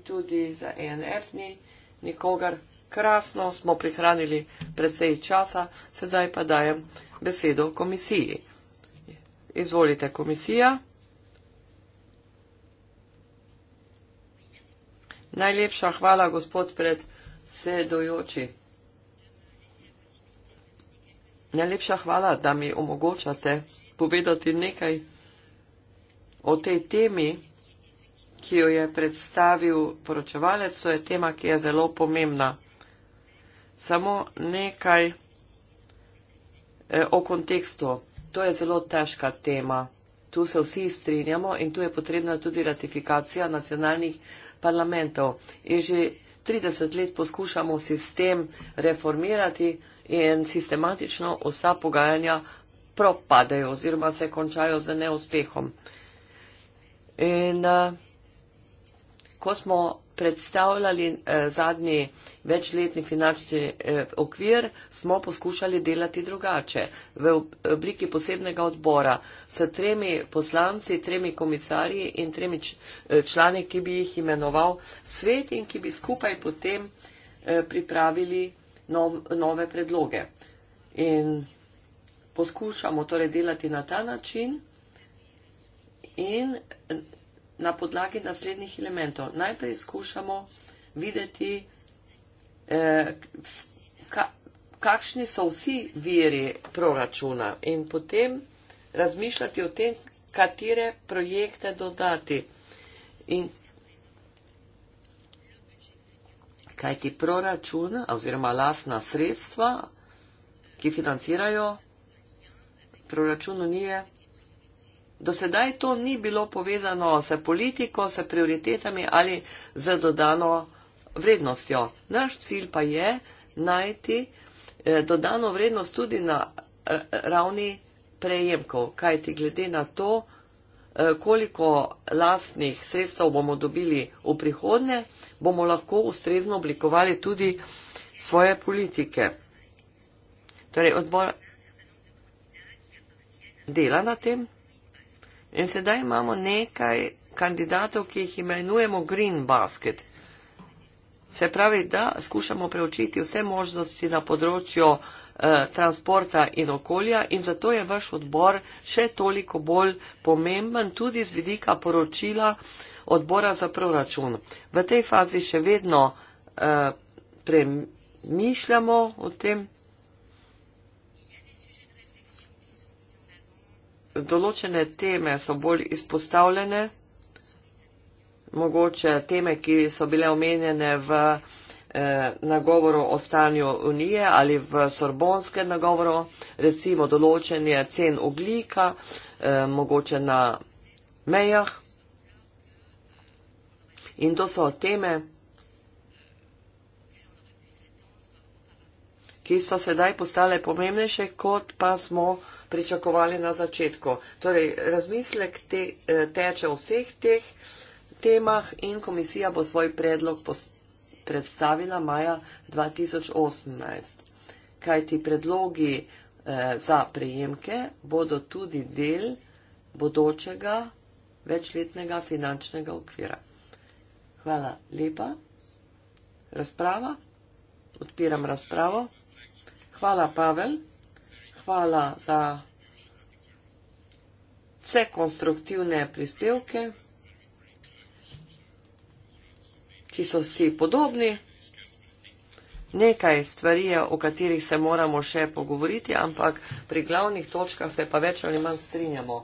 tudi za ENF ni nikogar. Krasno smo prihranili predsej časa, sedaj pa dajem besedo komisiji. Izvolite komisija. Najlepša hvala, gospod predsedujoči. Najlepša hvala, da mi omogočate povedati nekaj o tej temi, ki jo je predstavil poročevalec. To je tema, ki je zelo pomembna. Samo nekaj eh, o kontekstu. To je zelo težka tema. Tu se vsi strinjamo in tu je potrebna tudi ratifikacija nacionalnih parlamentov. In že 30 let poskušamo sistem reformirati in sistematično vsa pogajanja propadajo oziroma se končajo z neuspehom. In uh, ko smo predstavljali eh, zadnji večletni finančni eh, okvir, smo poskušali delati drugače v obliki posebnega odbora s tremi poslanci, tremi komisarji in tremi eh, člani, ki bi jih imenoval svet in ki bi skupaj potem eh, pripravili nov, nove predloge. In poskušamo torej delati na ta način in na podlagi naslednjih elementov. Najprej skušamo videti, eh, ka, kakšni so vsi viri proračuna in potem razmišljati o tem, katere projekte dodati. In kaj ti proračun oziroma lasna sredstva, ki financirajo proračun unije, Do sedaj to ni bilo povezano s politiko, s prioritetami ali z dodano vrednostjo. Naš cilj pa je najti eh, dodano vrednost tudi na eh, ravni prejemkov, kajti glede na to, eh, koliko lastnih sredstev bomo dobili v prihodnje, bomo lahko ustrezno oblikovali tudi svoje politike. Torej, odbor dela na tem. In sedaj imamo nekaj kandidatov, ki jih imenujemo Green Basket. Se pravi, da skušamo preučiti vse možnosti na področju eh, transporta in okolja in zato je vaš odbor še toliko bolj pomemben tudi z vidika poročila odbora za proračun. V tej fazi še vedno eh, premišljamo o tem določene teme so bolj izpostavljene, mogoče teme, ki so bile omenjene v eh, nagovoru o stanju Unije ali v sorbonske nagovoru, recimo določenje cen oglika, eh, mogoče na mejah. In to so teme, ki so sedaj postale pomembnejše, kot pa smo vsega pričakovali na začetku. Torej, razmislek te, eh, teče o vseh teh temah in komisija bo svoj predlog predstavila maja 2018. Kaj ti predlogi eh, za prejemke bodo tudi del bodočega večletnega finančnega okvira. Hvala lepa. Razprava. Odpiram razpravo. Hvala, Pavel hvala za vse konstruktivne prispevke, ki so vsi podobni. Nekaj stvari je, o katerih se moramo še pogovoriti, ampak pri glavnih točkah se pa več ali manj strinjamo.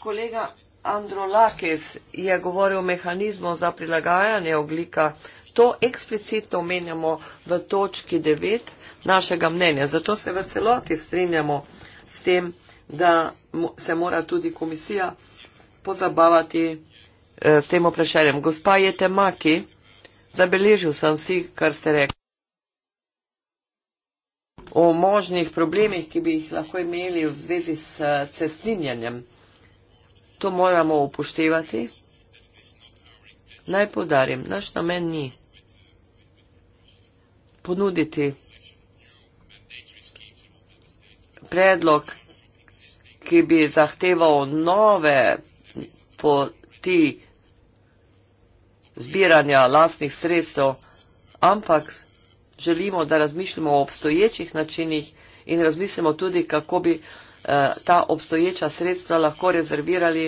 Kolega Andro Lakis je govoril o mehanizmu za prilagajanje oglika to eksplicitno omenjamo v točki 9 našega mnenja. Zato se v celoti strinjamo s tem, da se mora tudi komisija pozabavati eh, s tem vprašanjem. Gospa je temaki, zabeležil sem vsi, kar ste rekli o možnih problemih, ki bi jih lahko imeli v zvezi s eh, cestninjanjem. To moramo upoštevati. Naj podarim, naš namen ni ponuditi predlog, ki bi zahteval nove poti zbiranja lastnih sredstev, ampak želimo, da razmišljamo o obstoječih načinih in razmislimo tudi, kako bi eh, ta obstoječa sredstva lahko rezervirali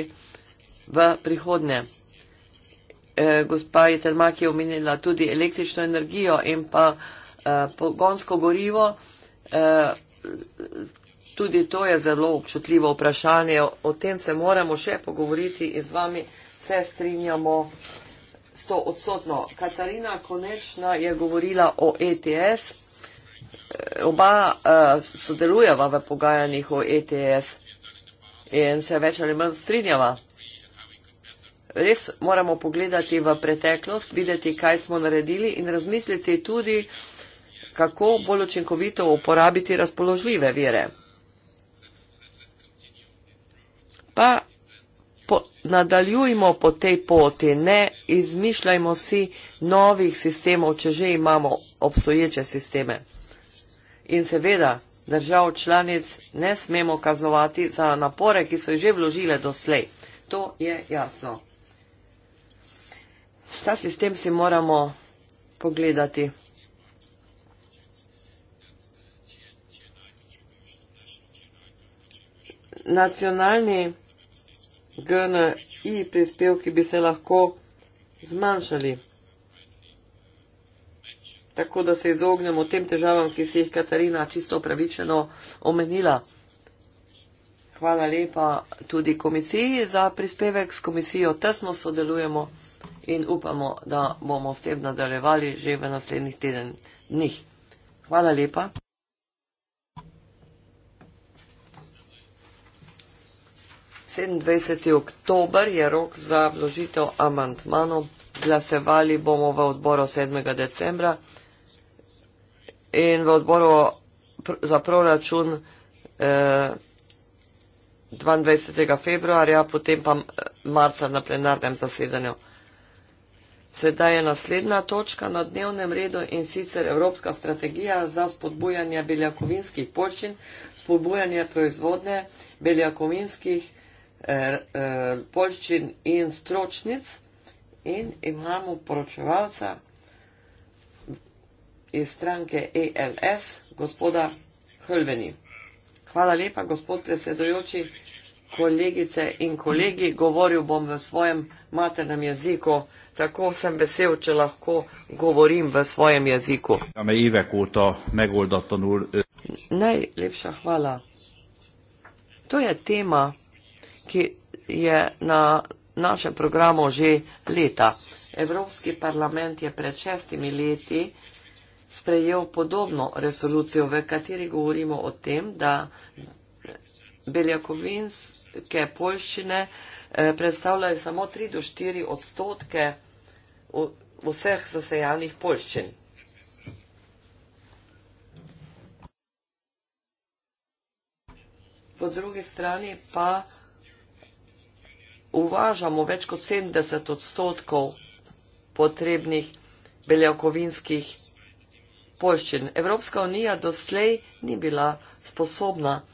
v prihodnje. Eh, gospa Jetermak je omenila tudi električno energijo in pa eh, pogonsko gorivo. Eh, tudi to je zelo občutljivo vprašanje, o tem se moramo še pogovoriti in z vami se strinjamo sto odsotno. Katarina Konečna je govorila o ETS. Oba sodelujeva v pogajanjih o ETS in se več ali manj strinjava res moramo pogledati v preteklost, videti, kaj smo naredili in razmisliti tudi, kako bolj učinkovito uporabiti razpoložljive vire. Pa po, nadaljujmo po tej poti, ne izmišljajmo si novih sistemov, če že imamo obstoječe sisteme. In seveda, držav članic ne smemo kazovati za napore, ki so jih že vložile doslej. To je jasno ta sistem si moramo pogledati. Nacionalni GNI prispevki bi se lahko zmanjšali, tako da se izognemo tem težavam, ki si jih Katarina čisto pravičeno omenila. Hvala lepa tudi komisiji za prispevek. S komisijo tesno sodelujemo in upamo, da bomo s tem nadaljevali že v naslednjih teden dnih. Hvala lepa. Sedemindvajset oktober je rok za vložitev amantmanov. Glasevali bomo v odboru 7. decembra in v odboru za proračun eh, 22. februarja, potem pa eh, marca na plenarnem zasedanju. Sedaj je naslednja točka na dnevnem redu in sicer Evropska strategija za spodbujanje beljakovinskih počin, spodbujanje proizvodne beljakovinskih er, eh, er, eh, počin in stročnic. In imamo poročevalca iz stranke ELS, gospoda Hrveni. Hvala lepa, gospod predsedojoči kolegice in kolegi, govoril bom v svojem maternem jeziku. Tako sem vesel, če lahko govorim v svojem jeziku. Najlepša hvala. To je tema, ki je na našem programu že leta. Evropski parlament je pred šestimi leti sprejel podobno resolucijo, v kateri govorimo o tem, da beljakovinske poljščine eh, predstavljajo samo 3 do 4 odstotke vseh zasejanih poljščin. Po drugi strani pa uvažamo več kot 70 odstotkov potrebnih beljakovinskih poljščin. Evropska unija doslej ni bila sposobna vsega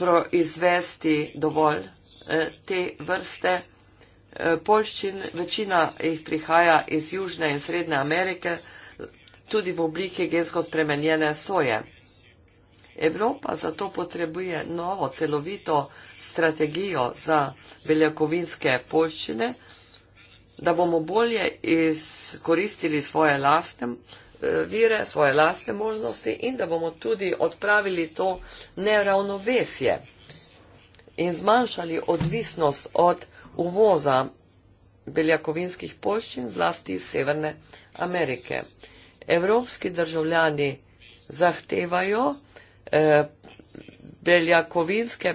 proizvesti dovolj eh, te vrste eh, polščin. Večina jih prihaja iz Južne in Srednje Amerike, tudi v obliki gensko spremenjene soje. Evropa zato potrebuje novo celovito strategijo za beljakovinske polščine, da bomo bolje izkoristili svoje lastne vire, svoje lastne možnosti in da bomo tudi odpravili to neravnovesje in zmanjšali odvisnost od uvoza beljakovinskih poščin zlasti iz Severne Amerike. Evropski državljani zahtevajo eh, beljakovinske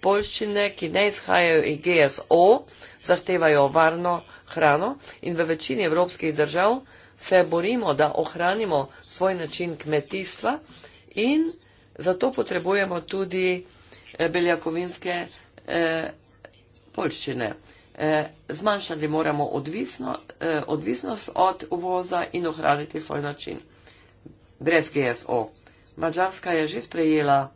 poščine, ki ne izhajajo iz GSO, zahtevajo varno hrano in v večini evropskih držav se borimo, da ohranimo svoj način kmetijstva in zato potrebujemo tudi eh, beljakovinske eh, polščine. Eh, zmanjšali moramo odvisno, eh, odvisnost od uvoza in ohraniti svoj način. Brez GSO. Mačarska je že sprejela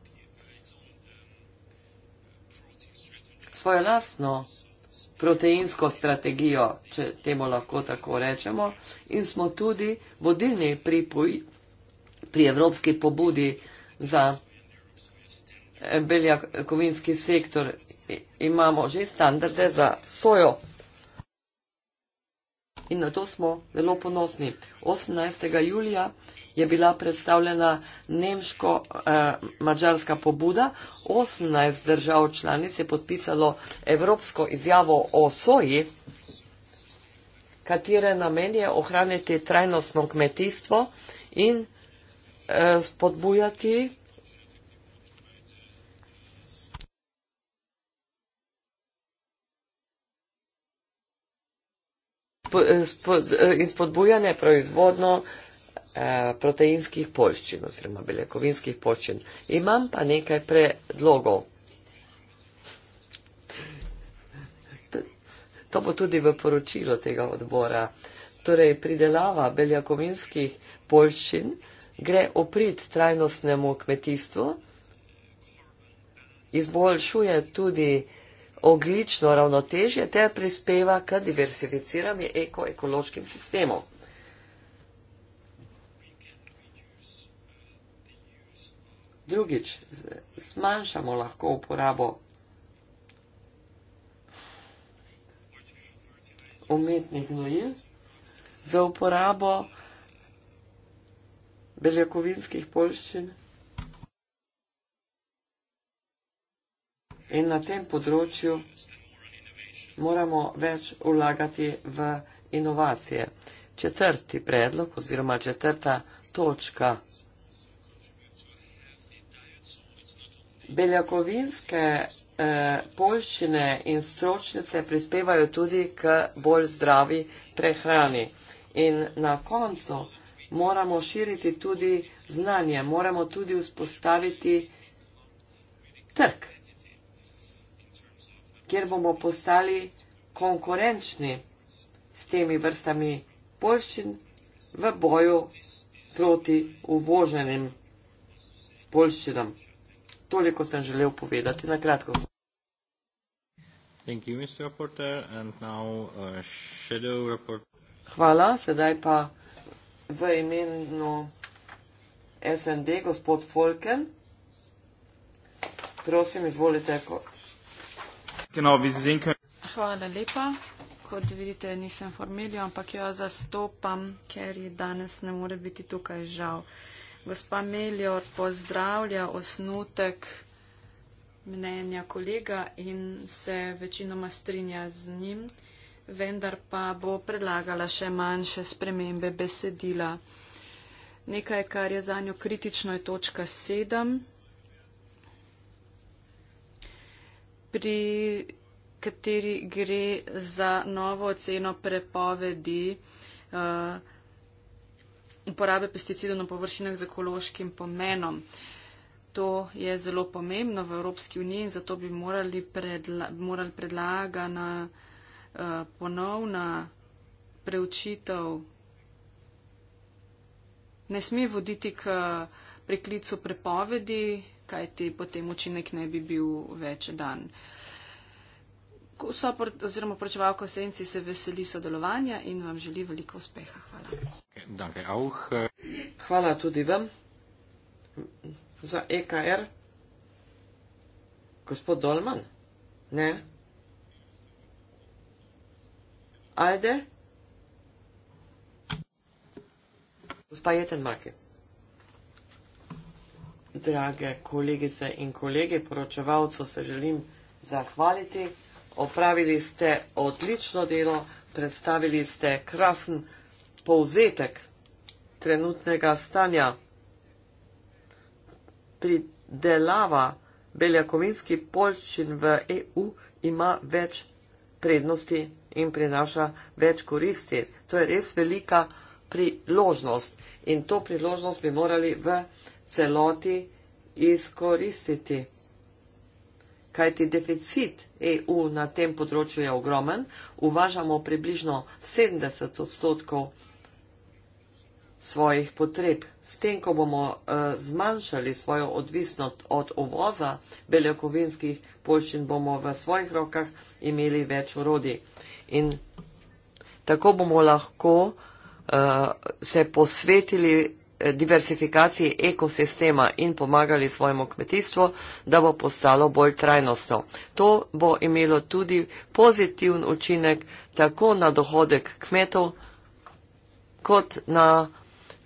svojo lastno proteinsko strategijo, če temu lahko tako rečemo, in smo tudi vodilni pri, pri evropski pobudi za beljakovinski sektor. Imamo že standarde za sojo. In na to smo zelo ponosni. 18. julija je bila predstavljena nemško-mačarska eh, pobuda. 18 držav članic je podpisalo Evropsko izjavo o soji, katere namen je ohraniti trajnostno kmetijstvo in eh, spodbujati eh, in spodbujanje proizvodno Eh, proteinskih poljščin oziroma beljakovinskih poljščin. Imam pa nekaj predlogov. To bo tudi v poročilo tega odbora. Torej, pridelava beljakovinskih poljščin gre oprit trajnostnemu kmetijstvu, izboljšuje tudi oglično ravnotežje ter prispeva k diversificiranju ekoekološkim sistemom. Drugič, zmanjšamo lahko uporabo umetnih gnojil za uporabo beljakovinskih polščin. In na tem področju moramo več vlagati v inovacije. Četrti predlog oziroma četrta točka beljakovinske eh, polščine in stročnice prispevajo tudi k bolj zdravi prehrani. In na koncu moramo širiti tudi znanje, moramo tudi vzpostaviti trg, kjer bomo postali konkurenčni s temi vrstami polščin v boju proti uvoženim polščinam. Toliko sem želel povedati na kratko. Thank you, Mr. Reporter. And now, uh, Shadow Reporter. Hvala, sedaj pa v imenu SND gospod Folken. Prosim, izvolite. Ko... Hvala lepa. Kot vidite, nisem formelja, ampak jo zastopam, ker je danes ne more biti tukaj žal. Uh, Gospa Melior pozdravlja osnutek mnenja kolega in se večinoma strinja z njim, vendar pa bo predlagala še manjše spremembe besedila. Nekaj, kar je za njo kritično, je točka 7. pri kateri gre za novo oceno prepovedi uh, uporabe pesticidov na površinah z ekološkim pomenom. To je zelo pomembno v Evropski uniji in zato bi morali, predla, morali predlagana uh, ponovna preučitev ne smi voditi k preklicu prepovedi, kajti potem učinek ne bi bil več dan. Uh, vsa oziroma poročevalka Senci se veseli sodelovanja in vam želi veliko uspeha. Hvala. Hvala tudi vam za EKR. Gospod Dolman, ne? Ajde? Gospa Jetenmake. Drage kolegice in kolege, poročevalcu se želim zahvaliti opravili ste odlično delo, predstavili ste krasen povzetek trenutnega stanja. Pridelava beljakovinski polščin v EU ima več prednosti in prinaša več koristi. To je res velika priložnost in to priložnost bi morali v celoti izkoristiti kajti deficit EU na tem področju je ogromen. Uvažamo približno 70 odstotkov svojih potreb. S tem, ko bomo uh, zmanjšali svojo odvisnost od uvoza beljakovinskih poščin, bomo v svojih rokah imeli več urodi. In tako bomo lahko uh, se posvetili diversifikaciji ekosistema in pomagali svojemu kmetijstvu, da bo postalo bolj trajnostno. To bo imelo tudi pozitivn učinek tako na dohodek kmetov, kot na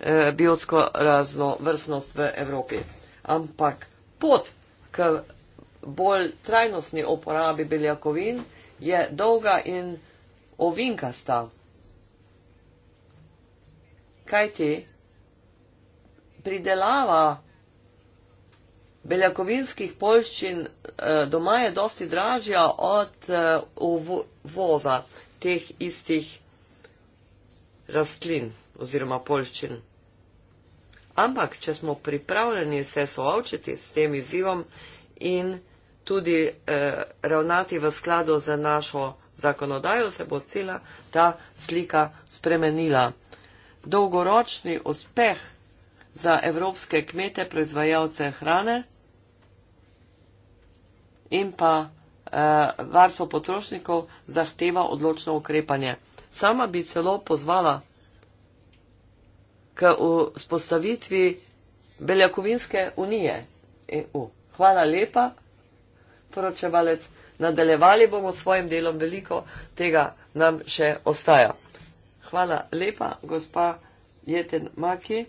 eh, biotsko raznovrstnost v Evropi. Ampak pot k bolj trajnostni uporabi beljakovin je dolga in ovinkasta. Kaj ti je? pridelava beljakovinskih polščin eh, doma je dosti dražja od eh, uvoza teh istih rastlin oziroma polščin. Ampak, če smo pripravljeni se soočiti s tem izzivom in tudi eh, ravnati v skladu za našo zakonodajo, se bo cela ta slika spremenila. Dolgoročni uspeh za evropske kmete, proizvajalce hrane in pa eh, varstvo potrošnikov zahteva odločno ukrepanje. Sama bi celo pozvala k vzpostavitvi Beljakovinske unije EU. Hvala lepa, poročevalec. Nadaljevali bomo s svojim delom, veliko tega nam še ostaja. Hvala lepa, gospa Jeten Maki.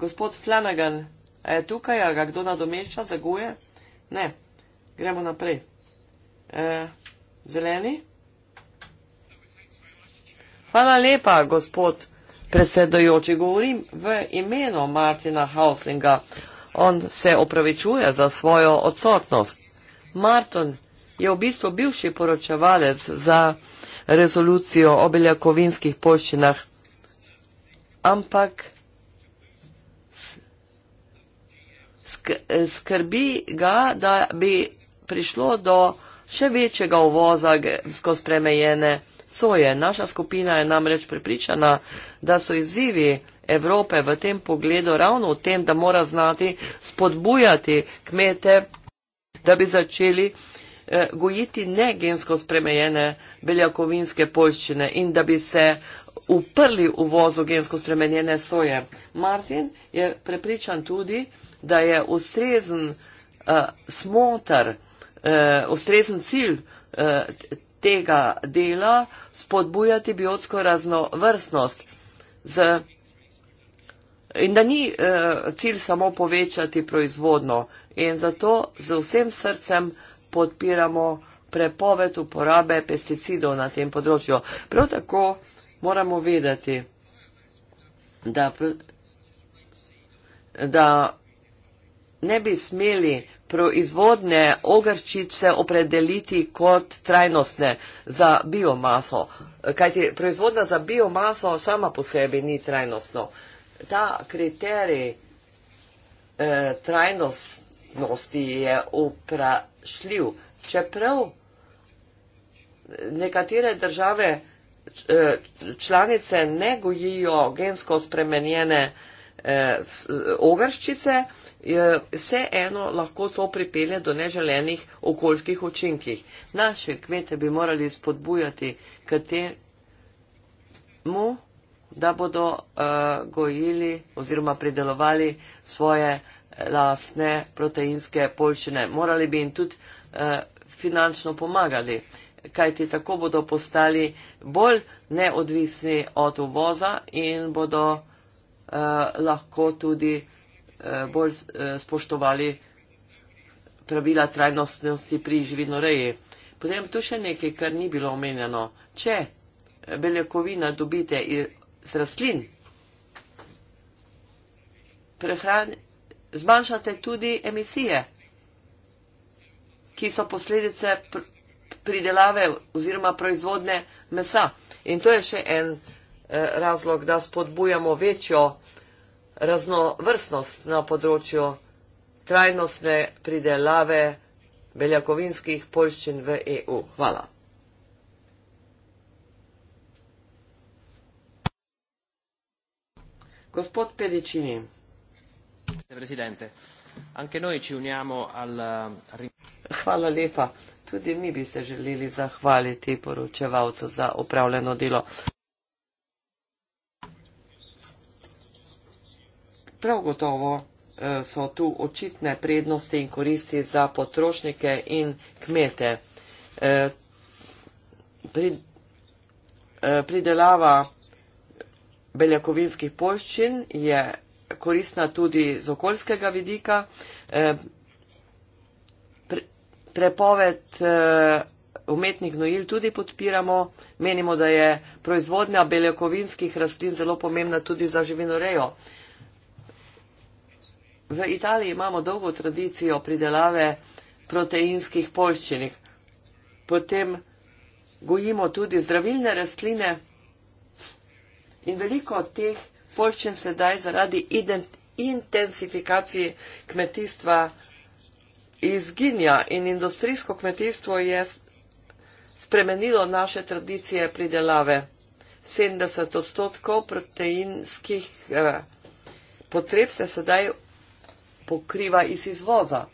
Gospod Flanagan, a je tukaj, a ga kdo nadomešča, zaguje? Ne, gremo naprej. E, zeleni? Hvala lepa, gospod predsedojoči. Govorim v imenu Martina Hauslinga. On se opravičuje za svojo odsotnost. Marton je v bistvu bivši poročevalec za rezolucijo o beljakovinskih poščinah. Ampak skrbi ga, da bi prišlo do še večjega uvoza gensko spremenjene soje. Naša skupina je namreč prepričana, da so izzivi Evrope v tem pogledu ravno v tem, da mora znati spodbujati kmete, da bi začeli eh, gojiti ne gensko spremenjene beljakovinske polščine in da bi se uprli uvozu gensko spremenjene soje. Martin je prepričan tudi, da je ustrezen uh, eh, smotar, uh, eh, ustrezen cilj uh, tega dela spodbujati biotsko raznovrstnost. Z, in da ni uh, cilj samo povečati proizvodno. In zato z vsem srcem podpiramo prepoved uporabe pesticidov na tem področju. Prav tako moramo vedeti, da, da ne bi smeli proizvodne ogrčice opredeliti kot trajnostne za biomaso. Kajti proizvodna za biomaso sama po sebi ni trajnostno. Ta kriterij eh, trajnostnosti je uprašljiv. Čeprav nekatere države eh, članice ne gojijo gensko spremenjene eh, ogrščice, vse eno lahko to pripelje do neželenih okoljskih učinkih. Naše kmete bi morali spodbujati k temu, da bodo uh, gojili oziroma pridelovali svoje eh, lastne proteinske polščine. Morali bi jim tudi uh, finančno pomagali, kajti tako bodo postali bolj neodvisni od uvoza in bodo uh, lahko tudi Eh, bolj eh, spoštovali pravila trajnostnosti pri živinoreji. Potem tu še nekaj, kar ni bilo omenjeno. Če beljakovina dobite iz rastlin, prehran, zmanjšate tudi emisije, ki so posledice pr pridelave oziroma proizvodne mesa. In to je še en eh, razlog, da spodbujamo večjo raznovrstnost na področju trajnostne pridelave beljakovinskih poljščin v EU. Hvala. Gospod Pedicini. Eh, Hvala lepa. Tudi mi bi se želeli zahvaliti poročevalcu za opravljeno delo. prav gotovo eh, so tu očitne prednosti in koristi za potrošnike in kmete. Eh, eh, pridelava beljakovinskih poščin je koristna tudi z okoljskega vidika. Prepoved umetnih nojil tudi podpiramo. Menimo, da je proizvodnja beljakovinskih rastlin zelo pomembna tudi za živinorejo. V Italiji imamo dolgo tradicijo pridelave proteinskih polščinih. Potem gojimo tudi zdravilne rastline in veliko od teh polščin sedaj zaradi intensifikacije kmetijstva izginja in industrijsko kmetijstvo je spremenilo naše tradicije pridelave. 70 odstotkov proteinskih eh, potreb se sedaj pokriva iz izvoza.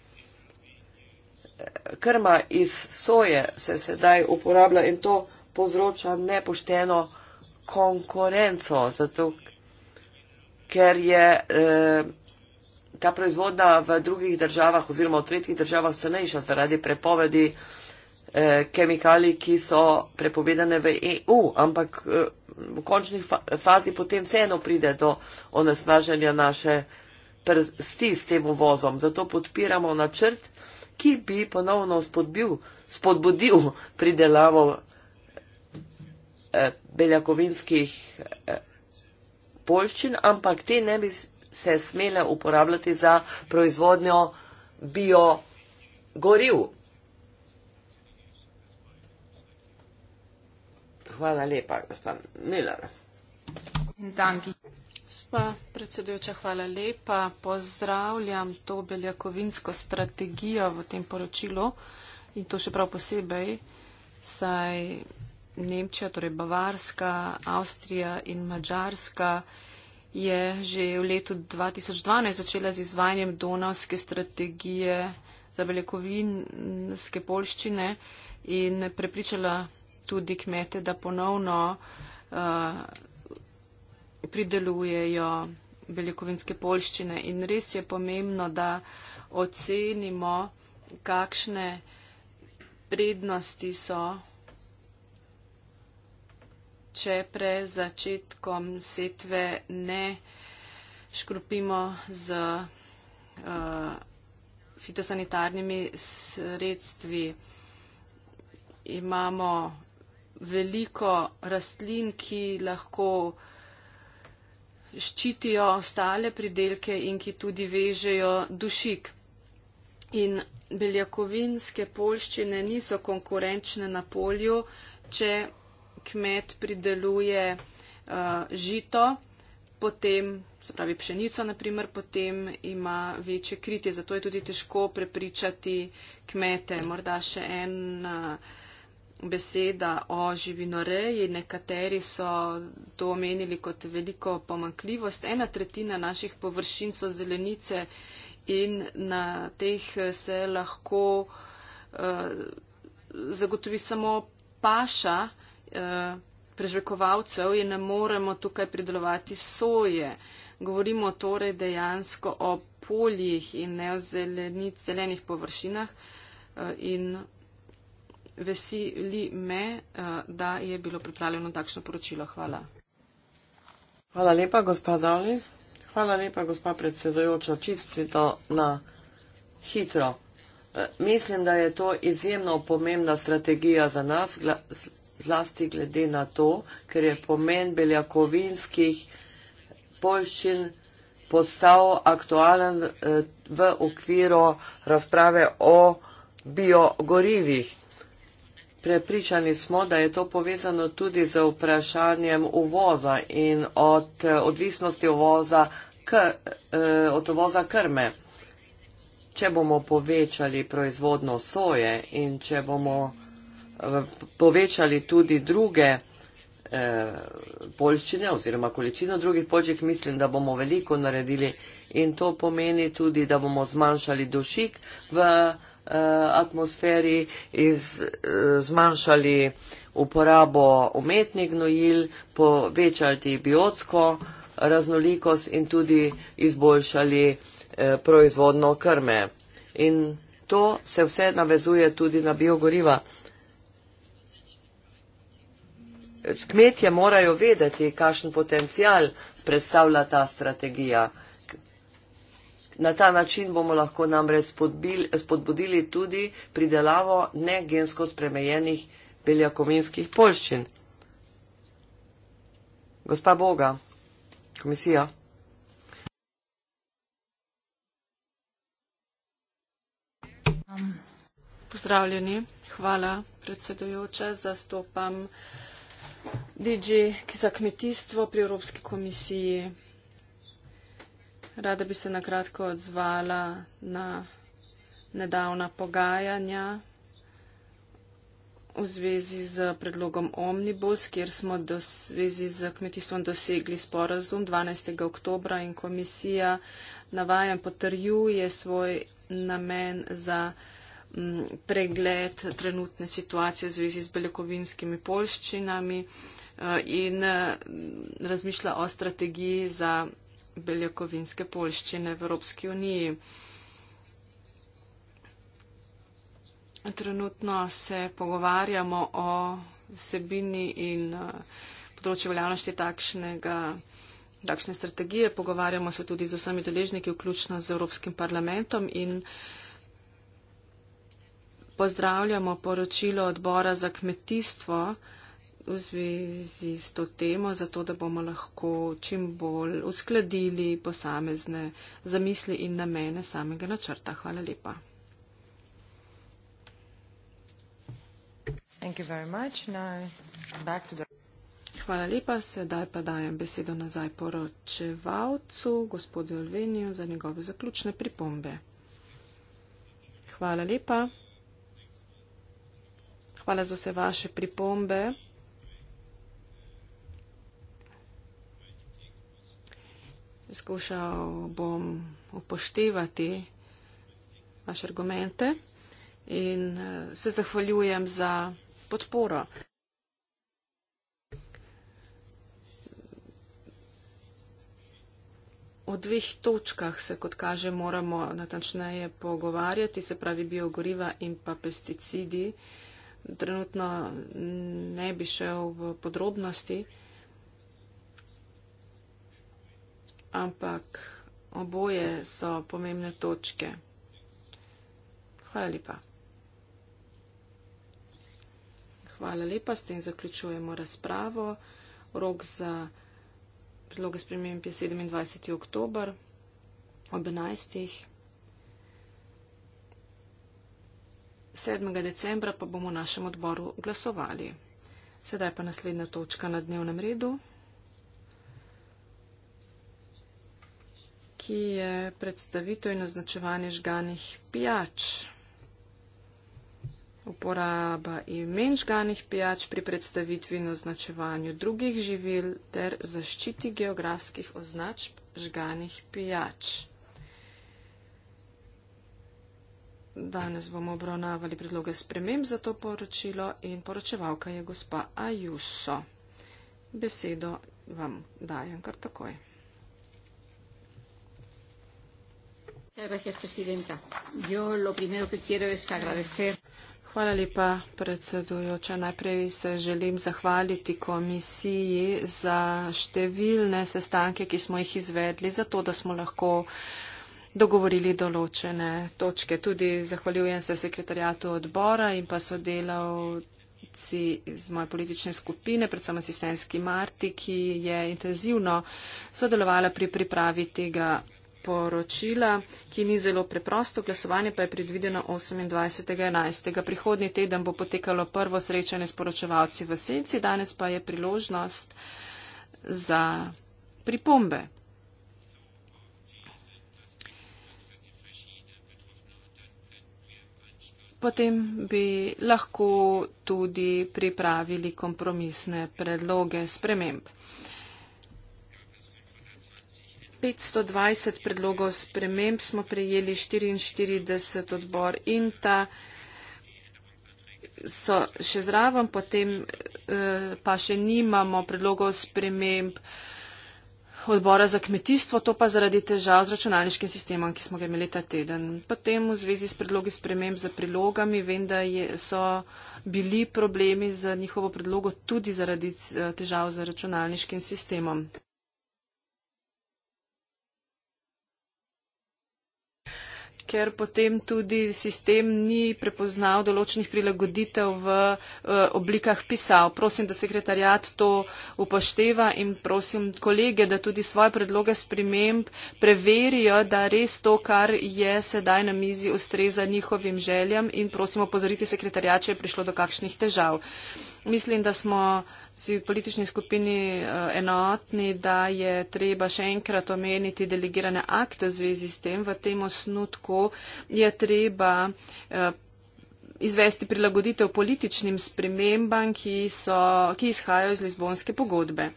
Krma iz soje se sedaj uporablja in to povzroča nepošteno konkurenco, zato ker je eh, ta proizvodna v drugih državah oziroma v tretjih državah cenejša zaradi prepovedi eh, kemikalij, ki so prepovedane v EU, ampak eh, v končni fa fazi potem vseeno pride do onesnaženja naše eh, prsti s tem uvozom. Zato podpiramo načrt, ki bi ponovno spodbil, spodbudil pridelavo eh, beljakovinskih eh, polščin, ampak te ne bi se smele uporabljati za proizvodnjo biogoriv. Hvala lepa, gospod Miller. In tanki. Gospa predsedujoča, hvala lepa. Pozdravljam to beljakovinsko strategijo v tem poročilu in to še prav posebej, saj Nemčija, torej Bavarska, Avstrija in Mačarska je že v letu 2012 začela z izvajanjem donavske strategije za beljakovinske polščine in prepričala tudi kmete, da ponovno. Uh, pridelujejo beljakovinske polščine. In res je pomembno, da ocenimo, kakšne prednosti so, če pre začetkom setve ne škrupimo z uh, fitosanitarnimi sredstvi. Imamo veliko rastlin, ki lahko ščitijo ostale pridelke in ki tudi vežejo dušik. In beljakovinske polščine niso konkurenčne na polju, če kmet prideluje uh, žito, potem, se pravi pšenico, naprimer, potem ima večje kritje. Zato je tudi težko prepričati kmete. Morda še en. Uh, beseda o živinoreji. Nekateri so to omenili kot veliko pomankljivost. Ena tretjina naših površin so zelenice in na teh eh, se lahko eh, zagotovi samo paša eh, prežvekovalcev in ne moremo tukaj pridelovati soje. Govorimo torej dejansko o poljih in ne o zelenic, zelenih površinah eh, in veseli me, eh, da je bilo pripravljeno takšno poročilo. Hvala. Hvala lepa, gospa Dali. Hvala lepa, gospa predsedojoča. Čistito na hitro. Eh, mislim, da je to izjemno pomembna strategija za nas, zlasti glede na to, ker je pomen beljakovinskih poljščin postal aktualen eh, v okviru razprave o biogorivih. Prepričani smo, da je to povezano tudi z vprašanjem uvoza in od eh, odvisnosti uvoza k, eh, od uvoza krme. Če bomo povečali proizvodno soje in če bomo eh, povečali tudi druge polščine oziroma količino drugih polčik, mislim, da bomo veliko naredili in to pomeni tudi, da bomo zmanjšali dušik v Eh, atmosferi iz, eh, zmanjšali uporabo umetnih gnojil, povečali biotsko raznolikost in tudi izboljšali eh, proizvodno krme. In to se vse navezuje tudi na biogoriva. Kmetje morajo vedeti, kakšen potencial predstavlja ta strategija. Na ta način bomo lahko namreč spodbudili tudi pridelavo negensko spremenjenih beljakovinskih polščin. Gospa Boga, komisija. Pozdravljeni, hvala predsedujoča, zastopam DG, ki za kmetijstvo pri Evropski komisiji. Rada bi se nakratko odzvala na nedavna pogajanja v zvezi z predlogom Omnibus, kjer smo do, v zvezi z kmetijstvom dosegli sporazum 12. oktobra in komisija navajam potrjuje svoj namen za mm, pregled trenutne situacije v zvezi z beljakovinskimi polščinami eh, in eh, razmišlja o strategiji za beljakovinske polščine v Evropski uniji. Trenutno se pogovarjamo o vsebini in eh, področju veljavnosti takšnega, takšne strategije. Pogovarjamo se tudi z vsemi deležniki, vključno z Evropskim parlamentom in pozdravljamo poročilo odbora za kmetijstvo, v zvezi s to temo, zato da bomo lahko čim bolj uskladili posamezne zamisli in namene samega načrta. Hvala lepa. Hvala lepa, sedaj pa dajem besedo nazaj poročevalcu, gospodu Olveniju, za njegove zaključne pripombe. Hvala lepa. Hvala za vse vaše pripombe. skušal bom upoštevati vaše argumente in eh, se zahvaljujem za podporo. O dveh točkah se, kot kaže, moramo natančneje pogovarjati, se pravi biogoriva in pa pesticidi. Trenutno ne bi šel v podrobnosti. ampak oboje so pomembne točke. Hvala lepa. Hvala lepa, s tem zaključujemo razpravo. Rok za predloge sprememb je 27. oktober ob 11. 7. decembra pa bomo v našem odboru glasovali. Sedaj pa naslednja točka na dnevnem redu. ki je predstavitev in označevanje žganih pijač. Uporaba imen žganih pijač pri predstavitvi in označevanju drugih živil ter zaščiti geografskih označb žganih pijač. Danes bomo obravnavali predloge sprememb za to poročilo in poročevalka je gospa Ajuso. Besedo vam dajem kar takoj. Muchas gracias, presidenta. Yo lo primero que quiero es agradecer. Hvala lepa, predsedujoča. Najprej se želim zahvaliti komisiji za številne sestanke, ki smo jih izvedli, zato da smo lahko dogovorili določene točke. Tudi zahvaljujem se sekretarjatu odbora in pa sodelavci iz moje politične skupine, predvsem asistenski Marti, ki je intenzivno sodelovala pri pripravi tega poročila, ki ni zelo preprosto. Glasovanje pa je predvideno 28.11. Prihodni teden bo potekalo prvo srečanje s poročevalci v senci, danes pa je priložnost za pripombe. Potem bi lahko tudi pripravili kompromisne predloge sprememb. 520 predlogov sprememb smo prejeli, 44 odbor in ta so še zraven, potem eh, pa še nimamo predlogov sprememb odbora za kmetijstvo, to pa zaradi težav z računalniškim sistemom, ki smo ga imeli ta teden. Potem v zvezi s predlogi sprememb za prilogami vem, da je, so bili problemi z njihovo predlogo tudi zaradi eh, težav z računalniškim sistemom. ker potem tudi sistem ni prepoznal določenih prilagoditev v eh, oblikah pisav. Prosim, da sekretarjat to upošteva in prosim kolege, da tudi svoje predloge sprememb preverijo, da res to, kar je sedaj na mizi, ustreza njihovim željam in prosim opozoriti sekretarjat, če je prišlo do kakšnih težav. Mislim, da smo si v politični skupini eh, enotni, da je treba še enkrat omeniti delegirane akte v zvezi s tem. V tem osnutku je treba eh, izvesti prilagoditev političnim spremembam, ki, so, ki izhajajo iz Lizbonske pogodbe.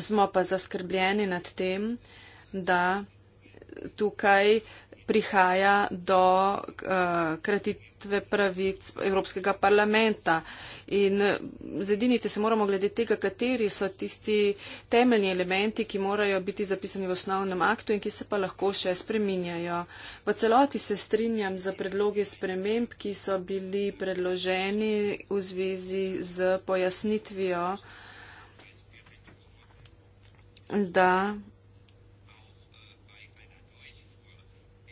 Smo pa zaskrbljeni nad tem, da tukaj prihaja do uh, kratitve pravic Evropskega parlamenta. Uh, In eh, zediniti se moramo glede tega, kateri so tisti temeljni elementi, ki morajo biti zapisani v osnovnem aktu in ki se pa lahko še spreminjajo. V celoti se strinjam za predloge sprememb, ki so bili predloženi v zvezi z pojasnitvijo, da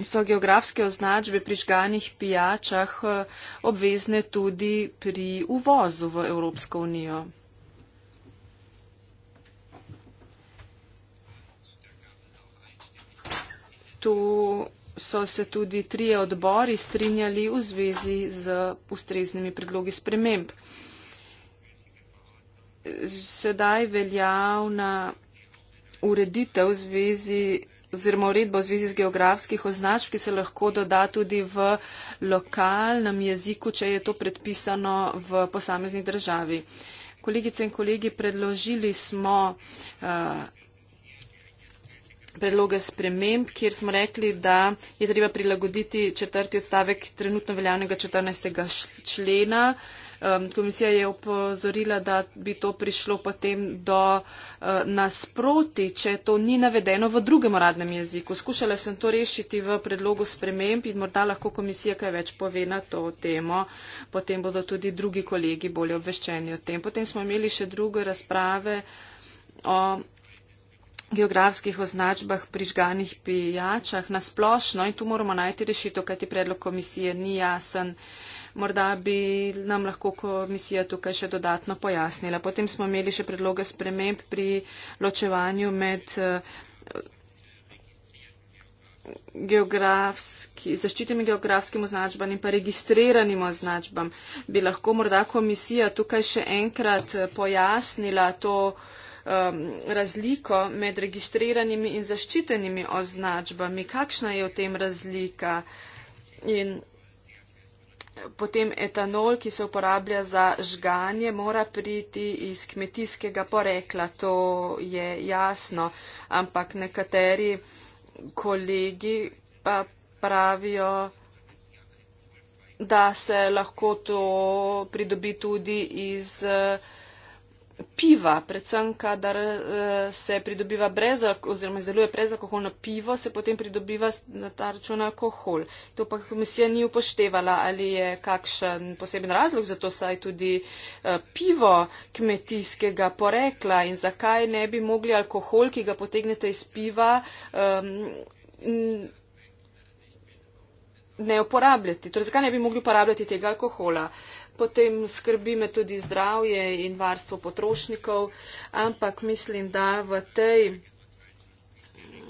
so geografske označbe pri žganih pijačah eh, obvezne tudi pri uvozu v Evropsko unijo. Tu so se tudi trije odbori strinjali v zvezi z ustreznimi predlogi sprememb. Sedaj veljavna ureditev v zvezi oziroma uredba v zvezi z geografskih označb, ki se lahko doda tudi v lokalnem jeziku, če je to predpisano v posamezni državi. Kolegice in kolegi, predložili smo uh, predloge sprememb, kjer smo rekli, da je treba prilagoditi četrti odstavek trenutno veljavnega 14. člena. Uh, Komisija je opozorila, da bi to prišlo potem do eh, nasproti, če to ni navedeno v drugem radnem jeziku. Skušala sem to rešiti v predlogu sprememb in morda lahko komisija kaj več pove na to temo. Potem bodo tudi drugi kolegi bolje obveščeni o tem. Potem smo imeli še druge razprave o geografskih označbah prižganih pijačah na splošno in tu moramo najti rešitev, kajti predlog komisije ni jasen morda bi nam lahko komisija tukaj še dodatno pojasnila. Potem smo imeli še predloge sprememb pri ločevanju med eh, zaščitenim geografskim označbam in pa registriranim označbam. Bi lahko morda komisija tukaj še enkrat eh, pojasnila to um, razliko med registriranimi in zaščitenimi označbami? Kakšna je v tem razlika? In potem etanol, ki se uporablja za žganje, mora priti iz kmetijskega porekla, to je jasno, ampak nekateri kolegi pa pravijo, da se lahko to pridobi tudi iz uh, piva, predvsem kadar eh, se pridobiva brez oziroma izdeluje brezalkoholno pivo, se potem pridobiva na ta račun alkohol. To pa komisija ni upoštevala, ali je kakšen poseben razlog za to, saj tudi eh, pivo kmetijskega porekla in zakaj ne bi mogli alkohol, ki ga potegnete iz piva, um, ne uporabljati. Torej, zakaj ne bi mogli uporabljati tega alkohola? Uh, potem skrbi me tudi zdravje in varstvo potrošnikov, ampak mislim, da v tej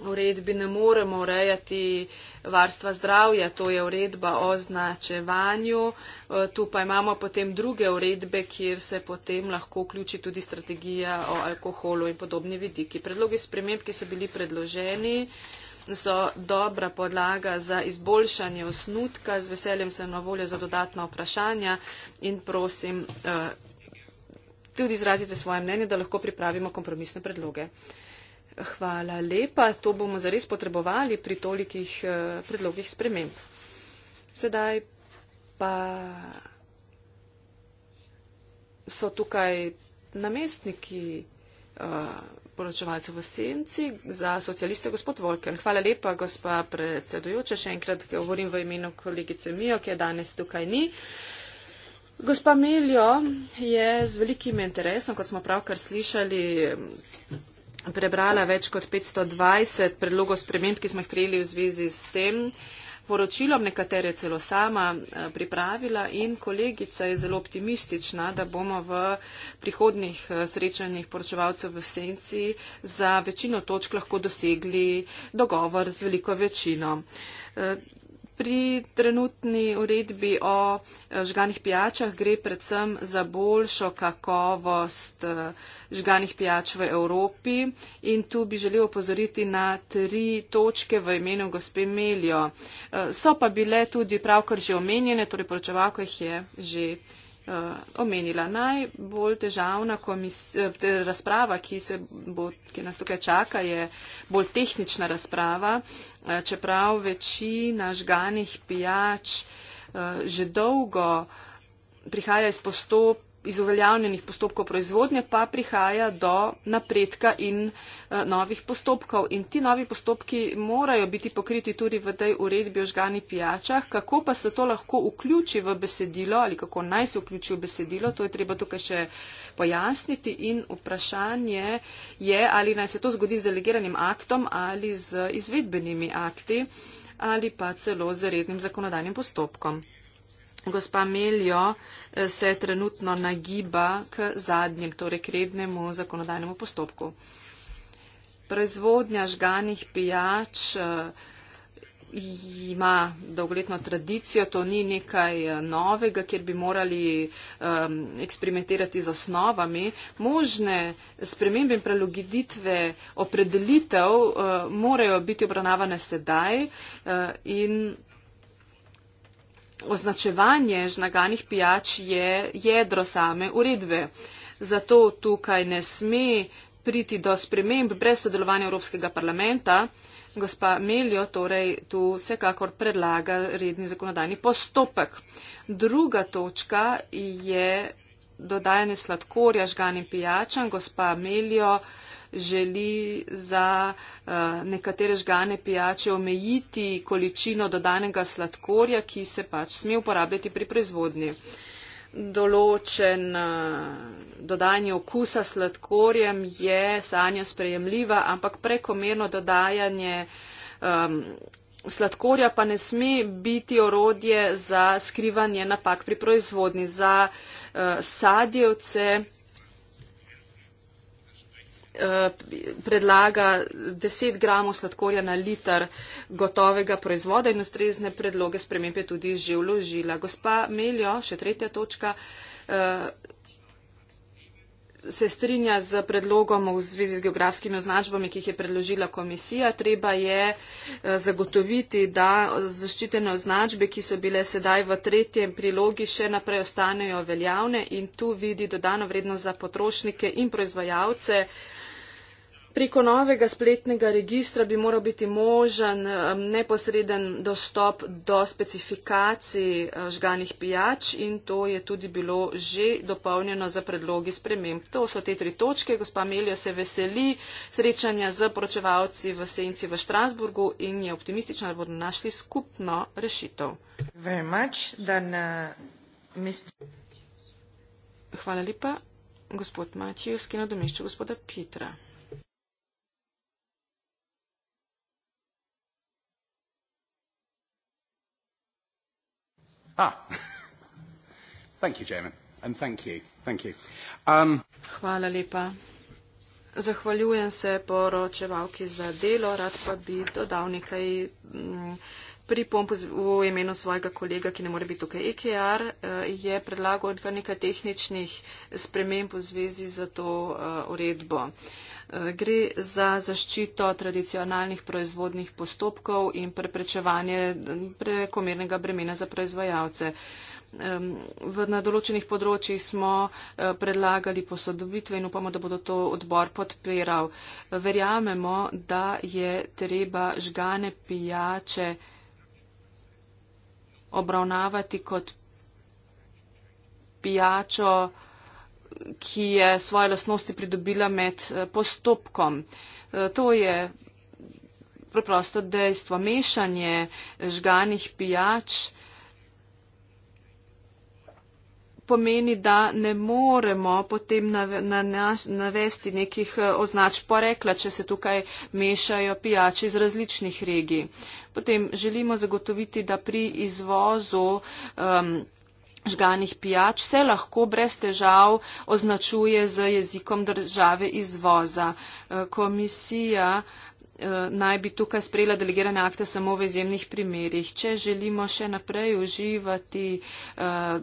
uredbi ne moremo urejati varstva zdravja, to je uredba o značevanju. E, tu pa imamo potem druge uredbe, kjer se potem lahko vključi tudi strategija o alkoholu in podobni vidiki. Predlogi sprememb, ki so bili predloženi, so dobra podlaga za izboljšanje osnutka. Z veseljem sem na voljo za dodatna vprašanja in prosim, eh, tudi izrazite svoje mnenje, da lahko pripravimo kompromisne predloge. Hvala lepa, to bomo zares potrebovali pri tolikih eh, predlogih sprememb. Sedaj pa so tukaj namestniki eh, poročevalcev v senci za socialiste gospod Volken. Hvala lepa, gospa predsedujoča. Še enkrat govorim v imenu kolegice Mijo, ki je danes tukaj ni. Gospa Miljo je z velikim interesom, kot smo pravkar slišali, prebrala več kot 520 predlogov sprememb, ki smo jih prijeli v zvezi s tem, poročilom nekatere celo sama eh, pripravila in kolegica je zelo optimistična, da bomo v prihodnih eh, srečanjih poročevalcev v senci za večino točk lahko dosegli dogovor z veliko večino. Eh, pri trenutni uredbi o eh, žganih pijačah gre predvsem za boljšo kakovost eh, žganih pijač v Evropi in tu bi želel opozoriti na tri točke v imenu gospe Melijo. Eh, so pa bile tudi pravkar že omenjene, torej poročevalko jih je že. Eh, omenila. Najbolj težavna eh, razprava, ki, bo, ki nas tukaj čaka, je bolj tehnična razprava, eh, čeprav večina žganih pijač že dolgo prihaja iz postop, iz uveljavljenih postopkov proizvodnje, pa prihaja do napredka in uh, Eh, novih postopkov in ti novi postopki morajo biti pokriti tudi v tej uredbi o žgani pijačah. Kako pa se to lahko vključi v besedilo ali kako naj se vključi v besedilo, to je treba tukaj še pojasniti in vprašanje je, ali naj se to zgodi z delegiranim aktom ali z izvedbenimi akti ali pa celo z rednim zakonodajnim postopkom. Gospa Meljo eh, se trenutno nagiba k zadnjem, torej k rednemu zakonodajnemu postopku. Proizvodnja žganih pijač eh, ima dolgoletno tradicijo, to ni nekaj eh, novega, kjer bi morali um, eksperimentirati z osnovami. Možne spremembe in prelogiditve opredelitev uh, morajo biti obravnavane sedaj uh, in označevanje žnaganih pijač je jedro same uredbe. Zato tukaj ne sme priti do sprememb brez sodelovanja Evropskega parlamenta. Gospa Meljo torej tu vsekakor predlaga redni zakonodajni postopek. Druga točka je dodajanje sladkorja žganim pijačam. Gospa Meljo želi za uh, nekatere žgane pijače omejiti količino dodanega sladkorja, ki se pač sme uporabljati pri proizvodnji. Uh, določen eh, dodajanje okusa sladkorjem je sanja sprejemljiva, ampak prekomerno dodajanje um, sladkorja pa ne sme biti orodje za skrivanje napak pri proizvodni. Za uh, sadjevce Eh, predlaga 10 gramov sladkorja na liter gotovega proizvoda in ustrezne predloge spremembe tudi že vložila. Gospa Meljo, še tretja točka, eh, se strinja z predlogom v zvezi z geografskimi označbami, ki jih je predložila komisija. Treba je eh, zagotoviti, da zaščitene označbe, ki so bile sedaj v tretjem prilogi, še naprej ostanejo veljavne in tu vidi dodano vrednost za potrošnike in proizvajalce preko novega spletnega registra bi moral biti možen um, neposreden dostop do specifikacij uh, žganih pijač in to je tudi bilo že dopolnjeno za predlogi sprememb. To so te tri točke. Gospa Melja se veseli srečanja z poročevalci v senci v Štrasburgu in je optimistična, da bodo našli skupno rešitev. Uh, Hvala lepa, gospod Matijevski, na domišču gospoda Petra. Ah. [laughs] Thank you, Jamin. And thank you. Thank you. Um, Hvala lepa. Zahvaljujem se poročevalki za delo, rad pa bi dodal nekaj mm, pripomp v imenu svojega kolega, ki ne more biti tukaj. EKR er, eh, je predlagal nekaj tehničnih sprememb v zvezi z to eh, uredbo. Uh, Gre za zaščito tradicionalnih proizvodnih postopkov in preprečevanje prekomernega bremena za proizvajalce. V, na določenih področjih smo eh, predlagali posodobitve in upamo, da bodo to odbor podpiral. Verjamemo, da je treba žgane pijače obravnavati kot pijačo, ki je svoje lasnosti pridobila med eh, postopkom. Eh, to je preprosto dejstvo. Mešanje žganih pijač pomeni, da ne moremo potem navesti nekih eh, označ porekla, če se tukaj mešajo pijači iz različnih regij. Potem želimo zagotoviti, da pri izvozu um, žganih pijač se lahko brez težav označuje z jezikom države izvoza. E, komisija e, naj bi tukaj sprejela delegirane akte samo v izjemnih primerjih. Če želimo še naprej uživati e,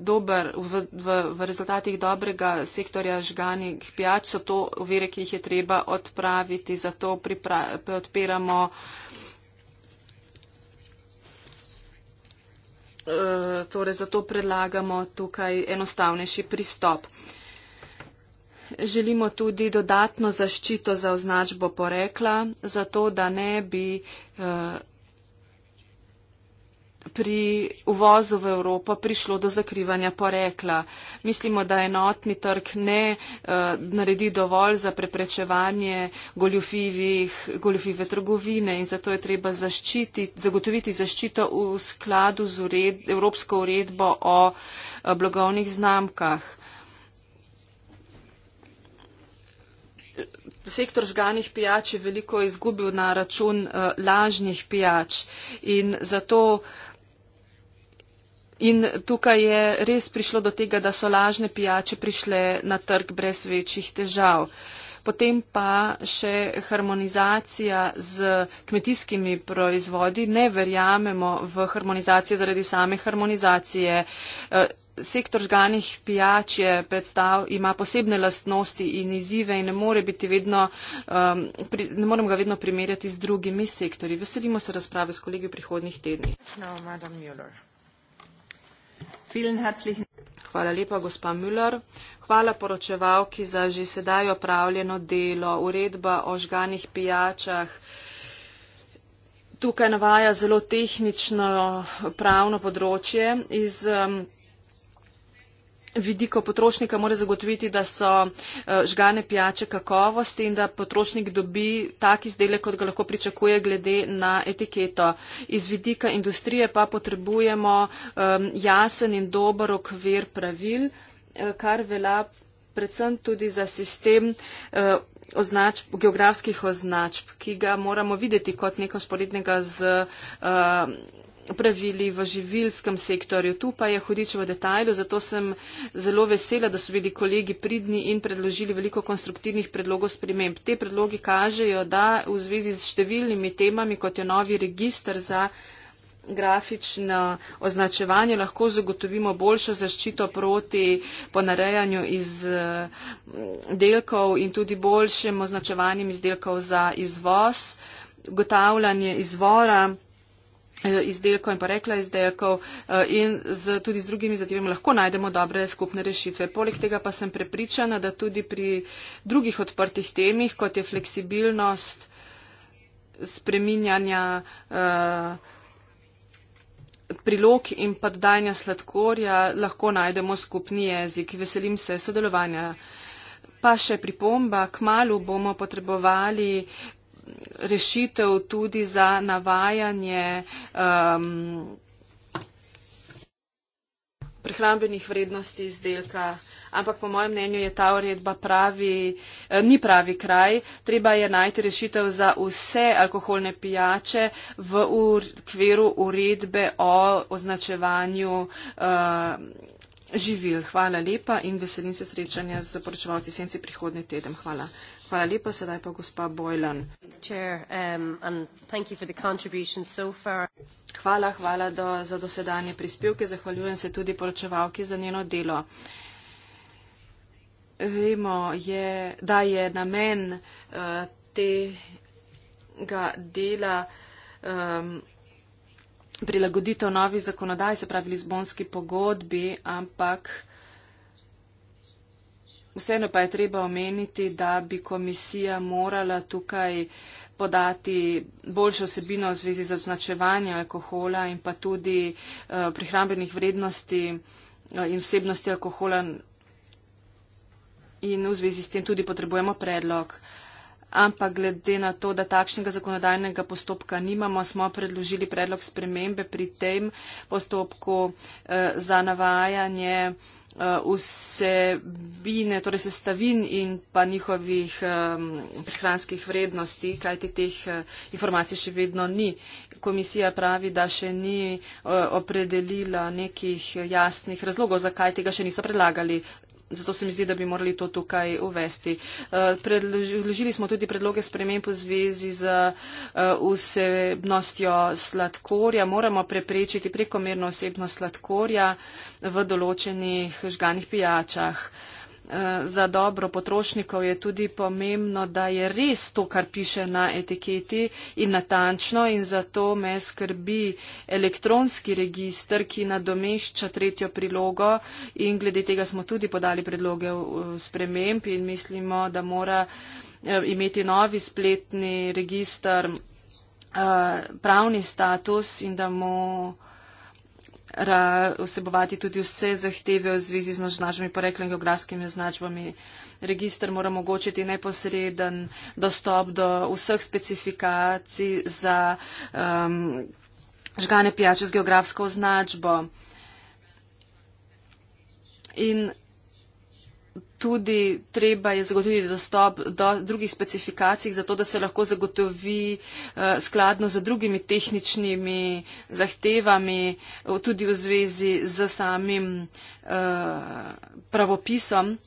dober, v, v, v rezultatih dobrega sektorja žganih pijač, so to uvere, ki jih je treba odpraviti. Zato pripra, odpiramo. Eh, torej zato predlagamo tukaj enostavnejši pristop. Želimo tudi dodatno zaščito za označbo porekla, zato da ne bi. Uh, pri uvozu v Evropo prišlo do zakrivanja porekla. Mislimo, da enotni trg ne uh, naredi dovolj za preprečevanje goljufive trgovine in zato je treba zaščititi, zagotoviti zaščito v skladu z ured, Evropsko uredbo o uh, blagovnih znamkah. Sektor žganih pijač je veliko izgubil na račun uh, lažnih pijač in zato uh, In tukaj je res prišlo do tega, da so lažne pijače prišle na trg brez večjih težav. Potem pa še harmonizacija z kmetijskimi proizvodi. Ne verjamemo v harmonizacije zaradi same harmonizacije. Eh, sektor žganih pijač je predstav, ima posebne lastnosti in izzive in ne, more biti vedno, um, pri, ne morem ga vedno primerjati z drugimi sektori. Veselimo se razprave s kolegi v prihodnih tednih. No, Hvala lepa, gospa Müller. Hvala poročevalki za že sedaj opravljeno delo. Uredba o žganih pijačah tukaj navaja zelo tehnično pravno področje iz. Um, vidika potrošnika mora zagotoviti, da so eh, žgane pijače kakovosti in da potrošnik dobi tak izdelek, kot ga lahko pričakuje glede na etiketo. Iz vidika industrije pa potrebujemo ehm, jasen in dober okvir pravil, eh, kar velja predvsem tudi za sistem. Eh, Označ, geografskih označb, ki ga moramo videti kot neko sporednega z uh, pravili v živilskem sektorju. Tu pa je hudič v detajlu, zato sem zelo vesela, da so bili kolegi pridni in predložili veliko konstruktivnih predlogov sprememb. Te predlogi kažejo, da v zvezi z številnimi temami, kot je novi registr za grafično označevanje lahko zagotovimo boljšo zaščito proti ponarejanju izdelkov eh, in tudi boljšim označevanjem izdelkov za izvoz, gotavljanje izvora. Eh, izdelkov in pa rekla izdelkov eh, in z, tudi z drugimi zadevami lahko najdemo dobre skupne rešitve. Poleg tega pa sem prepričana, da tudi pri drugih odprtih temih, kot je fleksibilnost spreminjanja eh, prilog in pa dajanja sladkorja, lahko najdemo skupni jezik. Veselim se sodelovanja. Pa še pripomba, k malu bomo potrebovali rešitev tudi za navajanje um, prehrambenih vrednosti izdelka. Ampak po mojem mnenju je ta uredba pravi, eh, ni pravi kraj. Treba je najti rešitev za vse alkoholne pijače v okviru uredbe o označevanju uh, živil. Hvala lepa in veselim se srečanja z poročevalci senci prihodnji teden. Hvala. Hvala lepa, sedaj pa gospa Bojlan. Chair, um, so hvala, hvala do, za dosedanje prispevke, zahvaljujem se tudi poročevalki za njeno delo. Vemo, je, da je namen uh, tega dela um, prilagoditev novih zakonodaj, se pravi Lizbonski pogodbi, ampak Vseeno pa je treba omeniti, da bi komisija morala tukaj podati boljšo osebino v zvezi z označevanjem alkohola in pa tudi eh, prihrambenih vrednosti eh, in vsebnosti alkohola. In v zvezi s tem tudi potrebujemo predlog. Ampak glede na to, da takšnega zakonodajnega postopka nimamo, smo predložili predlog spremembe pri tem postopku eh, za navajanje eh, Uh, vsebine, torej sestavin in pa njihovih um, prehranskih vrednosti, kajti teh uh, informacij še vedno ni. Komisija pravi, da še ni uh, opredelila nekih jasnih razlogov, zakaj tega še niso predlagali Zato se mi zdi, da bi morali to tukaj uvesti. Eh, predložili smo tudi predloge sprememb v zvezi z eh, vsebnostjo sladkorja. Moramo preprečiti prekomerno vsebnost sladkorja v določenih žganih pijačah. Eh, za dobro potrošnikov je tudi pomembno, da je res to, kar piše na etiketi in natančno in zato me skrbi elektronski registr, ki nadomešča tretjo prilogo in glede tega smo tudi podali predloge eh, sprememb in mislimo, da mora eh, imeti novi spletni registr pravni status in da mu ra, vsebovati tudi vse zahteve v zvezi z označbami, poreklem geografskimi označbami. Registr mora omogočiti neposreden dostop do vseh specifikacij za um, žgane pijače z geografsko označbo. In tudi treba je zagotoviti dostop do drugih specifikacij, zato da se lahko zagotovi eh, skladno z drugimi tehničnimi zahtevami, tudi v zvezi z samim eh, pravopisom.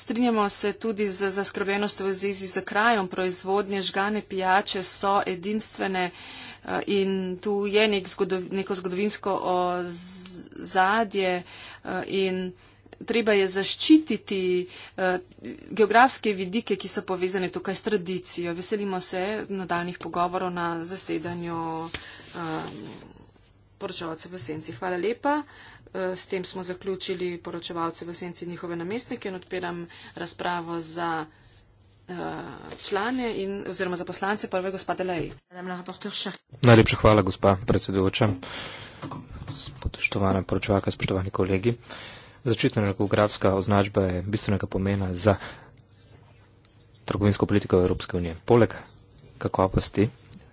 Strinjamo se tudi z zaskrbenost v zvezi z krajem proizvodnje žgane pijače so edinstvene. Eh, in tu je nek zgodov, neko zgodovinsko ozadje, uh, Eh, in treba je zaščititi eh, geografske vidike, ki so povezane tukaj s tradicijo. Veselimo se nadaljnih pogovorov na zasedanju eh, poročevalce v Senci. Hvala lepa. S tem smo zaključili poročevalce v Senci in njihove namestnike in odpiram razpravo za člane in, oziroma za poslance prve gospode Lej. Najlepša hvala, gospa predsedujoča spoštovana poročevalka, spoštovani kolegi. Začetna geografska označba je bistvenega pomena za trgovinsko politiko Evropske unije. Poleg kakovosti,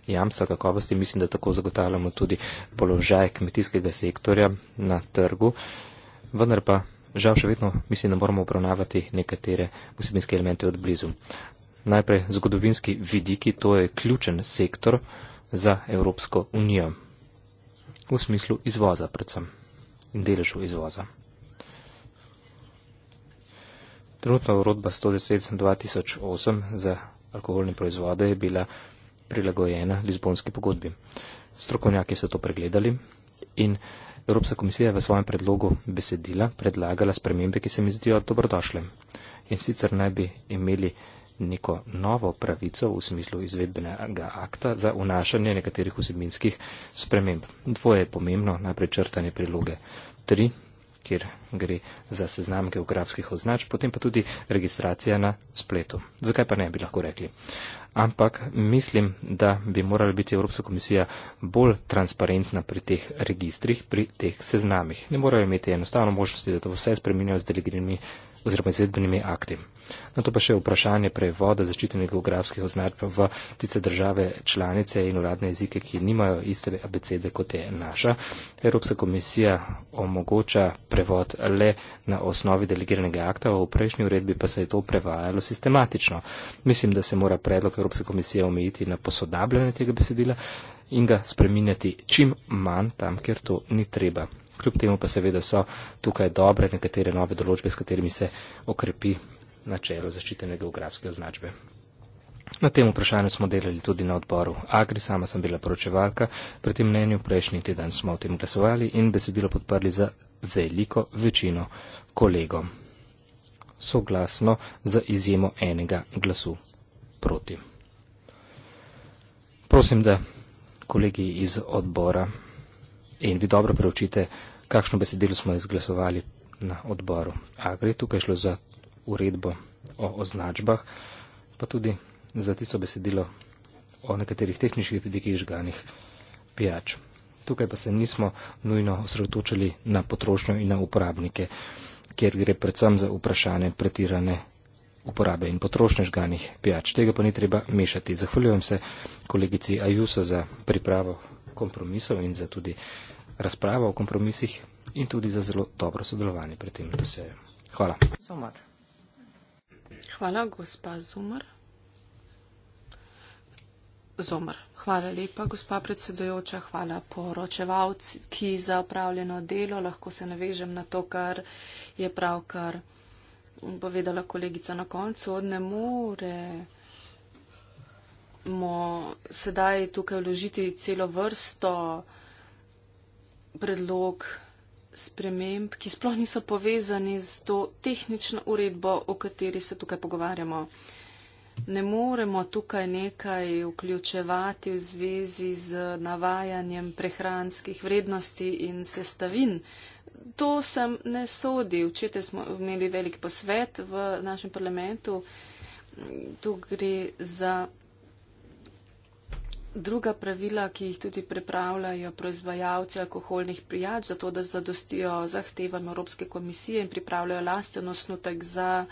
jamca kakovosti, mislim, da tako zagotavljamo tudi položaj kmetijskega sektorja na trgu, vendar pa žal še vedno mislim, da moramo obravnavati nekatere vsebinske elemente od blizu. Najprej zgodovinski vidiki, to je ključen sektor za Evropsko unijo v smislu izvoza predvsem in deležu izvoza. Trenutna urodba 110-2008 za alkoholne proizvode je bila prilagojena Lizbonski pogodbi. Strokovnjaki so to pregledali in Evropska komisija je v svojem predlogu besedila predlagala spremembe, ki se mi zdijo dobrodošle. In sicer naj bi imeli neko novo pravico v smislu izvedbenega akta za unašanje nekaterih vsebinskih sprememb. Dvoje je pomembno, najprej črtanje priloge tri, kjer gre za seznam geografskih označ, potem pa tudi registracija na spletu. Zakaj pa ne bi lahko rekli? Ampak mislim, da bi morala biti Evropska komisija bolj transparentna pri teh registrih, pri teh seznamih. Ne morajo imeti enostavno možnosti, da to vse spremenijo z delegirnimi oziroma izvedbenimi akti. Na to pa še vprašanje prevoda zaščitenih geografskih označb v tiste države članice in uradne jezike, ki nimajo iste abecede kot je naša. Evropska komisija omogoča prevod le na osnovi delegiranega akta, v prejšnji uredbi pa se je to prevajalo sistematično. Mislim, da se mora predlog Evropske komisije omejiti na posodabljanje tega besedila in ga spreminjati čim manj tam, kjer to ni treba. Kljub temu pa seveda so tukaj dobre nekatere nove določbe, s katerimi se okrepi načelu zaščitene geografske označbe. Na tem vprašanju smo delali tudi na odboru Agri, sama sem bila poročevalka, pri tem mnenju prejšnji teden smo o tem glasovali in besedilo podprli za veliko večino kolegov. Soglasno za izjemo enega glasu proti. Prosim, da kolegi iz odbora in vi dobro preučite, kakšno besedilo smo izglasovali na odboru Agri. Tukaj je šlo za uredbo o označbah, pa tudi za tisto besedilo o nekaterih tehničnih vidikih žganih pijač. Tukaj pa se nismo nujno osredotočili na potrošnjo in na uporabnike, kjer gre predvsem za vprašanje pretirane uporabe in potrošnje žganih pijač. Tega pa ni treba mešati. Zahvaljujem se kolegici Ajuso za pripravo kompromisov in za tudi razpravo o kompromisih in tudi za zelo dobro sodelovanje pri tem, da se. Hvala. So Hvala, gospa Zumr. Zumr. Hvala lepa, gospa predsedojoča. Hvala poročevalci, ki za upravljeno delo lahko se navežem na to, kar je pravkar povedala kolegica na koncu. Od ne more sedaj tukaj vložiti celo vrsto predlog sprememb, ki sploh niso povezani z to tehnično uredbo, o kateri se tukaj pogovarjamo. Ne moremo tukaj nekaj vključevati v zvezi z navajanjem prehranskih vrednosti in sestavin. To sem ne sodi. Včete smo imeli velik posvet v našem parlamentu. Tu gre za druga pravila, ki jih tudi pripravljajo proizvajalci alkoholnih prijač, zato da zadostijo zahtevam Evropske komisije in pripravljajo lasten osnutek za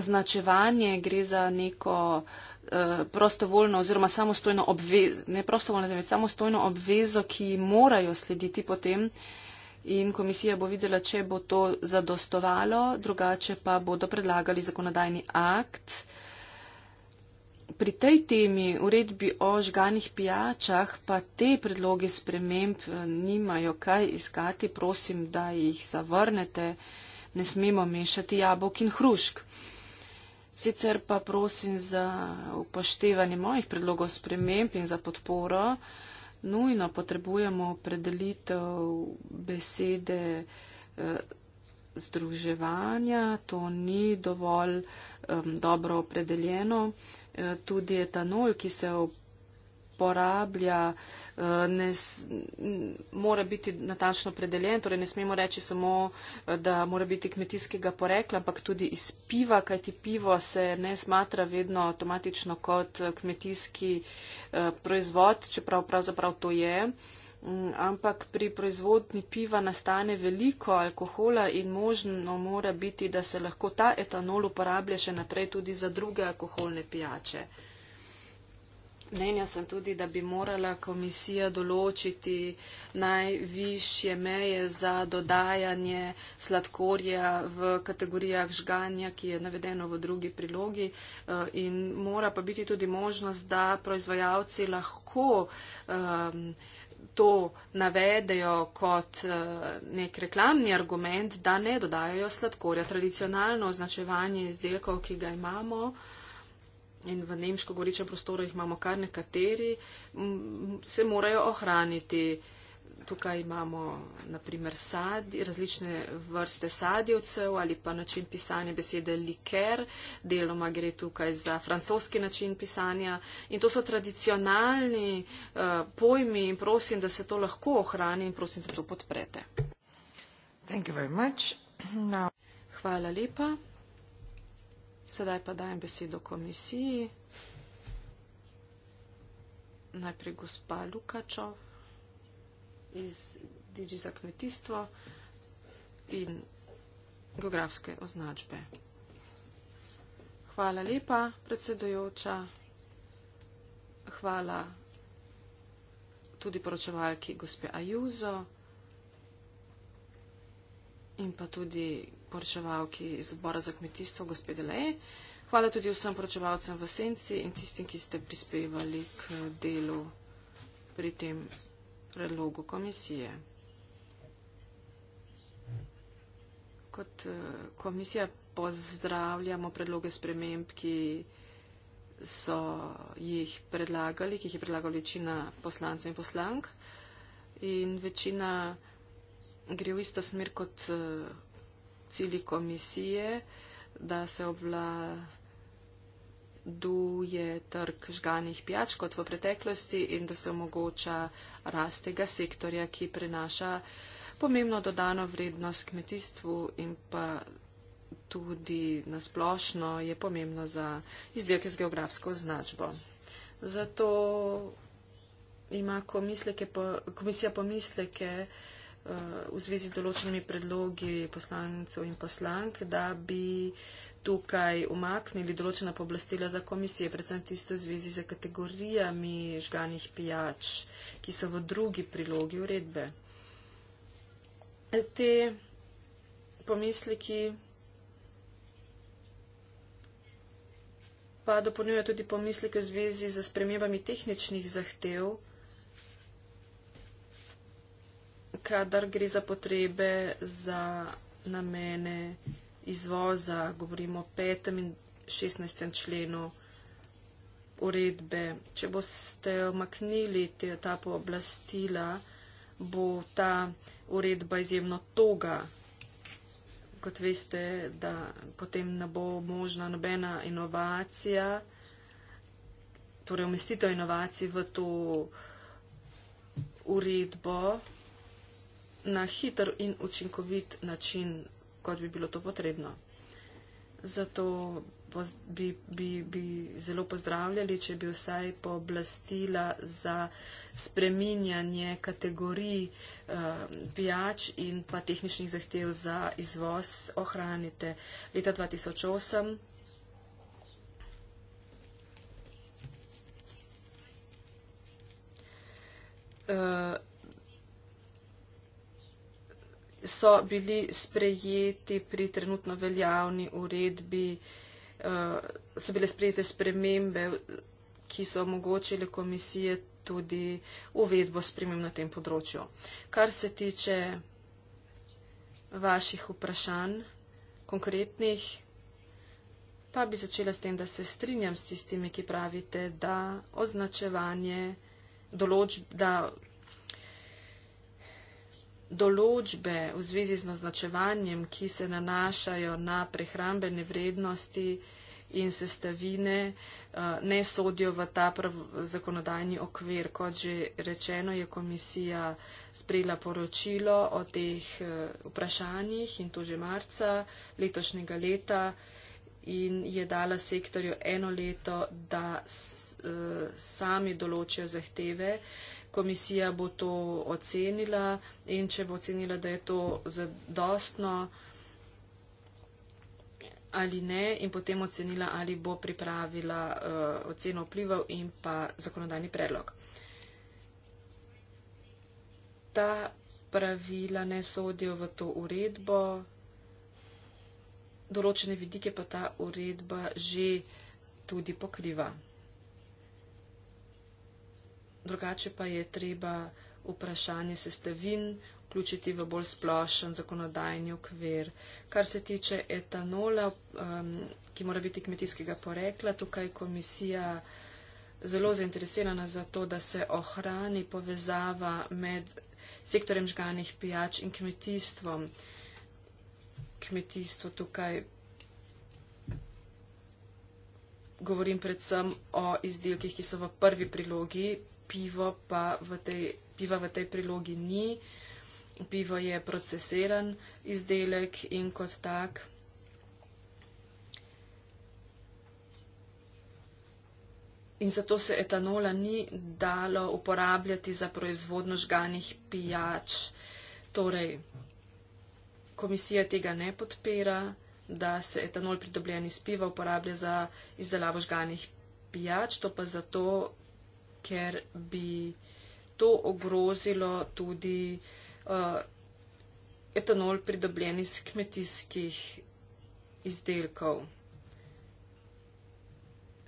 označevanje, gre za neko eh, prostovoljno oziroma samostojno obvezo, ne prostovoljno, ne več samostojno obvezo, ki morajo slediti potem in komisija bo videla, če bo to zadostovalo, drugače pa bodo predlagali zakonodajni akt pri tej temi uredbi o žganih pijačah pa te predloge sprememb eh, nimajo kaj iskati, prosim, da jih zavrnete, ne smemo mešati jabolk in hrušk. Sicer pa prosim za upoštevanje mojih predlogov sprememb in za podporo, nujno potrebujemo predelitev besede eh, združevanja, to ni dovolj um, dobro opredeljeno. E, tudi etanol, ki se uporablja, e, ne, mora biti natančno opredeljen. Torej, ne smemo reči samo, e, da mora biti kmetijskega porekla, ampak tudi iz piva, kajti pivo se ne smatra vedno avtomatično kot e, kmetijski e, proizvod, čeprav pravzaprav to je. E, Mm, ampak pri proizvodni piva nastane veliko alkohola in možno mora biti, da se lahko ta etanol uporablja še naprej tudi za druge alkoholne pijače. Mnenja sem tudi, da bi morala komisija določiti najvišje meje za dodajanje sladkorja v kategorijah žganja, ki je navedeno v drugi prilogi. Eh, in mora pa biti tudi možnost, da proizvajalci lahko um, to navedejo kot eh, nek reklamni argument, da ne dodajajo sladkorja. Tradicionalno označevanje izdelkov, ki ga imamo in v nemško goričem prostoru jih imamo kar nekateri, se morajo ohraniti tukaj imamo naprimer sadi, različne vrste sadjevcev ali pa način pisanja besede liker, deloma gre tukaj za francoski način pisanja in to so tradicionalni uh, pojmi in prosim, da se to lahko ohrani in prosim, da to podprete. Hvala lepa. Sedaj pa dajem besedo komisiji. Najprej gospa Lukačov iz Digi za kmetijstvo in geografske označbe. Hvala lepa, predsedujoča. Hvala tudi poročevalki gospe Ajuzo in pa tudi poročevalki iz odbora za kmetijstvo gospe Deleje. Hvala tudi vsem poročevalcem v Senci in tistim, ki ste prispevali k delu pri tem predlogu komisije. Kot eh, komisija pozdravljamo predloge sprememb, ki so jih predlagali, ki jih je predlagala večina poslancev in poslank. In večina gre v isto smer kot eh, cilji komisije, da se obvlada duje trg žganih pijač kot v preteklosti in da se omogoča rast tega sektorja, ki prinaša pomembno dodano vrednost kmetijstvu in pa tudi nasplošno je pomembno za izdelke z geografsko označbo. Zato ima komisija pomisleke eh, v zvezi z določenimi predlogi poslancev in poslank, da bi tukaj umaknili določena pooblastila za komisije, predvsem tisto v zvezi z kategorijami žganih pijač, ki so v drugi prilogi uredbe. Te pomisleki pa dopolnjujejo tudi pomisleke v zvezi z spremembami tehničnih zahtev, kadar gre za potrebe za namene izvoza, govorimo o 5. in 16. členu uredbe. Če boste omaknili te, ta pooblastila, bo ta uredba izjemno toga. Kot veste, da potem ne bo možna nobena inovacija, torej umestitev inovacij v to uredbo na hiter in učinkovit način kot bi bilo to potrebno. Zato bi, bi, bi zelo pozdravljali, če bi vsaj pooblastila za spreminjanje kategorij uh, pijač in pa tehničnih zahtev za izvoz ohranite. Leta 2008 uh, so bili sprejeti pri trenutno veljavni uredbi, eh, so bile sprejete spremembe, ki so omogočile komisije tudi uvedbo spremem na tem področju. Kar se tiče vaših vprašanj, konkretnih, pa bi začela s tem, da se strinjam s tistimi, ki pravite, da označevanje določb, da določbe v zvezi z označevanjem, ki se nanašajo na prehrambene vrednosti in sestavine, eh, ne sodijo v ta zakonodajni okvir. Kot že rečeno, je komisija sprejela poročilo o teh eh, vprašanjih in to že marca letošnjega leta in je dala sektorju eno leto, da eh, sami določijo zahteve komisija bo to ocenila in če bo ocenila, da je to zadostno ali ne in potem ocenila, ali bo pripravila uh, oceno vplivov in pa zakonodajni predlog. Ta pravila ne sodijo v to uredbo, določene vidike pa ta uredba že tudi pokriva drugače pa je treba vprašanje sestavin vključiti v bolj splošen zakonodajni okvir. Kar se tiče etanola, um, ki mora biti kmetijskega porekla, tukaj je komisija zelo zainteresirana za to, da se ohrani povezava med sektorjem žganih pijač in kmetijstvom. Kmetijstvo tukaj govorim predvsem o izdelkih, ki so v prvi prilogi pivo pa v tej, piva v tej prilogi ni. Pivo je procesiran izdelek in kot tak. In zato se etanola ni dalo uporabljati za proizvodno žganih pijač. Torej, komisija tega ne podpira, da se etanol pridobljen iz piva uporablja za izdelavo žganih pijač, to pa zato, ker bi to ogrozilo tudi uh, etanol pridobljen iz kmetijskih izdelkov.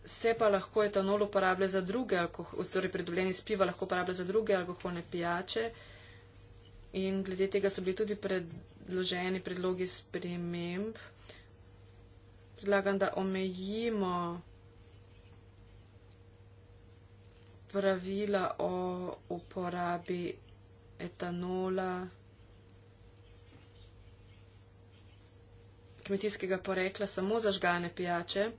Se pa lahko etanol uporablja za druge, torej pridobljen iz piva lahko uporablja za druge alkoholne pijače. In glede tega so bili tudi predloženi predlogi sprememb. Predlagam, da omejimo pravila o uporabi etanola kmetijskega porekla samo za žgane pijače.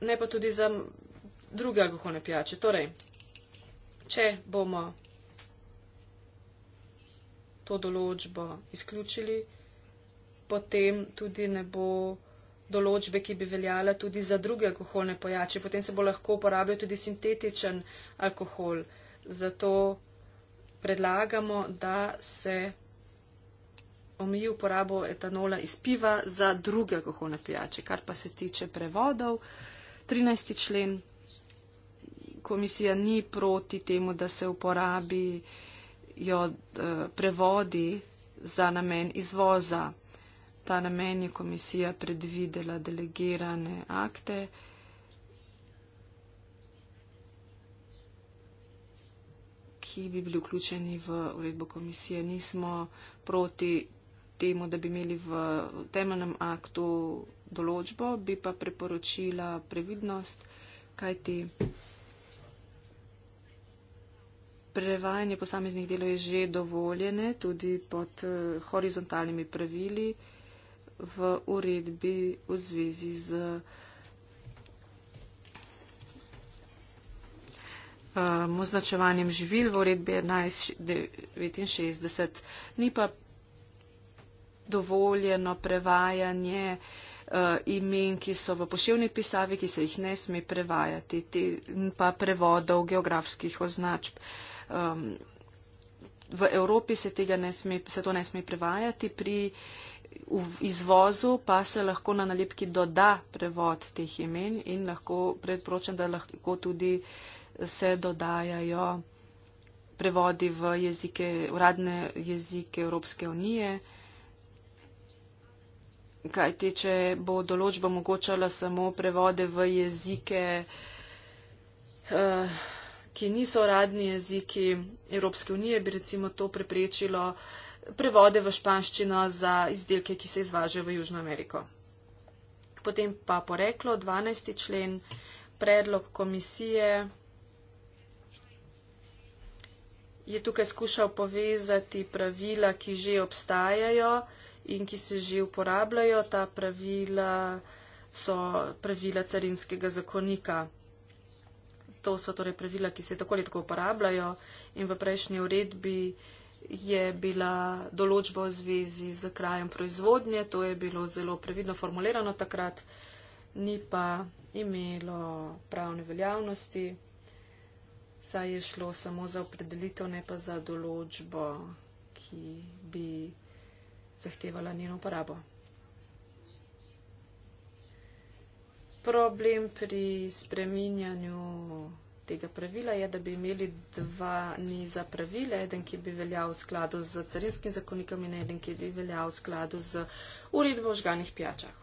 Ne pa tudi za druge alkoholne pijače. Torej, če bomo to določbo izključili, potem tudi ne bo določbe, ki bi veljala tudi za druge alkoholne pojače. Potem se bo lahko uporabljal tudi sintetičen alkohol. Zato predlagamo, da se omeji uporabo etanola iz piva za druge alkoholne pijače. Kar pa se tiče prevodov, 13. člen komisija ni proti temu, da se uporabijo eh, prevodi za namen izvoza ta namen je komisija predvidela delegirane akte. ki bi bili vključeni v uredbo komisije. Nismo proti temu, da bi imeli v temeljnem aktu določbo, bi pa preporočila previdnost, kajti prevajanje posameznih delov je že dovoljene tudi pod eh, horizontalnimi pravili v uredbi v zvezi z um, označevanjem živil v uredbi 1169. Ni pa dovoljeno prevajanje uh, imen, ki so v poševni pisavi, ki se jih ne sme prevajati, te, pa prevodov geografskih označb. Um, v Evropi se, ne sme, se to ne sme prevajati pri uh, v izvozu pa se lahko na nalepki doda prevod teh imen in lahko predpročam, da lahko tudi se dodajajo prevodi v jezike, uradne jezike Evropske unije. Kaj teče, bo določba omogočala samo prevode v jezike, eh, ki niso uradni jeziki Evropske unije, bi recimo to preprečilo prevode v španščino za izdelke, ki se izvažajo v Južno Ameriko. Potem pa poreklo 12. člen, predlog komisije je tukaj skušal povezati pravila, ki že obstajajo in ki se že uporabljajo. Ta pravila so pravila carinskega zakonika. To so torej pravila, ki se tako ali tako uporabljajo in v prejšnji uredbi uh, je bila določba v zvezi z krajem proizvodnje. To je bilo zelo previdno formulirano takrat, ni pa imelo pravne veljavnosti, saj je šlo samo za opredelitev, ne pa za določbo, ki bi zahtevala njeno uporabo. Problem pri spreminjanju tega pravila je, da bi imeli dva niza pravila, eden, ki bi veljal v skladu z carinskim zakonikom in eden, ki bi veljal v skladu z uredbo o žganih pijačah.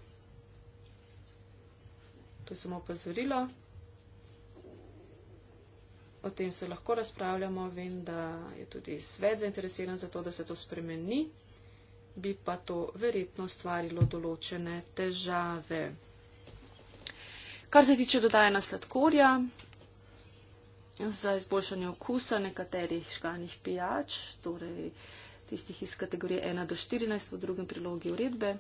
To je samo opozorilo. O tem se lahko razpravljamo, vem, da je tudi svet zainteresiran za to, da se to spremeni, bi pa to verjetno stvarilo določene težave. Kar se tiče dodajanja sladkorja, za izboljšanje okusa nekaterih škanjih pijač, torej tistih iz kategorije 1 do 14 v drugem prilogi uredbe.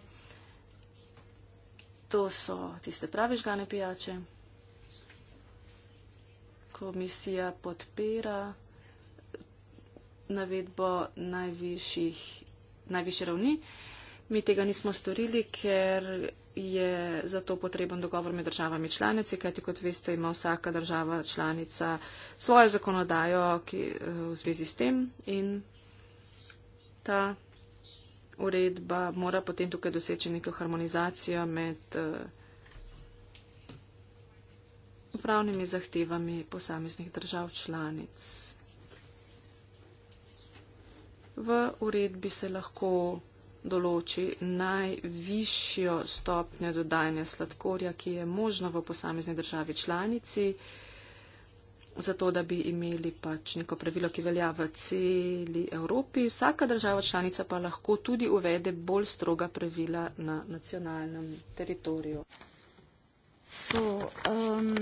To so tiste prave žgane pijače. Komisija podpira navedbo najvišjih, najvišje ravni. Mi tega nismo storili, ker je zato potreben dogovor med državami članici, kajti kot veste, ima vsaka država članica svojo zakonodajo ki, eh, v zvezi s tem in ta uredba mora potem tukaj doseči neko harmonizacijo med eh, upravnimi zahtevami posameznih držav članic. V uredbi se lahko določi najvišjo stopnjo dodajanja sladkorja, ki je možno v posamezni državi članici, zato da bi imeli pač neko pravilo, ki velja v celi Evropi. Vsaka država članica pa lahko tudi uvede bolj stroga pravila na nacionalnem teritoriju. So, um...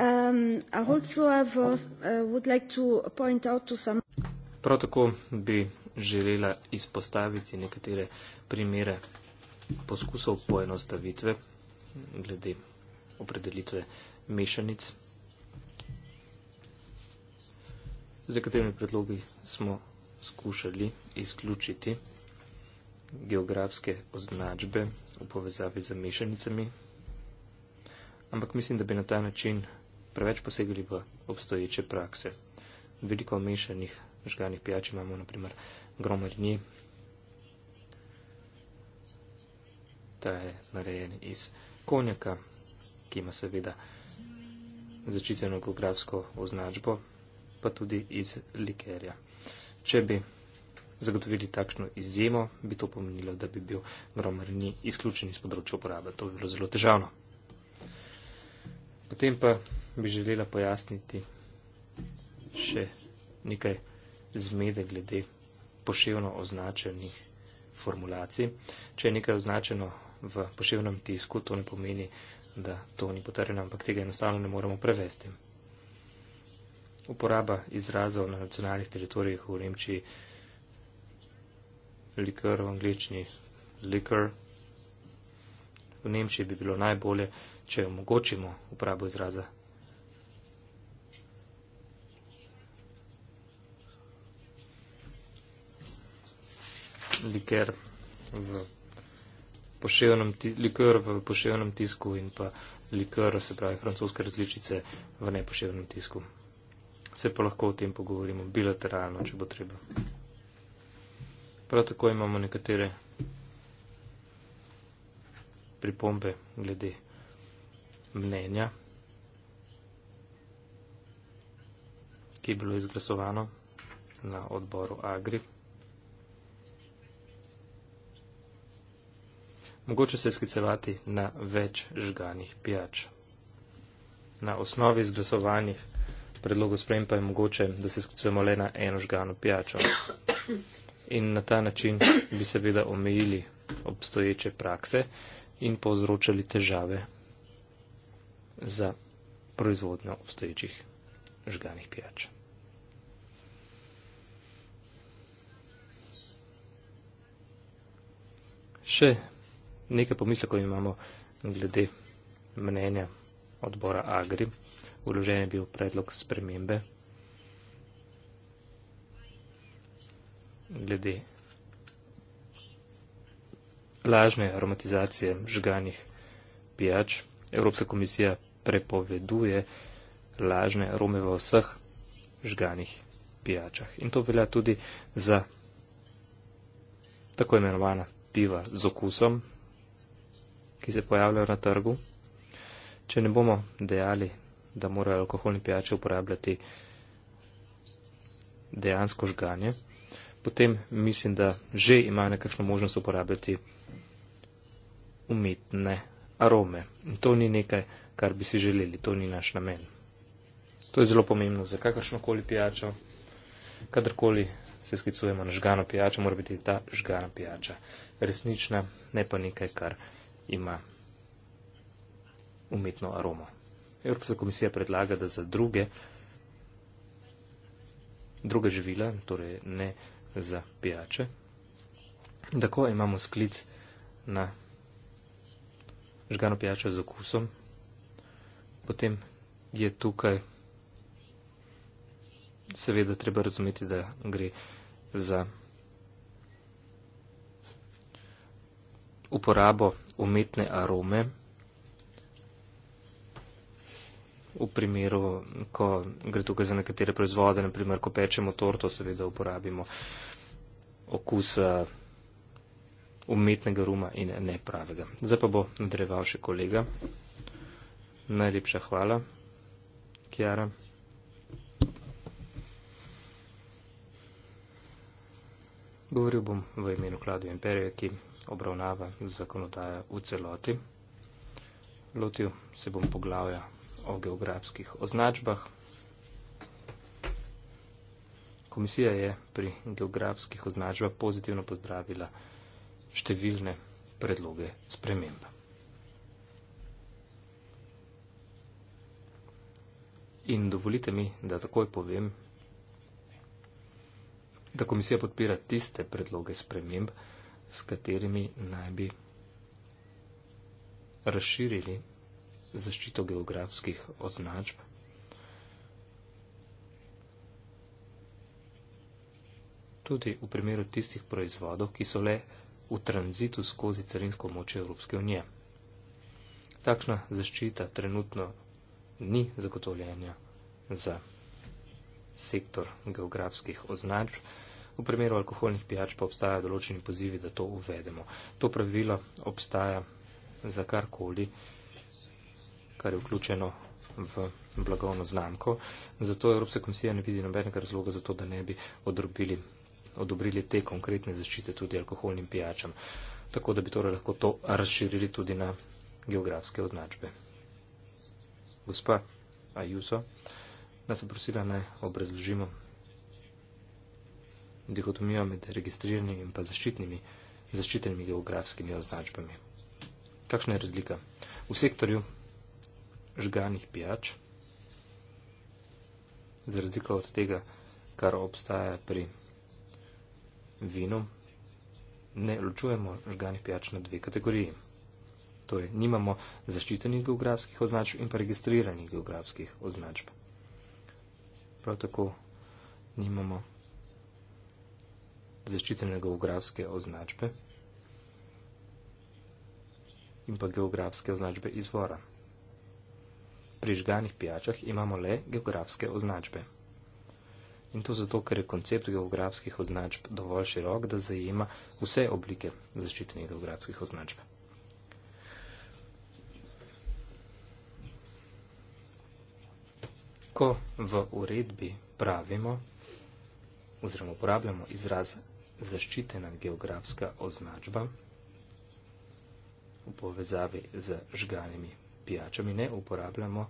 Um, I also have, uh, would like to point out to some. Prav tako bi želela izpostaviti nekatere primere poskusov poenostavitve glede opredelitve mešanic, za katerimi predlogi smo skušali izključiti geografske označbe v povezavi z mešanicami, ampak mislim, da bi na ta način preveč posegli v obstoječe prakse. Veliko mešanih žganih pijač imamo, naprimer, gromad dni. Ta je narejen iz konjaka, ki ima seveda začiteno geografsko označbo, pa tudi iz likerja. Če bi zagotovili takšno izjemo, bi to pomenilo, da bi bil gromrni izključen iz področja uporabe. To bi bilo zelo težavno. Potem pa bi želela pojasniti še nekaj zmede glede poševno označenih formulacij. Če je nekaj označeno v poševnem tisku, to ne pomeni, da to ni potrjeno, ampak tega enostavno ne moremo prevesti. Uporaba izrazov na nacionalnih teritorijih v Nemčiji, likr v angličnji, likr, v Nemčiji bi bilo najbolje, če omogočimo uporabo izraza liker v poševnem, likor v poševnem tisku in pa likor, se pravi, francoske različice v nepoševnem tisku. Se pa lahko o tem pogovorimo bilateralno, če bo treba. Prav tako imamo nekatere pripombe glede mnenja, ki je bilo izglasovano na odboru Agri. mogoče se sklicevati na več žganih pijač. Na osnovi izglasovanih predlogov sprem pa je mogoče, da se sklicujemo le na eno žgano pijačo. In na ta način bi seveda omejili obstoječe prakse in povzročali težave za proizvodnjo obstoječih žganih pijač. Še nekaj pomislekov imamo glede mnenja odbora Agri. Uložen je bil predlog spremembe glede lažne aromatizacije žganih pijač. Evropska komisija prepoveduje lažne arome v vseh žganih pijačah. In to velja tudi za tako imenovana piva z okusom, ki se pojavljajo na trgu, če ne bomo dejali, da morajo alkoholni pijače uporabljati dejansko žganje, potem mislim, da že imajo nekakšno možnost uporabljati umetne arome. In to ni nekaj, kar bi si želeli, to ni naš namen. To je zelo pomembno za kakršnokoli pijačo. Kadarkoli se sklicujemo na žgano pijačo, mora biti ta žgana pijača resnična, ne pa nekaj, kar ima umetno aromo. Evropska komisija predlaga, da za druge, druge živila, torej ne za pijače, da ko imamo sklic na žgano pijačo z okusom, potem je tukaj seveda treba razumeti, da gre za pijače. uporabo umetne arome v primeru, ko gre tukaj za nekatere proizvode, naprimer, ko pečemo torto, seveda uporabimo okus eh, umetnega ruma in nepravega. Zdaj pa bo nadreval še kolega. Najlepša hvala, Kjara. Govoril bom v imenu Kladu Imperija, ki obravnava zakonodaja v celoti. Lotil se bom poglavja o geografskih označbah. Komisija je pri geografskih označbah pozitivno pozdravila številne predloge sprememba. In dovolite mi, da takoj povem, da komisija podpira tiste predloge sprememba, s katerimi naj bi razširili zaščito geografskih označb. Tudi v primeru tistih proizvodov, ki so le v tranzitu skozi carinsko moče Evropske unije. Takšna zaščita trenutno ni zagotovljena za sektor geografskih označb. V primeru alkoholnih pijač pa obstajajo določeni pozivi, da to uvedemo. To pravilo obstaja za karkoli, kar je vključeno v blagovno znamko. Zato Evropska komisija ne vidi nobenega razloga za to, da ne bi odrobili, odobrili te konkretne zaščite tudi alkoholnim pijačam. Tako da bi torej lahko to razširili tudi na geografske označbe. Gospa Ajuso, nas je prosila, da obrazložimo dihotomijo med registriranimi in pa zaščitnimi, zaščitenimi geografskimi označbami. Kakšna je razlika? V sektorju žganih pijač, za razliko od tega, kar obstaja pri vinu, ne ločujemo žganih pijač na dve kategoriji. To torej, je, nimamo zaščitenih geografskih označb in pa registriranih geografskih označb. Prav tako nimamo zaščitene geografske označbe in pa geografske označbe izvora. Pri žganih pijačah imamo le geografske označbe. In to zato, ker je koncept geografskih označb dovolj širok, da zajema vse oblike zaščitenih geografskih označb. Ko v uredbi pravimo oziroma uporabljamo izraz zaščitena geografska označba v povezavi z žganimi pijačami, ne uporabljamo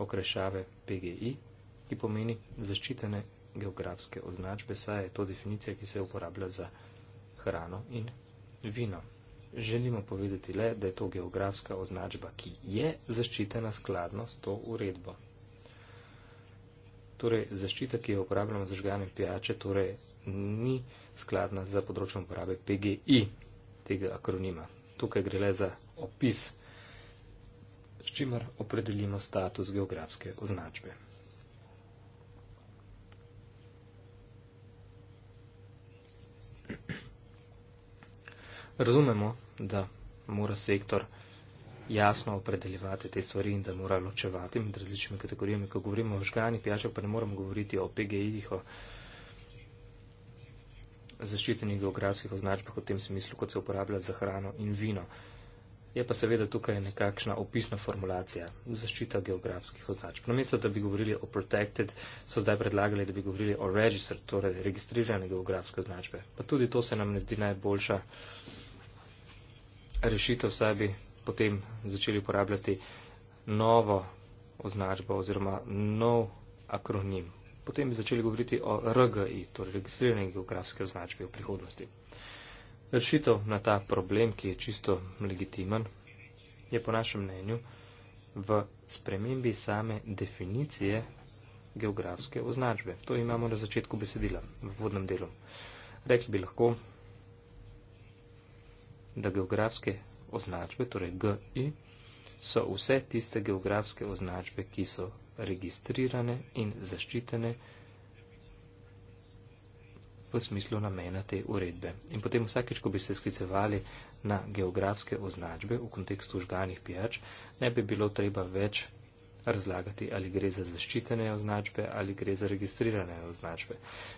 okrešave PGI, ki pomeni zaščitene geografske označbe, saj je to definicija, ki se uporablja za hrano in vino. Želimo povedati le, da je to geografska označba, ki je zaščitena skladno s to uredbo. Torej, zaščita, ki jo uporabljamo za žganje pijače, torej ni skladna za področjem uporabe PGI tega akronima. Tukaj gre le za opis, s čimer opredelimo status geografske označbe. Razumemo, da mora sektor jasno opredeljevati te stvari in da mora ločevati med različnimi kategorijami. Ko govorimo o žgani pijače, pa ne moramo govoriti o PGI-jih, o zaščitenih geografskih označbah v tem smislu, kot se uporablja za hrano in vino. Je pa seveda tukaj nekakšna opisna formulacija zaščita geografskih označb. Namesto, da bi govorili o protected, so zdaj predlagali, da bi govorili o registered, torej registrirane geografske označbe. Pa tudi to se nam ne zdi najboljša rešitev, saj bi potem začeli uporabljati novo označbo oziroma nov akronim. Potem bi začeli govoriti o RGI, torej registrirani geografski označbi v prihodnosti. Rešitev na ta problem, ki je čisto legitimen, je po našem mnenju v spremembi same definicije geografske označbe. To imamo na začetku besedila, v vodnem delu. Rekli bi lahko, da geografske označbe, torej GI, so vse tiste geografske označbe, ki so registrirane in zaščitene v smislu namena te uredbe. In potem vsakeč, ko bi se sklicevali na geografske označbe v kontekstu žganih pijač, ne bi bilo treba več razlagati, ali gre za zaščitene označbe ali gre za registrirane označbe.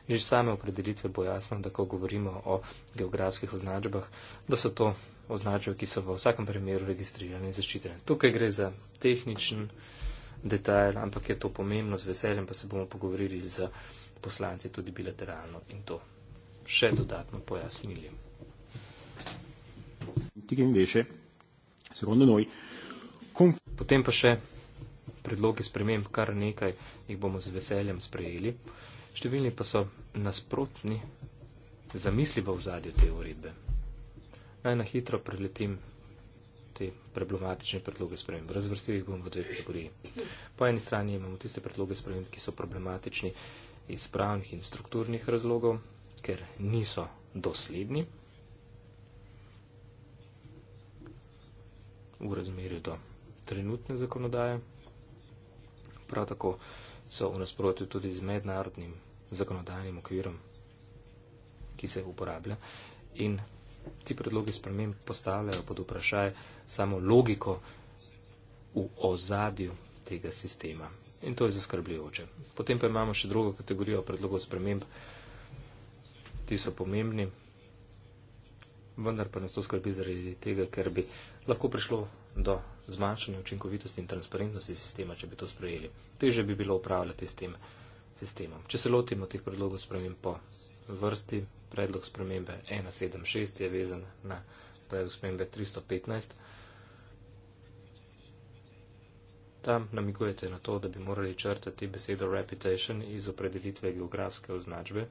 Že same opredelitve bo jasno, da ko govorimo o geografskih označbah, da so to označbe, ki so v vsakem primeru registrirane in zaščitene. Tukaj gre za tehničen detajl, ampak je to pomembno, z veseljem pa se bomo pogovorili z poslanci tudi bilateralno in to še dodatno pojasnili. Potem pa še predlogi sprememb kar nekaj, jih bomo z veseljem sprejeli. Številni pa so nasprotni zamisliva v zadju te uredbe. Naj na hitro preletim te problematične predloge sprememb. Razvrstil jih bom v dve kategoriji. Po eni strani imamo tiste predloge sprememb, ki so problematični iz pravnih in strukturnih razlogov, ker niso dosledni v razmerju do trenutne zakonodaje prav tako so v nasprotju tudi z mednarodnim zakonodajnim okvirom, ki se uporablja. In ti predlogi sprememb postavljajo pod vprašaj samo logiko v ozadju tega sistema. In to je zaskrbljujoče. Potem pa imamo še drugo kategorijo predlogov sprememb. Ti so pomembni, vendar pa nas to skrbi zaradi tega, ker bi lahko prišlo do zmanjšanja učinkovitosti in transparentnosti sistema, če bi to sprejeli. Teže bi bilo upravljati s tem sistemom. Če se lotimo teh predlogov sprememb po vrsti, predlog spremembe 176 je vezan na predlog spremembe 315. Tam namigujete na to, da bi morali črtati besedo reputation iz opredelitve geografske označbe.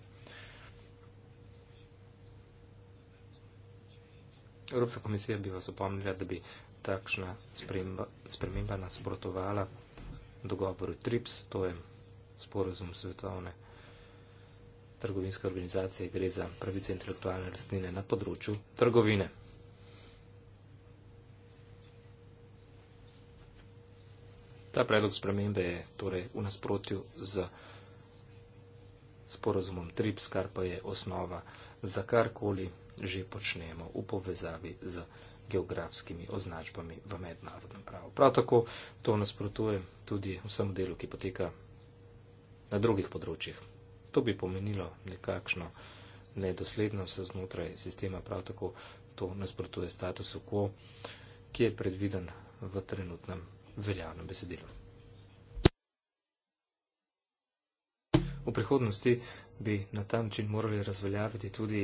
Evropska komisija bi vas opomnila, da bi takšna sprememba, sprememba nasprotovala dogovoru TRIPS, to je sporozum svetovne trgovinske organizacije, gre za pravice intelektualne lastnine na področju trgovine. Ta predlog spremembe je torej v nasprotju z sporozumom TRIPS, kar pa je osnova za karkoli že počnemo v povezavi z trgovino geografskimi označbami v mednarodnem pravu. Prav tako to nasprotuje tudi vsemu delu, ki poteka na drugih področjih. To bi pomenilo nekakšno nedoslednost znotraj sistema, prav tako to nasprotuje statusu quo, ki je predviden v trenutnem veljavnem besedilu. V prihodnosti bi na ta način morali razveljaviti tudi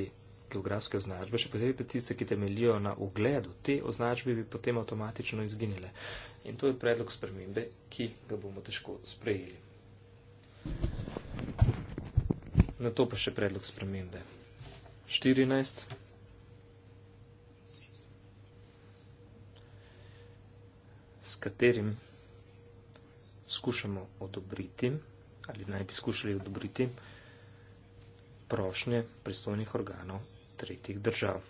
geografske označbe, še posebej tiste, ki temeljijo na ugledu, te označbe bi potem avtomatično izginile. In to je predlog spremembe, ki ga bomo težko sprejeli. Na to pa še predlog spremembe. 14. S katerim skušamo odobriti ali naj bi skušali odobriti prošnje pristojnih organov tretjih držav.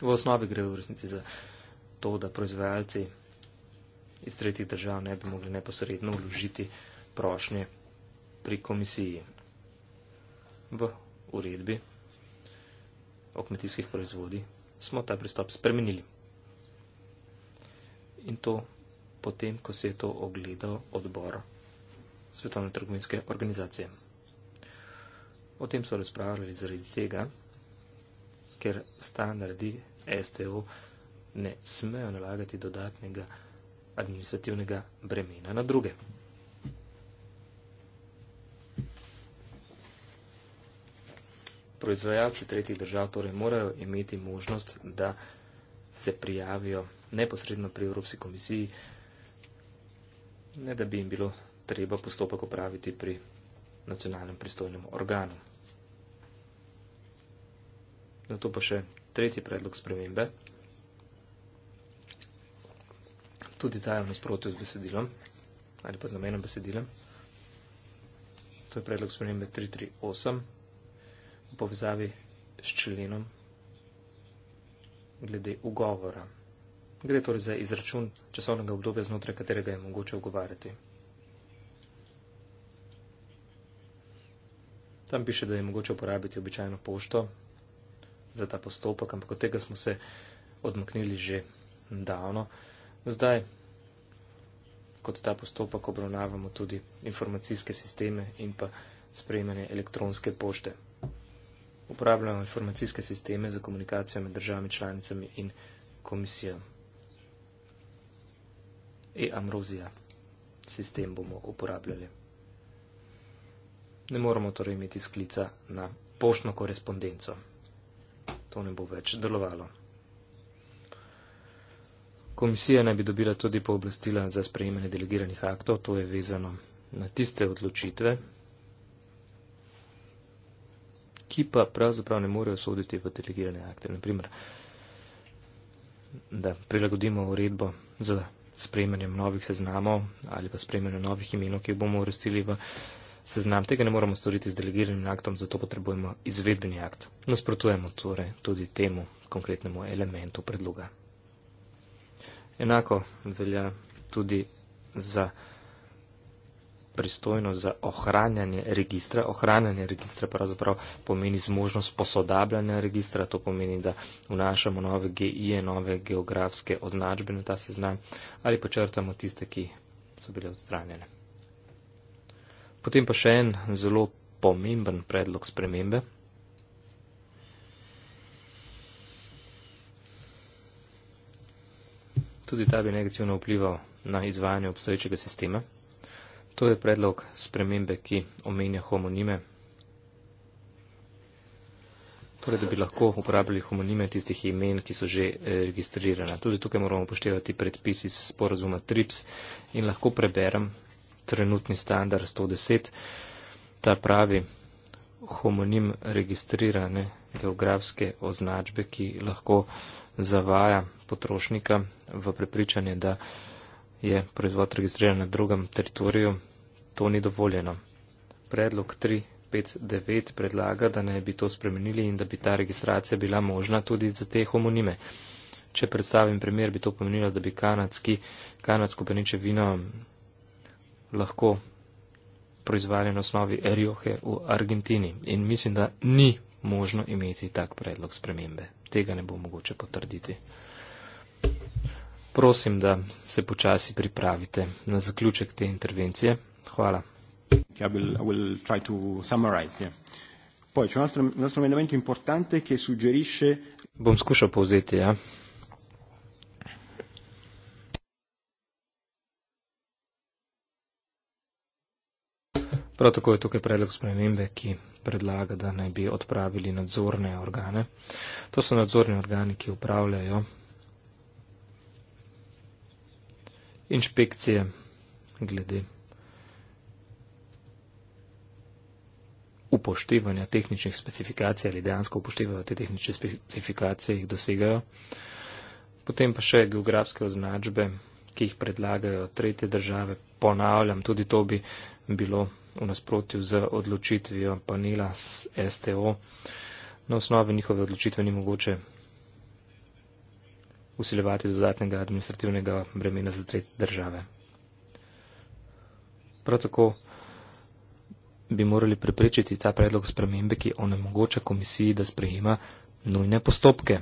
V osnovi gre v resnici za to, da proizvajalci iz tretjih držav ne bi mogli neposredno vložiti prošnje pri komisiji v uredbi o kmetijskih proizvodih smo ta pristop spremenili. In to potem, ko se je to ogledal odbor Svetovne trgovinske organizacije. O tem so razpravljali zaradi tega, ker standardi STO ne smejo nalagati dodatnega administrativnega bremena na druge. Proizvajalci tretjih držav torej morajo imeti možnost, da se prijavijo neposredno pri Evropski komisiji, ne da bi jim bilo treba postopek upraviti pri nacionalnem pristojnem organu. Na to pa še tretji predlog spremembe. Tudi ta je v nasprotju z besedilom ali pa z namenom besedilem. To je predlog spremembe 338 v povezavi s členom glede ugovora. Gre torej za izračun časovnega obdobja znotraj katerega je mogoče ugovarjati. Tam piše, da je mogoče uporabiti običajno pošto, za ta postopek, ampak od tega smo se odmaknili že davno. Zdaj, kot ta postopek, obravnavamo tudi informacijske sisteme in pa sprejmanje elektronske pošte. Uporabljamo informacijske sisteme za komunikacijo med državami članicami in komisijo. E-Amrozija sistem bomo uporabljali. Ne moramo torej imeti sklica na poštno korespondenco to ne bo več delovalo. Komisija naj bi dobila tudi pooblastila za sprejemanje delegiranih aktov, to je vezano na tiste odločitve, ki pa pravzaprav ne morejo soditi v delegirane akte. Naprimer, da prilagodimo uredbo za sprejemanjem novih seznamov ali pa sprejemanjem novih imenov, ki jih bomo uvrstili v Seznam tega ne moremo storiti z delegiranim aktom, zato potrebujemo izvedbeni akt. Nasprotujemo torej tudi temu konkretnemu elementu predloga. Enako velja tudi za pristojno za ohranjanje registra. Ohranjanje registra pravzaprav pomeni zmožnost posodabljanja registra, to pomeni, da vnašamo nove GI-je, nove geografske označbe na ta seznam ali počrtamo tiste, ki so bile odstranjene. Potem pa še en zelo pomemben predlog spremembe. Tudi ta bi negativno vplival na izvajanje obstoječega sistema. To je predlog spremembe, ki omenja homonime. Torej, da bi lahko uporabljali homonime tistih imen, ki so že eh, registrirana. Tudi tukaj moramo upoštevati predpis iz sporazuma TRIPS in lahko preberem trenutni standard 110, ta pravi homonim registrirane geografske označbe, ki lahko zavaja potrošnika v prepričanje, da je proizvod registriran na drugem teritoriju, to ni dovoljeno. Predlog 359 predlaga, da naj bi to spremenili in da bi ta registracija bila možna tudi za te homonime. Če predstavim primer, bi to pomenilo, da bi kanadski, kanadsko peniče vino lahko proizvajali na osnovi Rjohe v Argentini. In mislim, da ni možno imeti tak predlog spremembe. Tega ne bo mogoče potrditi. Prosim, da se počasi pripravite na zaključek te intervencije. Hvala. Ja, ja. Bom skušal povzeti, ja. Prav tako je tukaj predlog spremembe, ki predlaga, da naj bi odpravili nadzorne organe. To so nadzorni organi, ki upravljajo inšpekcije glede upoštevanja tehničnih specifikacij ali dejansko upoštevajo te tehnične specifikacije, jih dosegajo. Potem pa še geografske označbe ki jih predlagajo tretje države. Ponavljam, tudi to bi bilo v nasprotju z odločitvijo panela STO. Na osnovi njihove odločitve ni mogoče usilevati dodatnega administrativnega bremena za tretje države. Prav tako bi morali preprečiti ta predlog spremembe, ki onemogoča komisiji, da sprejema nujne postopke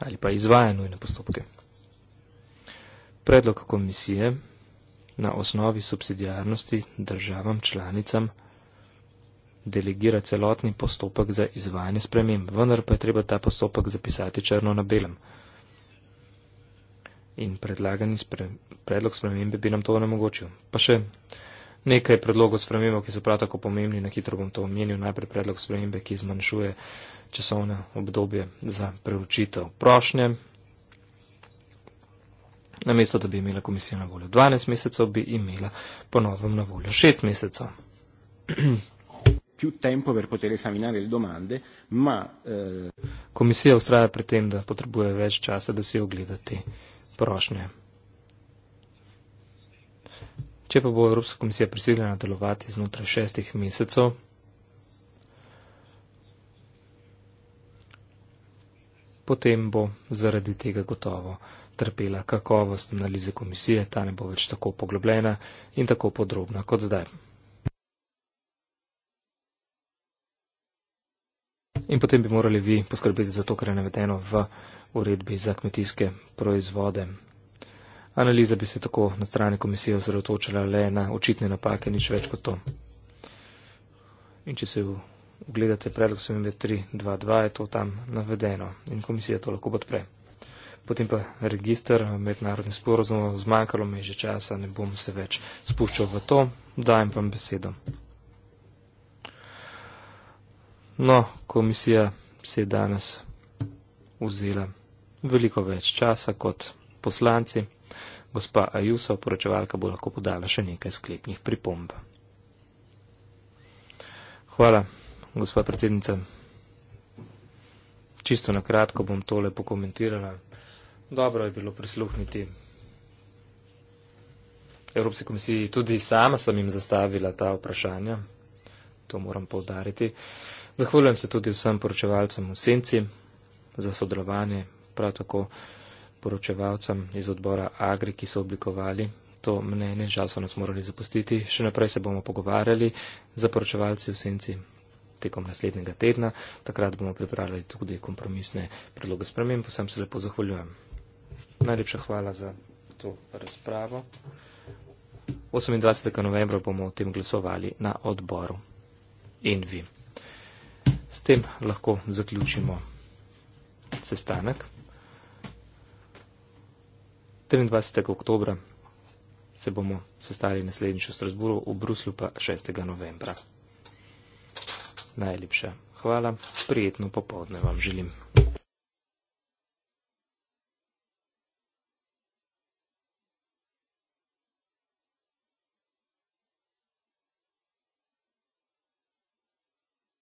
ali pa izvaja nujne postopke. Predlog komisije na osnovi subsidijarnosti državam članicam delegira celotni postopek za izvajanje sprememb, vendar pa je treba ta postopek zapisati črno na belem. In predlagani spre, predlog spremembe bi nam to onemogočil. Pa še nekaj predlogov spremembe, ki so prav tako pomembni, na hitro bom to omenil. Najprej predlog spremembe, ki zmanjšuje časovne obdobje za preučitev prošnje namesto da bi imela komisija na voljo 12 mesecev, bi imela ponovem na voljo 6 mesecev. [clears throat] Eh, komisija ustraja pri tem, da potrebuje več časa, da si ogleda te prošnje. Če pa bo Evropska komisija prisiljena delovati znotraj šestih mesecev, potem bo zaradi tega gotovo trpela kakovost analize komisije, ta ne bo več tako poglobljena in tako podrobna kot zdaj. In potem bi morali vi poskrbeti za to, kar je navedeno v uredbi za kmetijske proizvode. Analiza bi se tako na strani komisije osredotočila le na očitne napake, nič več kot to. In če se ugledate predlog 7.3.2.2, je to tam navedeno in komisija to lahko podpre. Potem pa registr mednarodnih sporozumov, zmanjkalo mi je že časa, ne bom se več spuščal v to, dajem vam besedo. No, komisija se je danes vzela veliko več časa kot poslanci. Gospa Ajusa, poročevalka, bo lahko podala še nekaj sklepnih pripomb. Hvala, gospa predsednica. Čisto na kratko bom tole pokomentirala. Dobro je bilo prisluhniti. Evropski komisiji tudi sama sem jim zastavila ta vprašanja, to moram povdariti. Zahvaljujem se tudi vsem poročevalcem v Senci za sodelovanje, prav tako poročevalcem iz odbora Agri, ki so oblikovali to mnenje, žal so nas morali zapustiti. Še naprej se bomo pogovarjali za poročevalci v Senci tekom naslednjega tedna, takrat bomo pripravili tudi kompromisne predloge spremem, posem se lepo zahvaljujem. Najlepša hvala za to razpravo. 28. novembra bomo o tem glasovali na odboru in vi. S tem lahko zaključimo sestanek. 23. oktobra se bomo sestali naslednjič v Strasburu, v Bruslju pa 6. novembra. Najlepša hvala, prijetno popovdne vam želim.